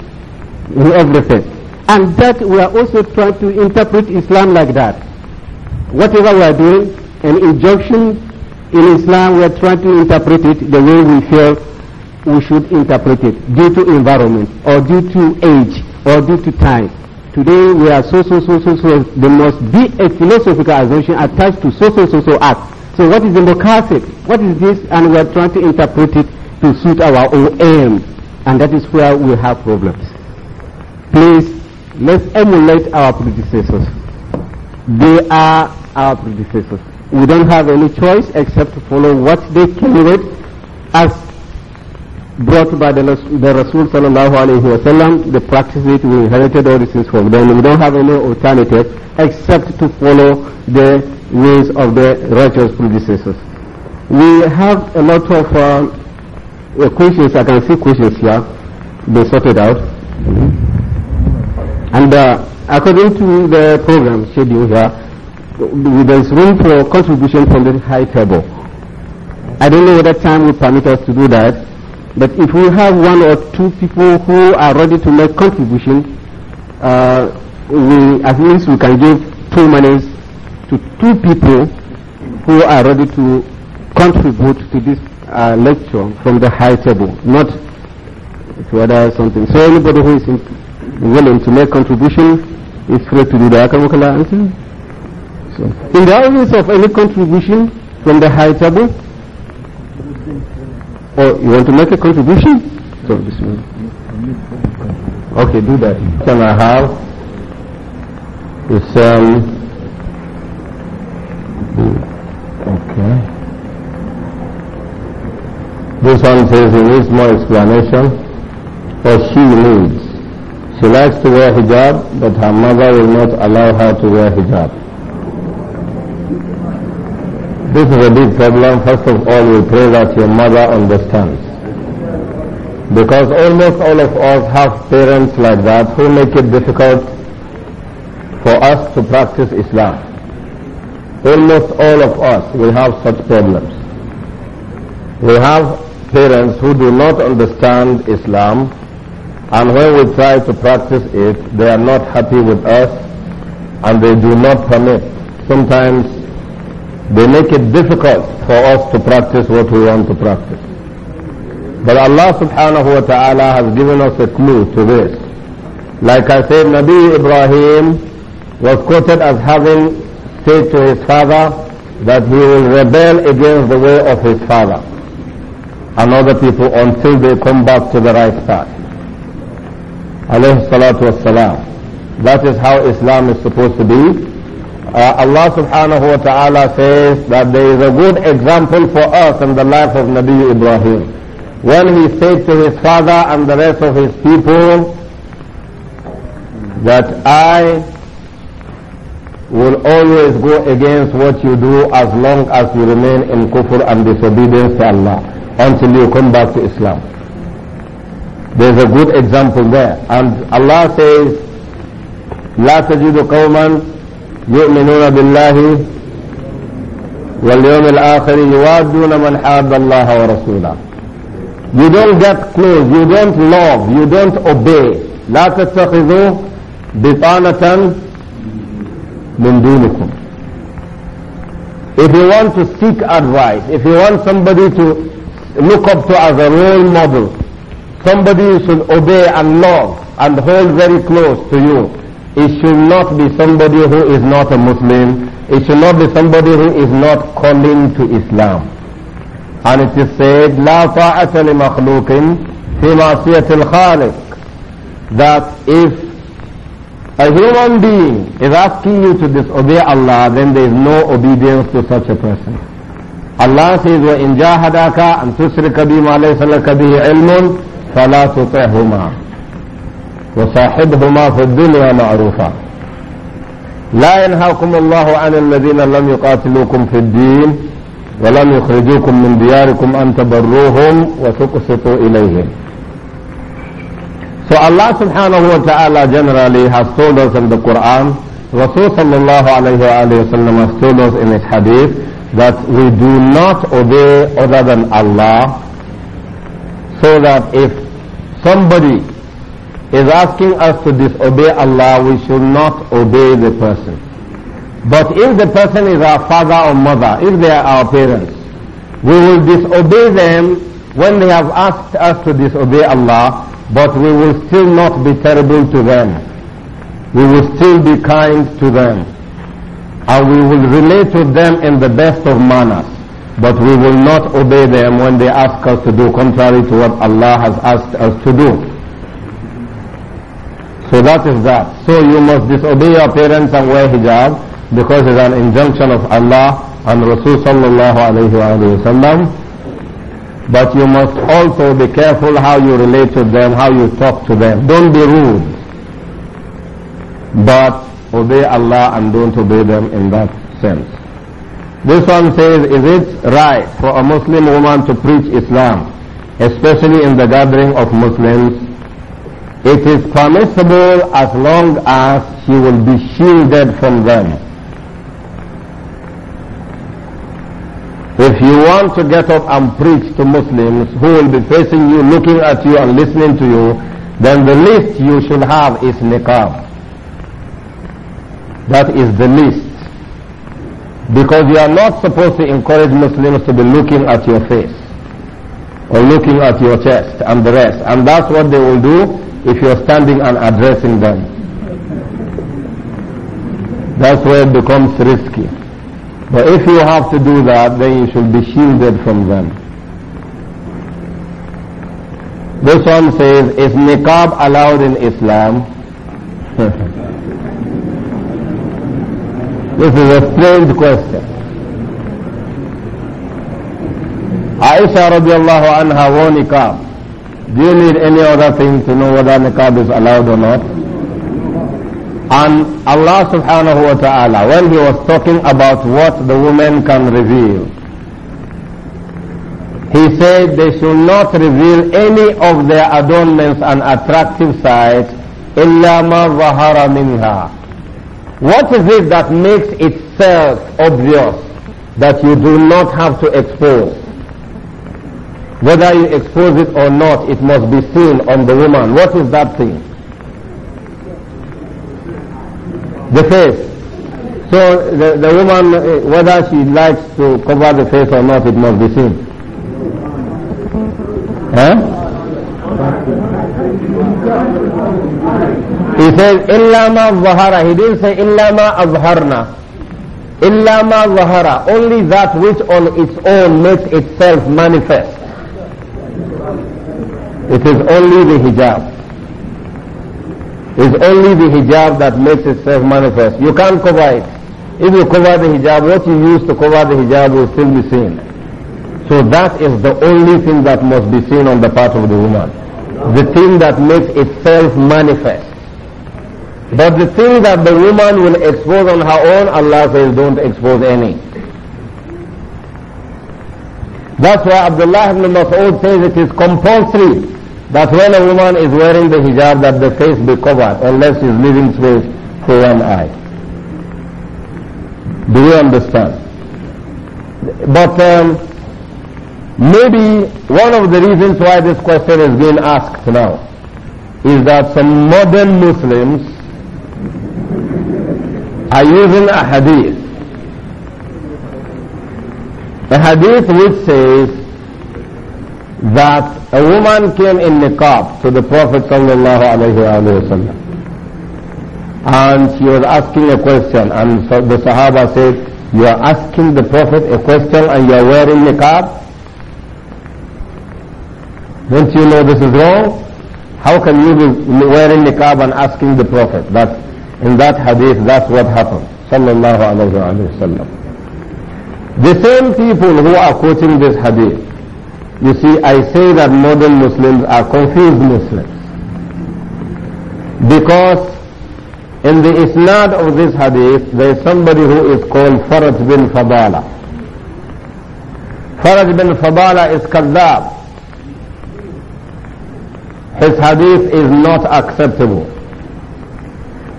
In everything. And that we are also trying to interpret Islam like that. Whatever we are doing, an injunction in Islam, we are trying to interpret it the way we feel we should interpret it due to environment or due to age or due to time. Today we are so, so, so, so, so. There must be a philosophical assumption attached to so, so, so, so act so what is the What is this? And we are trying to interpret it to suit our own aim. And that is where we have problems. Please, let's emulate our predecessors. They are our predecessors. We don't have any choice except to follow what they came with as brought by the, the Rasul sallallahu alayhi wa sallam, the practices we inherited all these things from them. We don't have any alternative except to follow the ways of the righteous predecessors. We have a lot of uh, uh questions, I can see questions here, they sorted out. And uh, according to the program schedule here, there is room for contribution from the high table. I don't know whether time will permit us to do that. But if we have one or two people who are ready to make contribution, uh, we at least we can give two monies to two people who are ready to contribute to this uh, lecture from the high table, not to other something. So anybody who is willing to make contribution is free to do that. Mm-hmm. So, in the absence of any contribution from the high table, Oh, you want to make a contribution? So, okay, do that. Can I have the son? Okay. This one says he needs more explanation, or she needs. She likes to wear hijab, but her mother will not allow her to wear hijab. This is a big problem. First of all, we pray that your mother understands. Because almost all of us have parents like that who make it difficult for us to practice Islam. Almost all of us will have such problems. We have parents who do not understand Islam and when we try to practice it, they are not happy with us and they do not permit. Sometimes they make it difficult for us to practice what we want to practice. But Allah subhanahu wa ta'ala has given us a clue to this. Like I said, Nabi Ibrahim was quoted as having said to his father that he will rebel against the way of his father and other people until they come back to the right path. Alayhi salatu wasalam. That is how Islam is supposed to be. Uh, Allah subhanahu wa ta'ala says that there is a good example for us in the life of Nabi Ibrahim. When he said to his father and the rest of his people that I will always go against what you do as long as you remain in kufr and disobedience to Allah until you come back to Islam. There's a good example there. And Allah says, لا تجد قوما يؤمنون بالله واليوم الآخر يوادون من الله ورسوله You don't get close, you don't love, you don't obey. لا تتخذوا بطانة من دونكم. If you want to seek advice, if you want somebody to look up to as a role model, somebody you should obey and love and hold very close to you, it should not be somebody who is not a Muslim. It should not be somebody who is not calling to Islam. And it is said, لا طاعة لمخلوق في معصية الخالق. That if a human being is asking you to disobey Allah, then there is no obedience to such a person. Allah says, وَإِنْ جَاهَدَاكَ أَنْ تُشْرِكَ بِمَا لَيْسَ لَكَ بِهِ عِلْمٌ فَلَا تُطِعْهُمَا وصاحبهما في الدنيا معروفا لا ينهاكم الله عن الذين لم يقاتلوكم في الدين ولم يخرجوكم من دياركم أن تبروهم وتقسطوا إليهم So Allah subhanahu wa ta'ala generally has told us in the Quran, Rasul sallallahu alayhi wa وسلم has told us in his hadith that we do not obey other than Allah so that if somebody is asking us to disobey Allah, we should not obey the person. But if the person is our father or mother, if they are our parents, we will disobey them when they have asked us to disobey Allah, but we will still not be terrible to them. We will still be kind to them. And we will relate to them in the best of manners. But we will not obey them when they ask us to do contrary to what Allah has asked us to do. So that is that. So you must disobey your parents and wear hijab because it's an injunction of Allah and Rasul sallallahu alayhi wa sallam. But you must also be careful how you relate to them, how you talk to them. Don't be rude. But obey Allah and don't obey them in that sense. This one says, is it right for a Muslim woman to preach Islam, especially in the gathering of Muslims it is permissible as long as she will be shielded from them. If you want to get up and preach to Muslims who will be facing you, looking at you and listening to you, then the least you should have is niqab. That is the least. Because you are not supposed to encourage Muslims to be looking at your face or looking at your chest and the rest. And that's what they will do if you are standing and addressing them. That's where it becomes risky. But if you have to do that, then you should be shielded from them. This one says, is niqab allowed in Islam? this is a strange question. Aisha radiallahu anha wore niqab. Do you need any other thing to know whether niqab is allowed or not? And Allah subhanahu wa ta'ala, when He was talking about what the women can reveal, He said they should not reveal any of their adornments and attractive sides, إِلَّا مَا ظَهَرَ مِنْهَا What is it that makes itself obvious that you do not have to expose? Whether you expose it or not, it must be seen on the woman. What is that thing? The face. So the, the woman, eh, whether she likes to cover the face or not, it must be seen. Huh? He says, Illama Zahara. He didn't say Illama Azharna. Illama Zahara. Only that which on its own makes itself manifest. It is only the hijab. It's only the hijab that makes itself manifest. You can't cover it. If you cover the hijab, what you use to cover the hijab will still be seen. So that is the only thing that must be seen on the part of the woman. The thing that makes itself manifest. But the thing that the woman will expose on her own, Allah says don't expose any. That's why Abdullah ibn Mas'ud says it is compulsory that when a woman is wearing the hijab that the face be covered unless she is leaving space for one eye. Do you understand? But um, maybe one of the reasons why this question is being asked now is that some modern Muslims are using a hadith. A hadith which says that a woman came in niqab to the Prophet sallallahu alaihi wasallam, and she was asking a question, and so the Sahaba said, "You are asking the Prophet a question, and you are wearing niqab? Don't you know this is wrong? How can you be wearing niqab and asking the Prophet?" That in that hadith, that's what happened. Sallallahu The same people who are quoting this hadith you see, I say that modern Muslims are confused Muslims. Because in the isnad of this hadith, there is somebody who is called Faraj bin Fadala. Faraj bin Fadala is Kaddab. His hadith is not acceptable.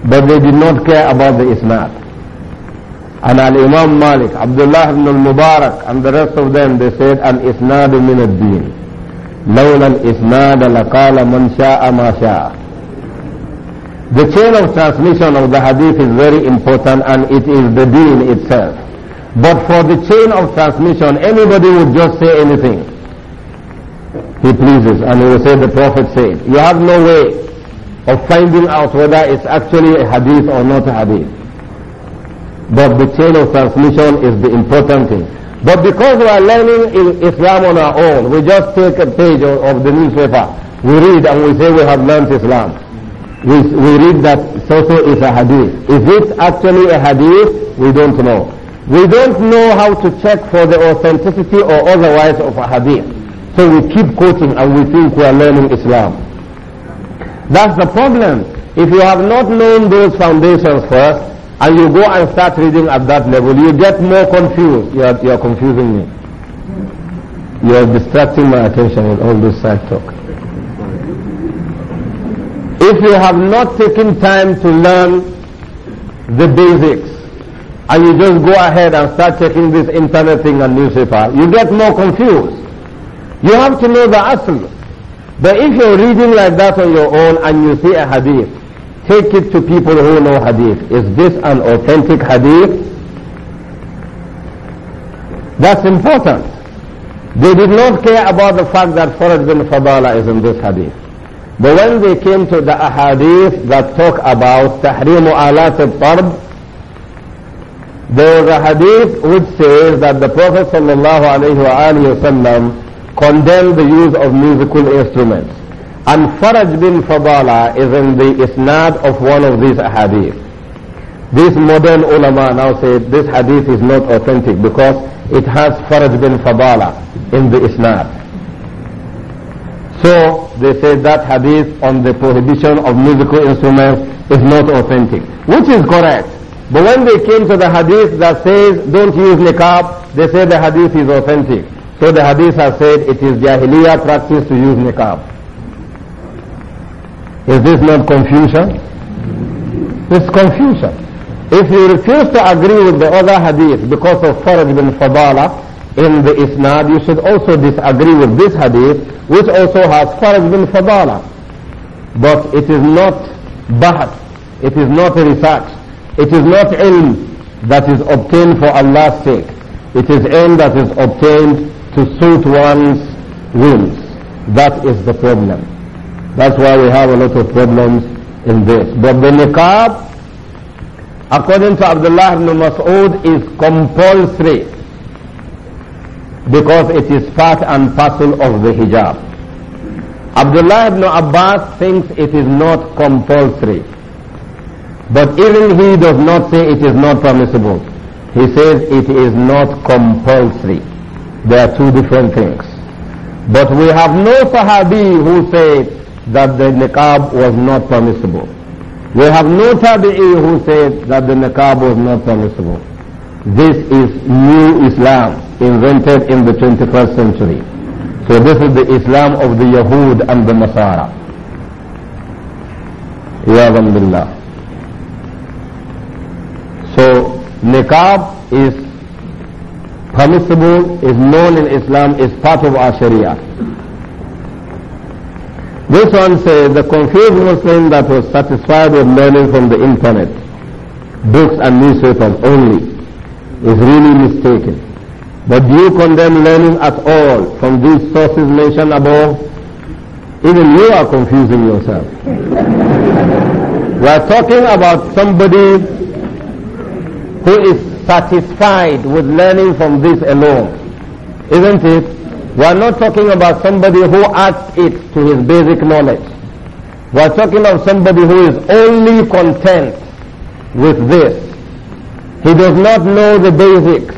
But they did not care about the isnad. And Al-Imam Malik, Abdullah ibn al-Mubarak and the rest of them, they said, Al-Isnad min ad-deen. لولا الإسناد لقال من شاء ما The chain of transmission of the hadith is very important and it is the deen itself. But for the chain of transmission, anybody would just say anything he pleases and he will say the Prophet said. You have no way of finding out whether it's actually a hadith or not a hadith. But the chain of transmission is the important thing. But because we are learning Islam on our own, we just take a page of, of the newspaper, we read and we say we have learned Islam. We, we read that so-so is a hadith. Is it actually a hadith? We don't know. We don't know how to check for the authenticity or otherwise of a hadith. So we keep quoting and we think we are learning Islam. That's the problem. If you have not known those foundations first, and you go and start reading at that level, you get more confused. You are, you are confusing me. You are distracting my attention with all this side talk. If you have not taken time to learn the basics, and you just go ahead and start checking this internet thing and newspaper, you get more confused. You have to know the asl. But if you're reading like that on your own and you see a hadith, Take it to people who know hadith. Is this an authentic hadith? That's important. They did not care about the fact that farid bin Fadala is in this hadith. But when they came to the ahadith that talk about tahrimu alat al-tarb, there is a hadith which says that the Prophet sallallahu alaihi wasallam condemned the use of musical instruments. And Faraj bin Fadala is in the isnad of one of these hadith. This modern ulama now say this hadith is not authentic because it has Faraj bin Fadala in the isnad. So they say that hadith on the prohibition of musical instruments is not authentic, which is correct. But when they came to the hadith that says don't use niqab, they say the hadith is authentic. So the hadith has said it is jahiliyyah practice to use niqab. Is this not confusion? It's confusion. If you refuse to agree with the other hadith because of Faraj bin Fadala in the Isnad, you should also disagree with this hadith which also has Faraj bin Fadala. But it is not bahat. it is not research, it is not ilm that is obtained for Allah's sake. It is ilm that is obtained to suit one's whims. That is the problem. That's why we have a lot of problems in this. But the niqab, according to Abdullah ibn Mas'ud, is compulsory because it is part and parcel of the hijab. Abdullah ibn Abbas thinks it is not compulsory. But even he does not say it is not permissible. He says it is not compulsory. There are two different things. But we have no Sahabi who says that the niqab was not permissible. We have no tabi'i who said that the niqab was not permissible. This is new Islam invented in the 21st century. So this is the Islam of the Yahud and the Nasara. Iyadam billah. So niqab is permissible, is known in Islam, is part of our Sharia. This one says the confused Muslim that was satisfied with learning from the internet, books and newspapers only, is really mistaken. But do you condemn learning at all from these sources mentioned above? Even you are confusing yourself. we are talking about somebody who is satisfied with learning from this alone, isn't it? We are not talking about somebody who adds it to his basic knowledge. We are talking of somebody who is only content with this. He does not know the basics.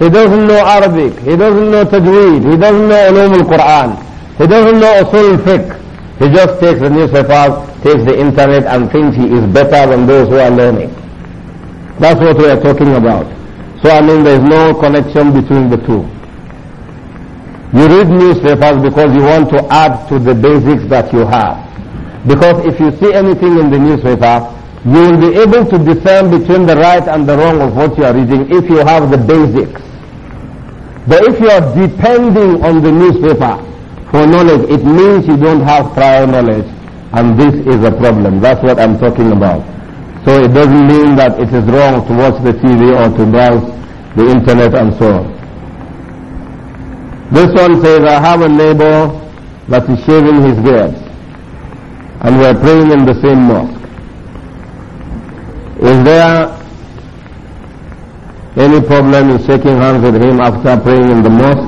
He doesn't know Arabic. He doesn't know Tajweed. He doesn't know Ulum al-Quran. He doesn't know Usul fiqh. He just takes the newspaper, takes the internet and thinks he is better than those who are learning. That's what we are talking about. So I mean there is no connection between the two. You read newspapers because you want to add to the basics that you have. Because if you see anything in the newspaper, you will be able to discern between the right and the wrong of what you are reading if you have the basics. But if you are depending on the newspaper for knowledge, it means you don't have prior knowledge. And this is a problem. That's what I'm talking about. So it doesn't mean that it is wrong to watch the TV or to browse the internet and so on. This one says, I have a neighbor that is shaving his beard. And we are praying in the same mosque. Is there any problem in shaking hands with him after praying in the mosque?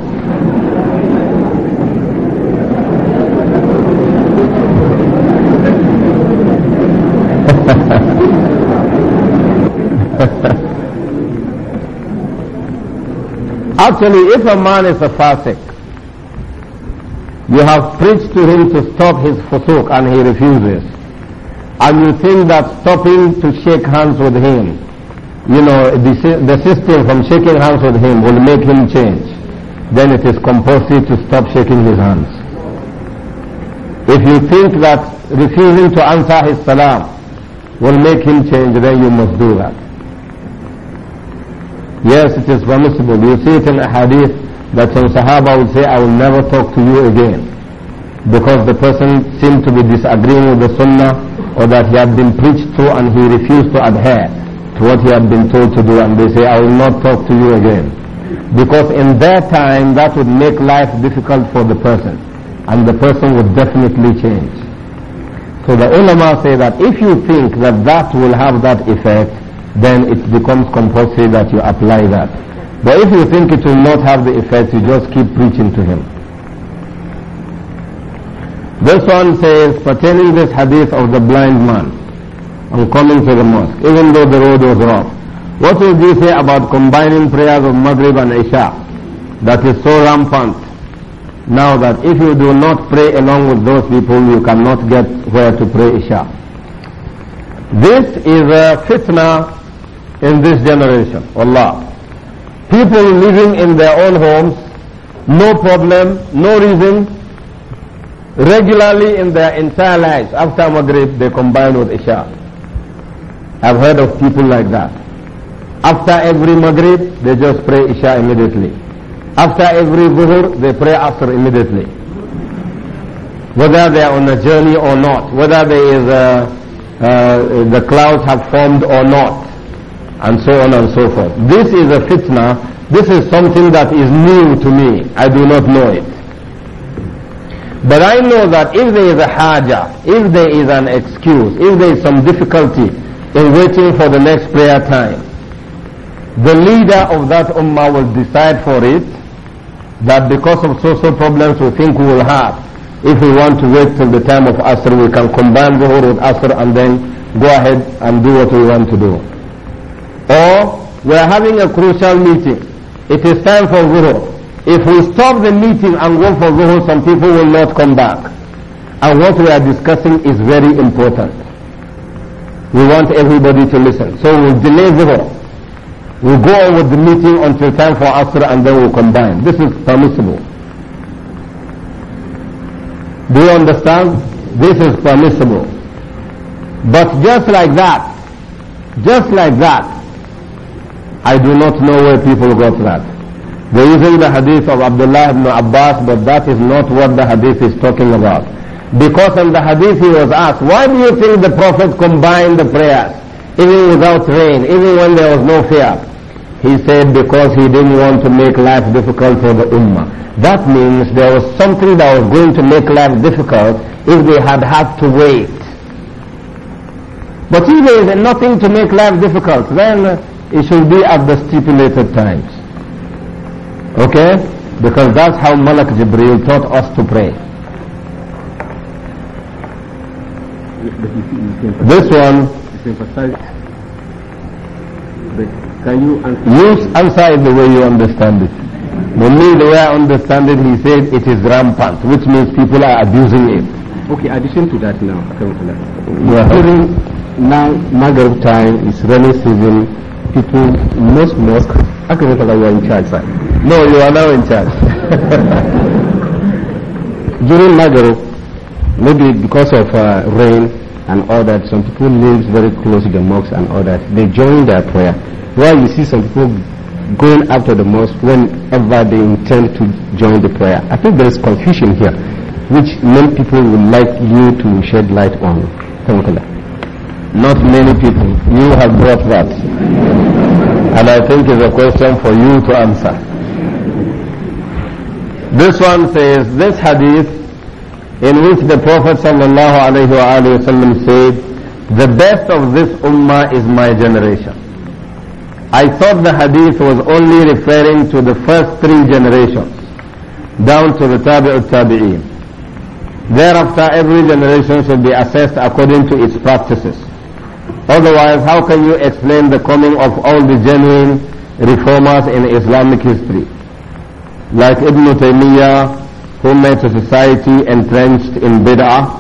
Actually, if a man is a fasik, you have preached to him to stop his fusuk and he refuses. And you think that stopping to shake hands with him, you know, the system from shaking hands with him will make him change. Then it is compulsory to stop shaking his hands. If you think that refusing to answer his salam will make him change, then you must do that. Yes, it is permissible. You see it in a hadith that some Sahaba would say, I will never talk to you again. Because the person seemed to be disagreeing with the Sunnah or that he had been preached to and he refused to adhere to what he had been told to do. And they say, I will not talk to you again. Because in their time, that would make life difficult for the person. And the person would definitely change. So the ulama say that if you think that that will have that effect, then it becomes compulsory that you apply that. But if you think it will not have the effect, you just keep preaching to him. This one says, pertaining this hadith of the blind man on coming to the mosque, even though the road was rough, what would you say about combining prayers of Maghrib and Isha that is so rampant now that if you do not pray along with those people, you cannot get where to pray Isha? This is a fitna in this generation. Allah. People living in their own homes, no problem, no reason, regularly in their entire lives. After Maghrib, they combine with Isha. I've heard of people like that. After every Maghrib, they just pray Isha immediately. After every Zuhur, they pray Asr immediately. Whether they are on a journey or not, whether there is a, uh, uh, the clouds have formed or not, and so on and so forth. This is a fitna, this is something that is new to me, I do not know it. But I know that if there is a haja, if there is an excuse, if there is some difficulty in waiting for the next prayer time, the leader of that ummah will decide for it that because of social problems we think we will have, if we want to wait till the time of Asr, we can combine Zuhur with Asr and then go ahead and do what we want to do or we are having a crucial meeting. It is time for Zuhur. If we stop the meeting and go for Zuhur, some people will not come back. And what we are discussing is very important. We want everybody to listen. So we'll delay Zuhur. We'll go on with the meeting until time for Asr and then we'll combine. This is permissible. Do you understand? This is permissible. But just like that, just like that, I do not know where people got that. They're using the hadith of Abdullah ibn Abbas, but that is not what the hadith is talking about. Because in the hadith he was asked, why do you think the Prophet combined the prayers, even without rain, even when there was no fear? He said because he didn't want to make life difficult for the ummah. That means there was something that was going to make life difficult if they had had to wait. But if there is nothing to make life difficult, then it should be at the stipulated times. Okay? Because that's how Malak Jibreel taught us to pray. This one. Can you answer? You answer it the way you understand it. When me, the way I understand it, he said it is rampant, which means people are abusing it. Okay, addition to that now, yeah. during now Maghreb time is rainy season, people, most mosques, can remember you are in charge, sir. No, you are now in charge. During Maghrib, maybe because of uh, rain and all that, some people live very close to the mosques and all that. They join their prayer. Why you see some people going after the mosque whenever they intend to join the prayer. I think there is confusion here, which many people would like you to shed light on. Not many people. You have brought that and I think it's a question for you to answer. This one says, this hadith in which the Prophet ﷺ said, the best of this ummah is my generation. I thought the hadith was only referring to the first three generations, down to the tabi'ut tabi'een. Thereafter, every generation should be assessed according to its practices. Otherwise, how can you explain the coming of all the genuine reformers in Islamic history? Like Ibn Taymiyyah, who made a society entrenched in bid'ah,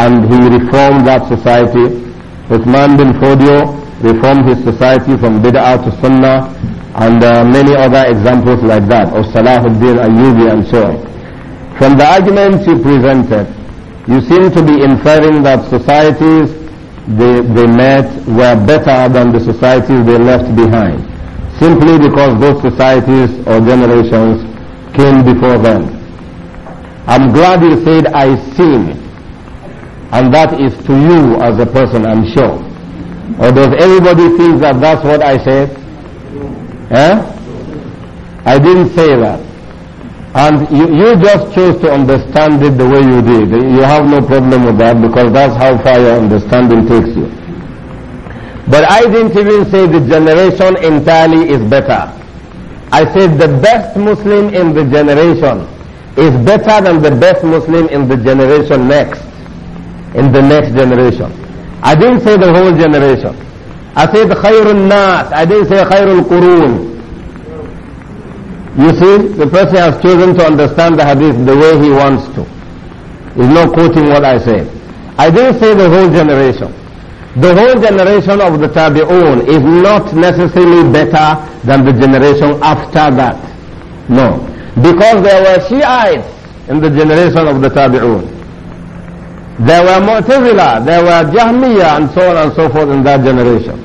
and he reformed that society. Uthman bin Fodio reformed his society from bid'ah to sunnah, and uh, many other examples like that, of Salahuddin Ayyubi and so on. From the arguments you presented, you seem to be inferring that societies they, they met were better than the societies they left behind, simply because those societies or generations came before them. I'm glad you said I sing, and that is to you as a person, I'm sure. Or does everybody think that that's what I said? Eh? I didn't say that. And you, you just chose to understand it the way you did. You have no problem with that because that's how far your understanding takes you. But I didn't even say the generation entirely is better. I said the best Muslim in the generation is better than the best Muslim in the generation next, in the next generation. I didn't say the whole generation. I said khairul nas. I didn't say khairul qurun. You see, the person has chosen to understand the hadith the way he wants to. He's not quoting what I say. I didn't say the whole generation. The whole generation of the Tabi'un is not necessarily better than the generation after that. No. Because there were Shiites in the generation of the Tabi'un. There were Mu'tazila, there were Jahmiyyah and so on and so forth in that generation.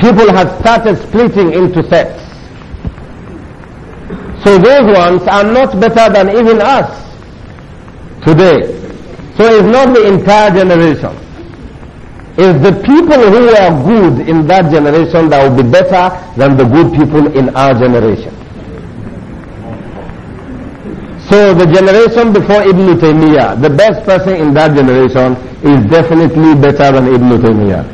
People had started splitting into sects. So those ones are not better than even us today. So it's not the entire generation. It's the people who are good in that generation that will be better than the good people in our generation. So the generation before Ibn Taymiyyah, the best person in that generation is definitely better than Ibn Taymiyyah.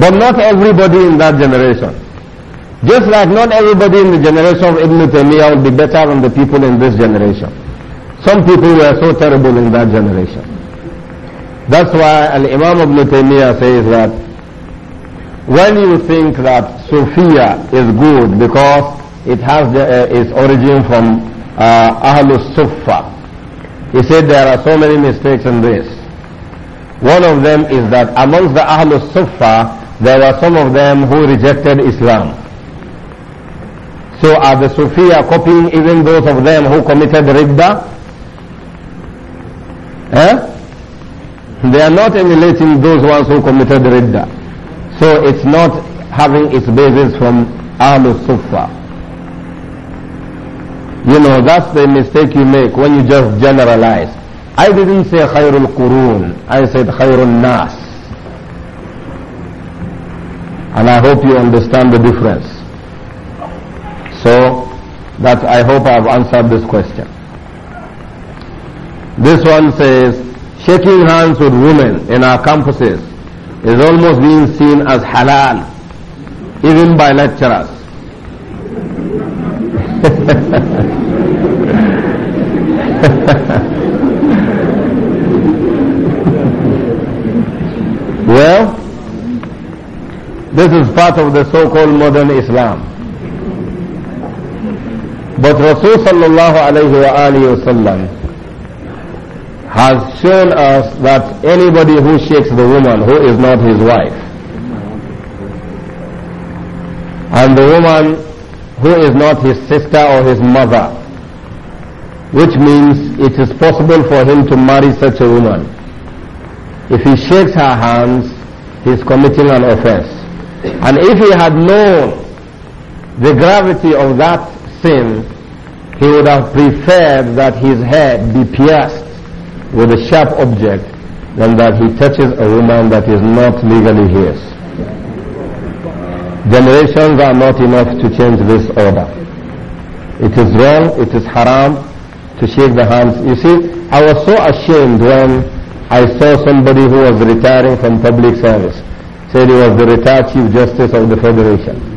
But not everybody in that generation. Just like not everybody in the generation of Ibn Taymiyyah will be better than the people in this generation. Some people were so terrible in that generation. That's why Al-Imam Ibn Taymiyyah says that when you think that Sufiya is good because it has the, uh, its origin from uh, Ahlus Sufa, he said there are so many mistakes in this. One of them is that amongst the Ahlus Sufa, there were some of them who rejected Islam. So are the Sufia copying even those of them who committed Ridda? Eh? They are not emulating those ones who committed Ridda. So it's not having its basis from al Sufa. You know, that's the mistake you make when you just generalize. I didn't say khairul qurun, I said khairul nas. And I hope you understand the difference. So that I hope I have answered this question. This one says, shaking hands with women in our campuses is almost being seen as halal, even by lecturers. well, this is part of the so-called modern Islam. But Rasulullah sallallahu alayhi wa has shown us that anybody who shakes the woman who is not his wife, and the woman who is not his sister or his mother, which means it is possible for him to marry such a woman. If he shakes her hands, he is committing an offense. And if he had known the gravity of that sin, he would have preferred that his head be pierced with a sharp object than that he touches a woman that is not legally his. Generations are not enough to change this order. It is wrong, it is haram to shake the hands. You see, I was so ashamed when I saw somebody who was retiring from public service. Said he was the retired Chief Justice of the Federation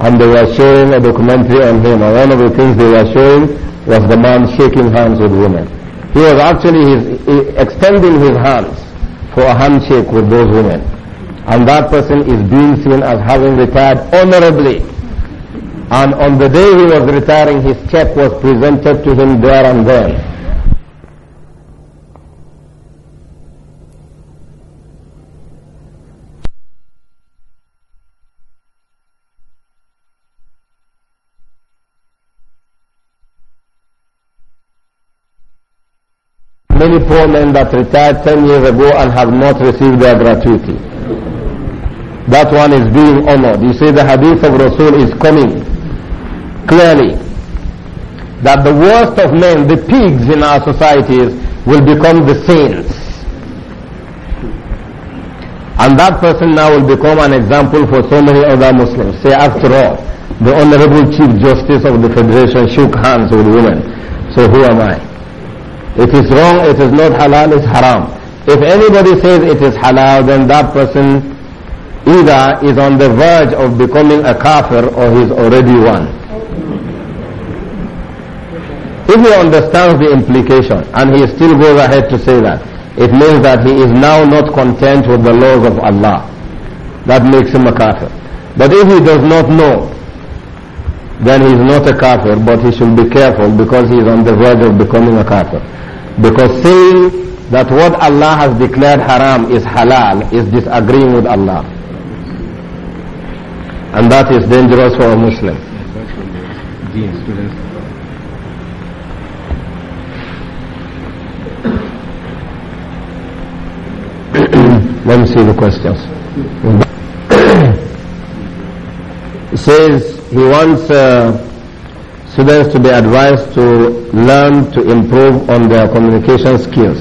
and they were showing a documentary on him. And one of the things they were showing was the man shaking hands with women. He was actually his, extending his hands for a handshake with those women. And that person is being seen as having retired honorably. And on the day he was retiring, his check was presented to him there and then. many poor men that retired 10 years ago and have not received their gratuity. That one is being honored. You see, the hadith of Rasul is coming clearly that the worst of men, the pigs in our societies, will become the saints. And that person now will become an example for so many other Muslims. Say, after all, the Honorable Chief Justice of the Federation shook hands with women. So who am I? It is wrong, it is not halal, it's haram. If anybody says it is halal, then that person either is on the verge of becoming a kafir or he is already one. If he understands the implication and he still goes ahead to say that, it means that he is now not content with the laws of Allah. That makes him a kafir. But if he does not know then he is not a kafir, but he should be careful because he is on the verge of becoming a kafir. Because saying that what Allah has declared haram is halal is disagreeing with Allah. And that is dangerous for a Muslim. Let me see the questions. says he wants uh, students to be advised to learn to improve on their communication skills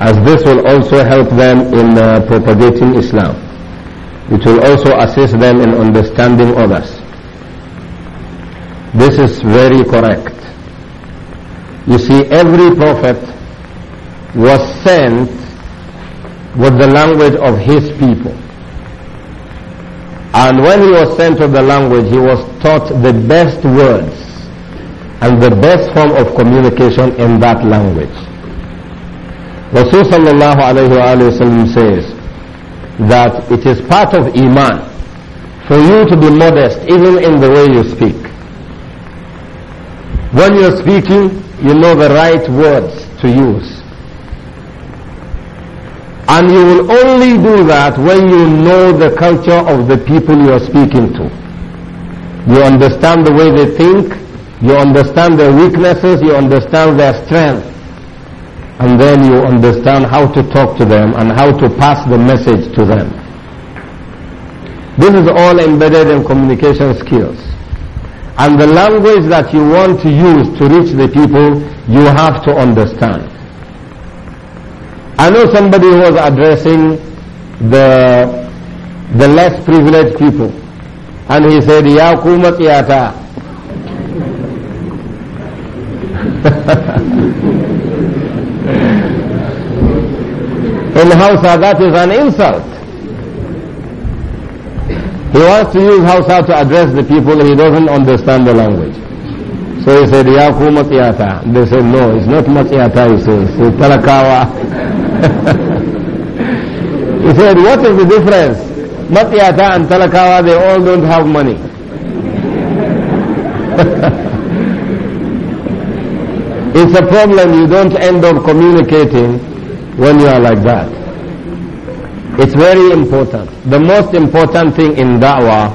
as this will also help them in uh, propagating Islam. It will also assist them in understanding others. This is very correct. You see, every prophet was sent with the language of his people. And when he was sent to the language, he was taught the best words and the best form of communication in that language. Rasul sallallahu alayhi wa says that it is part of Iman for you to be modest even in the way you speak. When you're speaking, you know the right words to use. And you will only do that when you know the culture of the people you are speaking to. You understand the way they think, you understand their weaknesses, you understand their strength, and then you understand how to talk to them and how to pass the message to them. This is all embedded in communication skills. And the language that you want to use to reach the people, you have to understand. I know somebody who was addressing the the less privileged people and he said ya kumatiyata." matsiyata in Hausa that is an insult he wants to use Hausa to address the people he doesn't understand the language so he said ya kumatiyata." they said no it's not matiyata." he says it's talakawa he said, what is the difference? Matiyata and Talakawa, they all don't have money. it's a problem you don't end up communicating when you are like that. It's very important. The most important thing in da'wah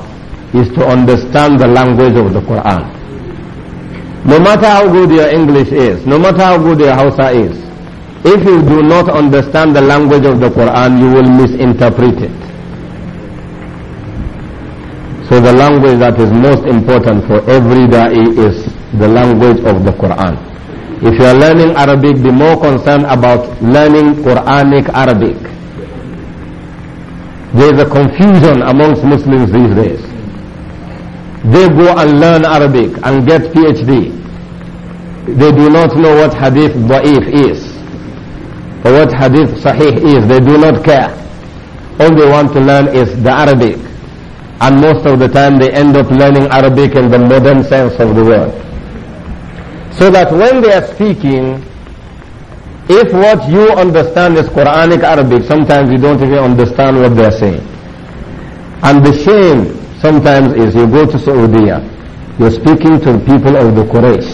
is to understand the language of the Quran. No matter how good your English is, no matter how good your Hausa is, if you do not understand the language of the Quran, you will misinterpret it. So the language that is most important for every da'i is the language of the Quran. If you are learning Arabic, be more concerned about learning Quranic Arabic. There is a confusion amongst Muslims these days. They go and learn Arabic and get PhD. They do not know what hadith da'if is. But what hadith sahih is, they do not care. All they want to learn is the Arabic. And most of the time they end up learning Arabic in the modern sense of the word. So that when they are speaking, if what you understand is Quranic Arabic, sometimes you don't even understand what they are saying. And the shame sometimes is you go to Saudi, you're speaking to the people of the Quraysh.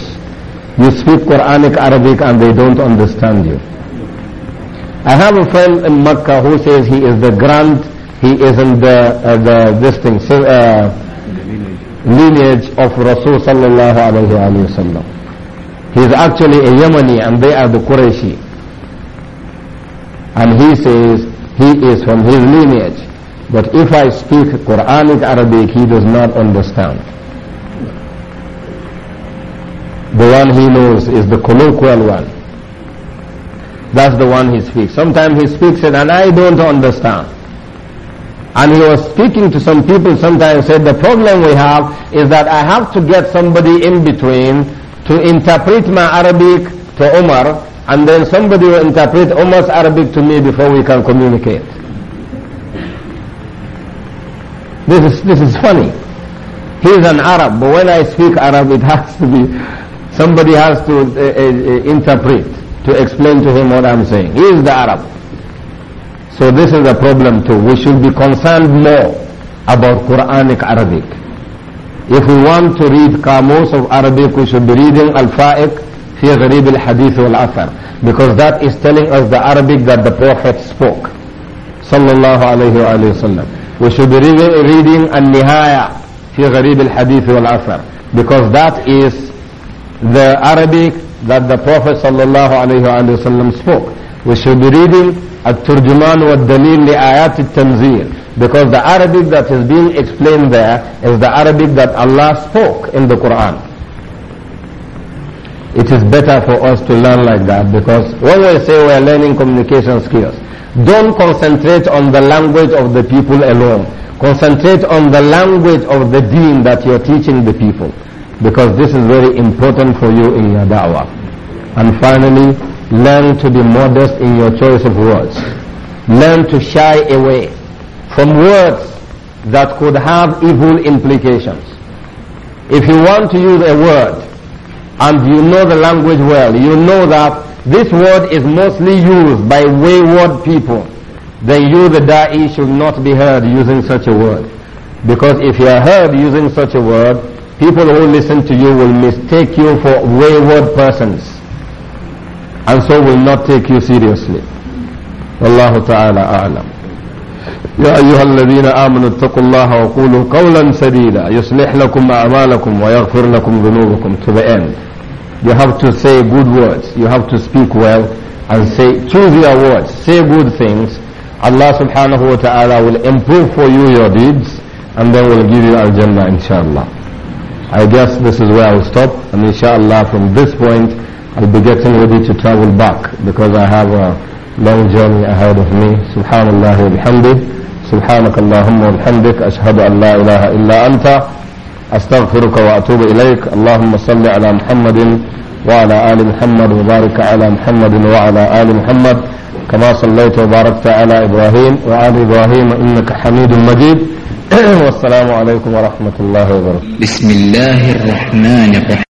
You speak Quranic Arabic and they don't understand you. I have a friend in Mecca who says he is the grand, he is in the, uh, the this thing, uh, lineage of Rasul sallallahu alayhi wa sallam. He is actually a Yemeni and they are the Qurayshi. And he says he is from his lineage. But if I speak Quranic Arabic, he does not understand. The one he knows is the colloquial one. That's the one he speaks. Sometimes he speaks it, and I don't understand. And he was speaking to some people sometimes said, the problem we have is that I have to get somebody in between to interpret my Arabic to Omar, and then somebody will interpret Omar's Arabic to me before we can communicate. This is, this is funny. He's an Arab, but when I speak Arab, it has to be, somebody has to uh, uh, uh interpret to explain to him what I'm saying. He is the Arab. So this is a problem too. We should be concerned more about Quranic Arabic. If we want to read Qamus of Arabic, we should be reading Al-Fa'iq fi Gharib al-Hadith wal-Athar. Because that is telling us the Arabic that the Prophet spoke. Sallallahu alayhi wa sallam. We should be reading Al-Nihaya fi Gharib al-Hadith wal-Athar. Because that is the Arabic that the Prophet sallallahu spoke. We should be reading At-Turjuman wa Dalil li Ayat al-Tanzil because the Arabic that is being explained there is the Arabic that Allah spoke in the Quran. It is better for us to learn like that because when we say we are learning communication skills, don't concentrate on the language of the people alone. Concentrate on the language of the deen that you're teaching the people because this is very important for you in your da'wah. And finally, learn to be modest in your choice of words. Learn to shy away from words that could have evil implications. If you want to use a word and you know the language well, you know that this word is mostly used by wayward people, then you, the da'i, should not be heard using such a word. Because if you are heard using such a word, people who listen to you will mistake you for wayward persons and so will not take you seriously والله تعالى أعلم يا أيها الذين آمنوا اتقوا الله وقولوا قولا سديدا يصلح لكم أعمالكم ويغفر لكم ذنوبكم to the end you have to say good words you have to speak well and say choose your words say good things Allah subhanahu wa ta'ala will improve for you your deeds and then will give you al-jannah inshallah I guess this is where I'll stop and inshallah from this point I'll be getting ready to travel back because I have a long journey ahead of me. Subhanallah wa bihamdih. سبحانك اللهم وبحمدك أشهد أن لا إله إلا أنت أستغفرك وأتوب إليك اللهم صل على ala وعلى آل محمد وبارك Muhammad wa ala ali Muhammad. كما صليت وباركت على إبراهيم وعلى إبراهيم إنك حميد مجيد والسلام عليكم ورحمة الله وبركاته بسم الله الرحمن الرحيم